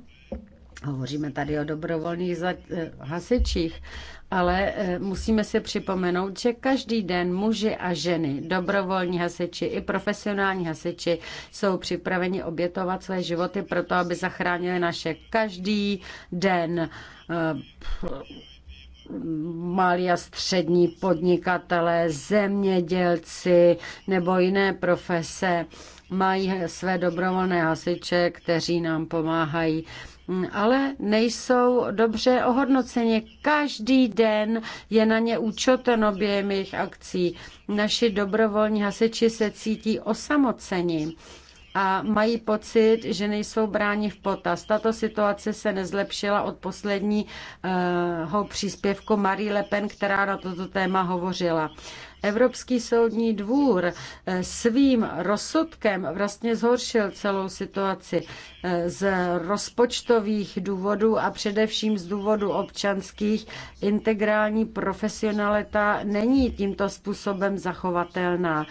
hovoříme tady o dobrovolných eh, hasičích, ale eh, musíme si připomenout, že každý den muži a ženy, dobrovolní hasiči i profesionální hasiči, jsou připraveni obětovat své životy proto, aby zachránili naše každý den eh, malí a střední podnikatelé, zemědělci nebo jiné profese mají své dobrovolné hasiče, kteří nám pomáhají ale nejsou dobře ohodnoceni. Každý den je na ně účoten objem jejich akcí. Naši dobrovolní hasiči se cítí osamoceni a mají pocit, že nejsou bráni v potaz. Tato situace se nezlepšila od posledního příspěvku Marie Le Pen, která na toto téma hovořila. Evropský soudní dvůr svým rozsudkem vlastně zhoršil celou situaci z rozpočtových důvodů a především z důvodu občanských. Integrální profesionalita není tímto způsobem zachovatelná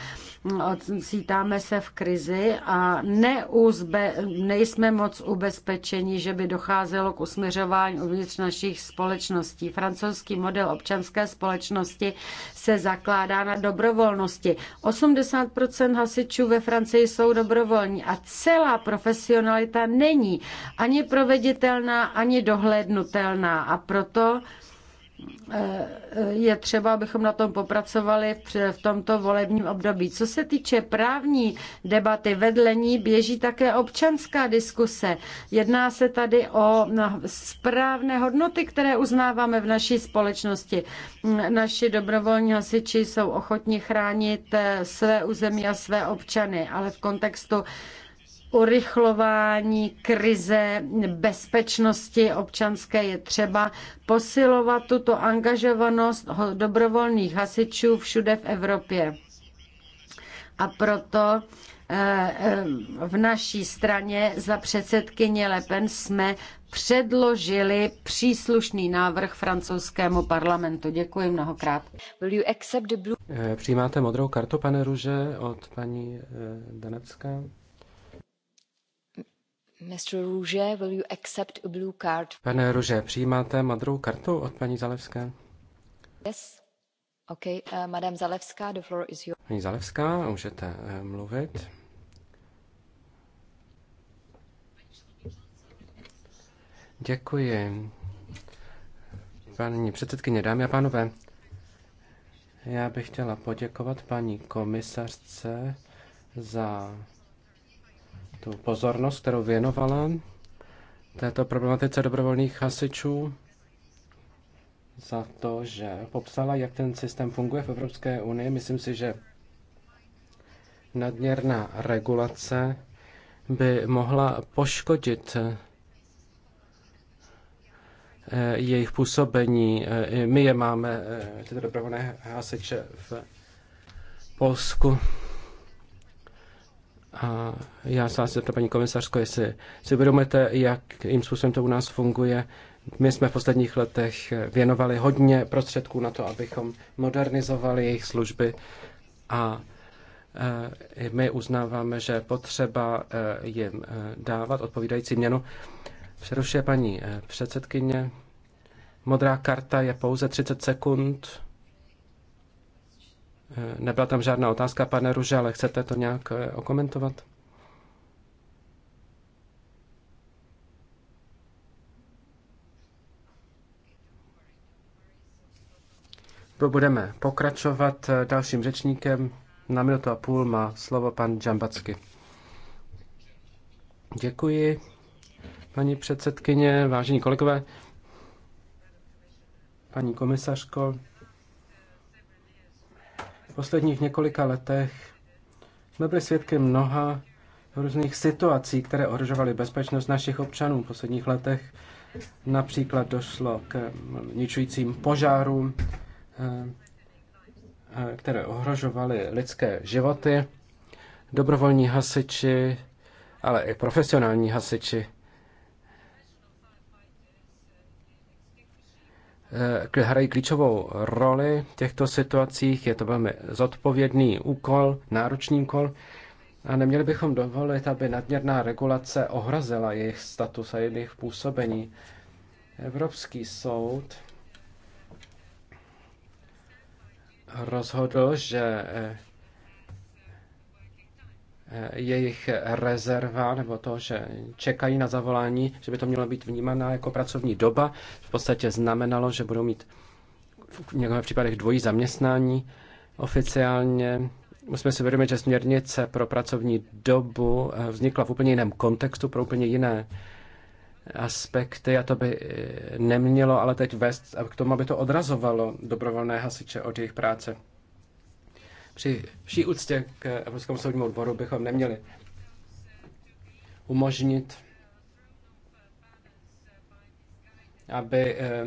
cítáme se v krizi a neuzbe, nejsme moc ubezpečeni, že by docházelo k usměřování uvnitř našich společností. Francouzský model občanské společnosti se zakládá na dobrovolnosti. 80% hasičů ve Francii jsou dobrovolní a celá profesionalita není ani proveditelná, ani dohlednutelná a proto je třeba, abychom na tom popracovali v tomto volebním období. Co se týče právní debaty, vedle ní běží také občanská diskuse. Jedná se tady o správné hodnoty, které uznáváme v naší společnosti. Naši dobrovolní hasiči jsou ochotni chránit eh, své území a své občany, ale v kontextu urychlování krize bezpečnosti občanské je třeba posilovat tuto angažovanost dobrovolných hasičů všude v Evropě. A proto eh, eh, v naší straně za předsedkyně Le Pen jsme předložili příslušný návrh francouzskému parlamentu. Děkuji mnohokrát. Eh, přijímáte modrou kartu, pane Ruže, od paní Danecka? Pane Růže, přijímáte modrou kartu od paní Zalevské? Yes. Okay, uh, Madame Zalevská, the floor is yours. Paní Zalevská, můžete uh, mluvit. Děkuji. Paní předsedkyně, dámy a pánové, já bych chtěla poděkovat paní komisařce za tu pozornost, kterou věnovala této problematice dobrovolných hasičů za to, že popsala, jak ten systém funguje v Evropské unii. Myslím si, že nadměrná regulace by mohla poškodit eh, jejich působení. Eh, my je máme, eh, tyto dobrovolné hasiče v Polsku. A já se vás zeptám, paní komisařko, jestli si uvědomujete, jakým způsobem to u nás funguje. My jsme v posledních letech věnovali hodně prostředků na to, abychom modernizovali jejich služby a e, my uznáváme, že potřeba e, jim e, dávat odpovídající měnu. Přerušuje paní předsedkyně. Modrá karta je pouze 30 sekund. Nebyla tam žádná otázka, pane Ruže, ale chcete to nějak eh, okomentovat? Budeme pokračovat eh, dalším řečníkem. Na minutu a půl má slovo pan Džambacky. Děkuji, paní předsedkyně, vážení kolegové, paní komisařko posledních několika letech jsme byli svědky mnoha různých situací, které ohrožovaly bezpečnost našich občanů. V posledních letech například došlo k eh, ničujícím požárům, eh, eh, které ohrožovaly lidské životy. Dobrovolní hasiči, ale i profesionální hasiči Eh, hrají klíčovou roli v těchto situacích. Je to velmi zodpovědný úkol, náročný úkol. A neměli bychom dovolit, aby nadměrná regulace ohrazila jejich status a jejich působení. Evropský soud rozhodl, že eh, jejich rezerva nebo to, že čekají na zavolání, že by to mělo být vnímaná jako pracovní doba, v podstatě znamenalo, že budou mít v některých případech dvojí zaměstnání oficiálně. Musíme si uvědomit, že směrnice pro pracovní dobu eh, vznikla v úplně jiném kontextu, pro úplně jiné aspekty a to by eh, nemělo ale teď vést k tomu, aby to odrazovalo dobrovolné hasiče od jejich práce. Při vší úctě k Evropskému soudnímu odboru bychom neměli umožnit, aby eh,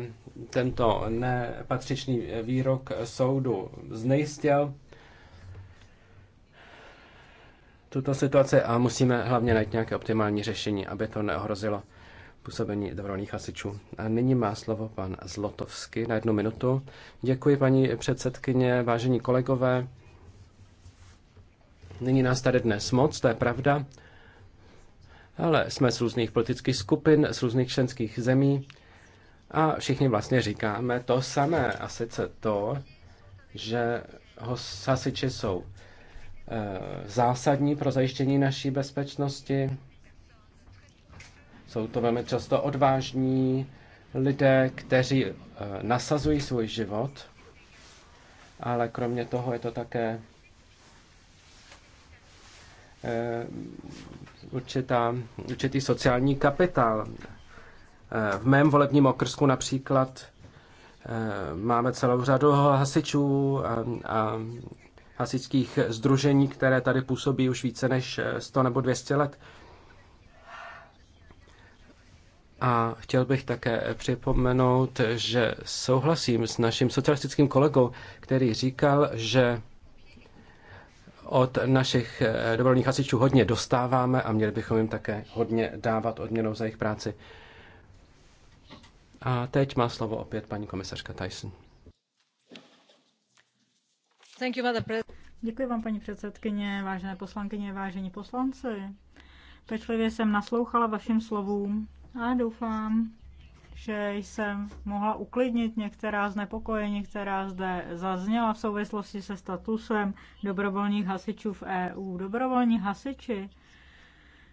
tento nepatřičný výrok soudu znejistil tuto situaci a musíme hlavně najít nějaké optimální řešení, aby to neohrozilo působení dobrovolných hasičů. A nyní má slovo pan Zlotovský na jednu minutu. Děkuji, paní předsedkyně, vážení kolegové. Není nás tady dnes moc, to je pravda, ale jsme z různých politických skupin, z různých členských zemí a všichni vlastně říkáme to samé, a sice to, že hasiči jsou eh, zásadní pro zajištění naší bezpečnosti. Jsou to velmi často odvážní lidé, kteří eh, nasazují svůj život, ale kromě toho je to také Eh, určitá, určitý sociální kapitál. Eh, v mém volebním okrsku například eh, máme celou řadu hasičů a, a hasičských združení, které tady působí už více než 100 nebo 200 let. A chtěl bych také připomenout, že souhlasím s naším socialistickým kolegou, který říkal, že od našich eh, dobrovolných hasičů hodně dostáváme a měli bychom jim také hodně dávat odměnou za jejich práci. A teď má slovo opět paní komisařka Tyson. Děkuji vám, paní předsedkyně, vážené poslankyně, vážení poslanci. Pečlivě jsem naslouchala vašim slovům a doufám, že jsem mohla uklidnit některá znepokojení, která zde zazněla v souvislosti se statusem dobrovolných hasičů v EU. Dobrovolní hasiči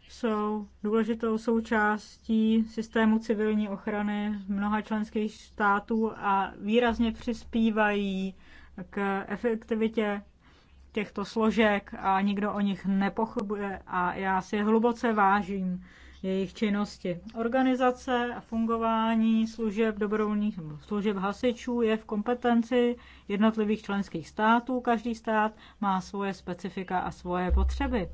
jsou důležitou součástí systému civilní ochrany mnoha členských států a výrazně přispívají k efektivitě těchto složek a nikdo o nich nepochybuje a já si je hluboce vážím jejich činnosti. Organizace a fungování služeb dobrovolných služeb hasičů je v kompetenci jednotlivých členských států. Každý stát má svoje specifika a svoje potřeby.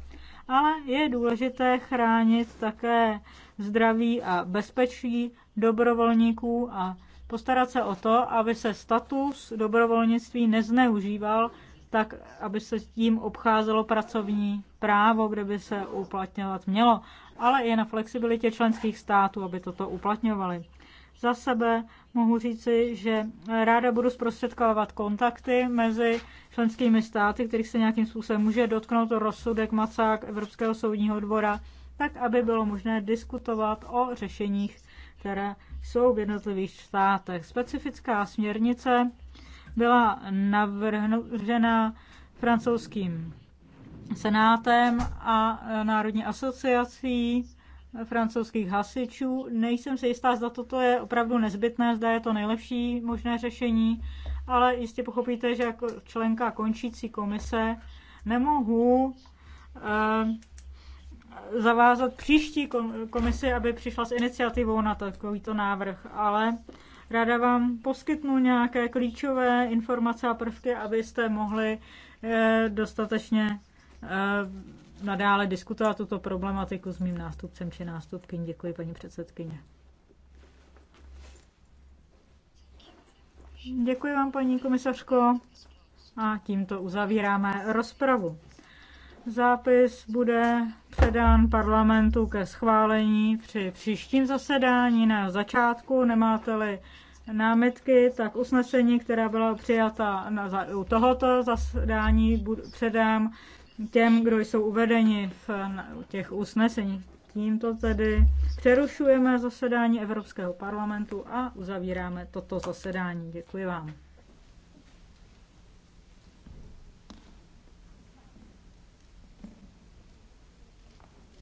Ale je důležité chránit také zdraví a bezpečí dobrovolníků a postarat se o to, aby se status dobrovolnictví nezneužíval tak, aby se tím obcházelo pracovní právo, kde by se uplatňovat mělo ale i na flexibilitě členských států, aby toto uplatňovali. Za sebe mohu říci, že ráda budu zprostředkovat kontakty mezi členskými státy, kterých se nějakým způsobem může dotknout rozsudek Macák Evropského soudního dvora, tak aby bylo možné diskutovat o řešeních, které jsou v jednotlivých státech. Specifická směrnice byla navržena francouzským senátem a e, Národní asociací e, francouzských hasičů. Nejsem si jistá, zda toto je opravdu nezbytné, zda je to nejlepší možné řešení, ale jistě pochopíte, že jako členka končící komise nemohu eh, zavázat příští komisi, aby přišla s iniciativou na takovýto návrh, ale ráda vám poskytnu nějaké klíčové informace a prvky, abyste mohli e, dostatečně Eh, nadále diskutovat tuto problematiku s mým nástupcem či nástupkyní. Děkuji, paní předsedkyně. Děkuji vám, paní komisařko. A tímto uzavíráme rozpravu. Zápis bude předán parlamentu ke schválení při příštím zasedání na začátku. Nemáte-li námitky, tak usnesení, která byla přijata na, u tohoto zasedání, budu, předám těm, kdo jsou uvedeni v těch usneseních. Tímto tedy přerušujeme zasedání Evropského parlamentu a uzavíráme toto zasedání. Děkuji vám.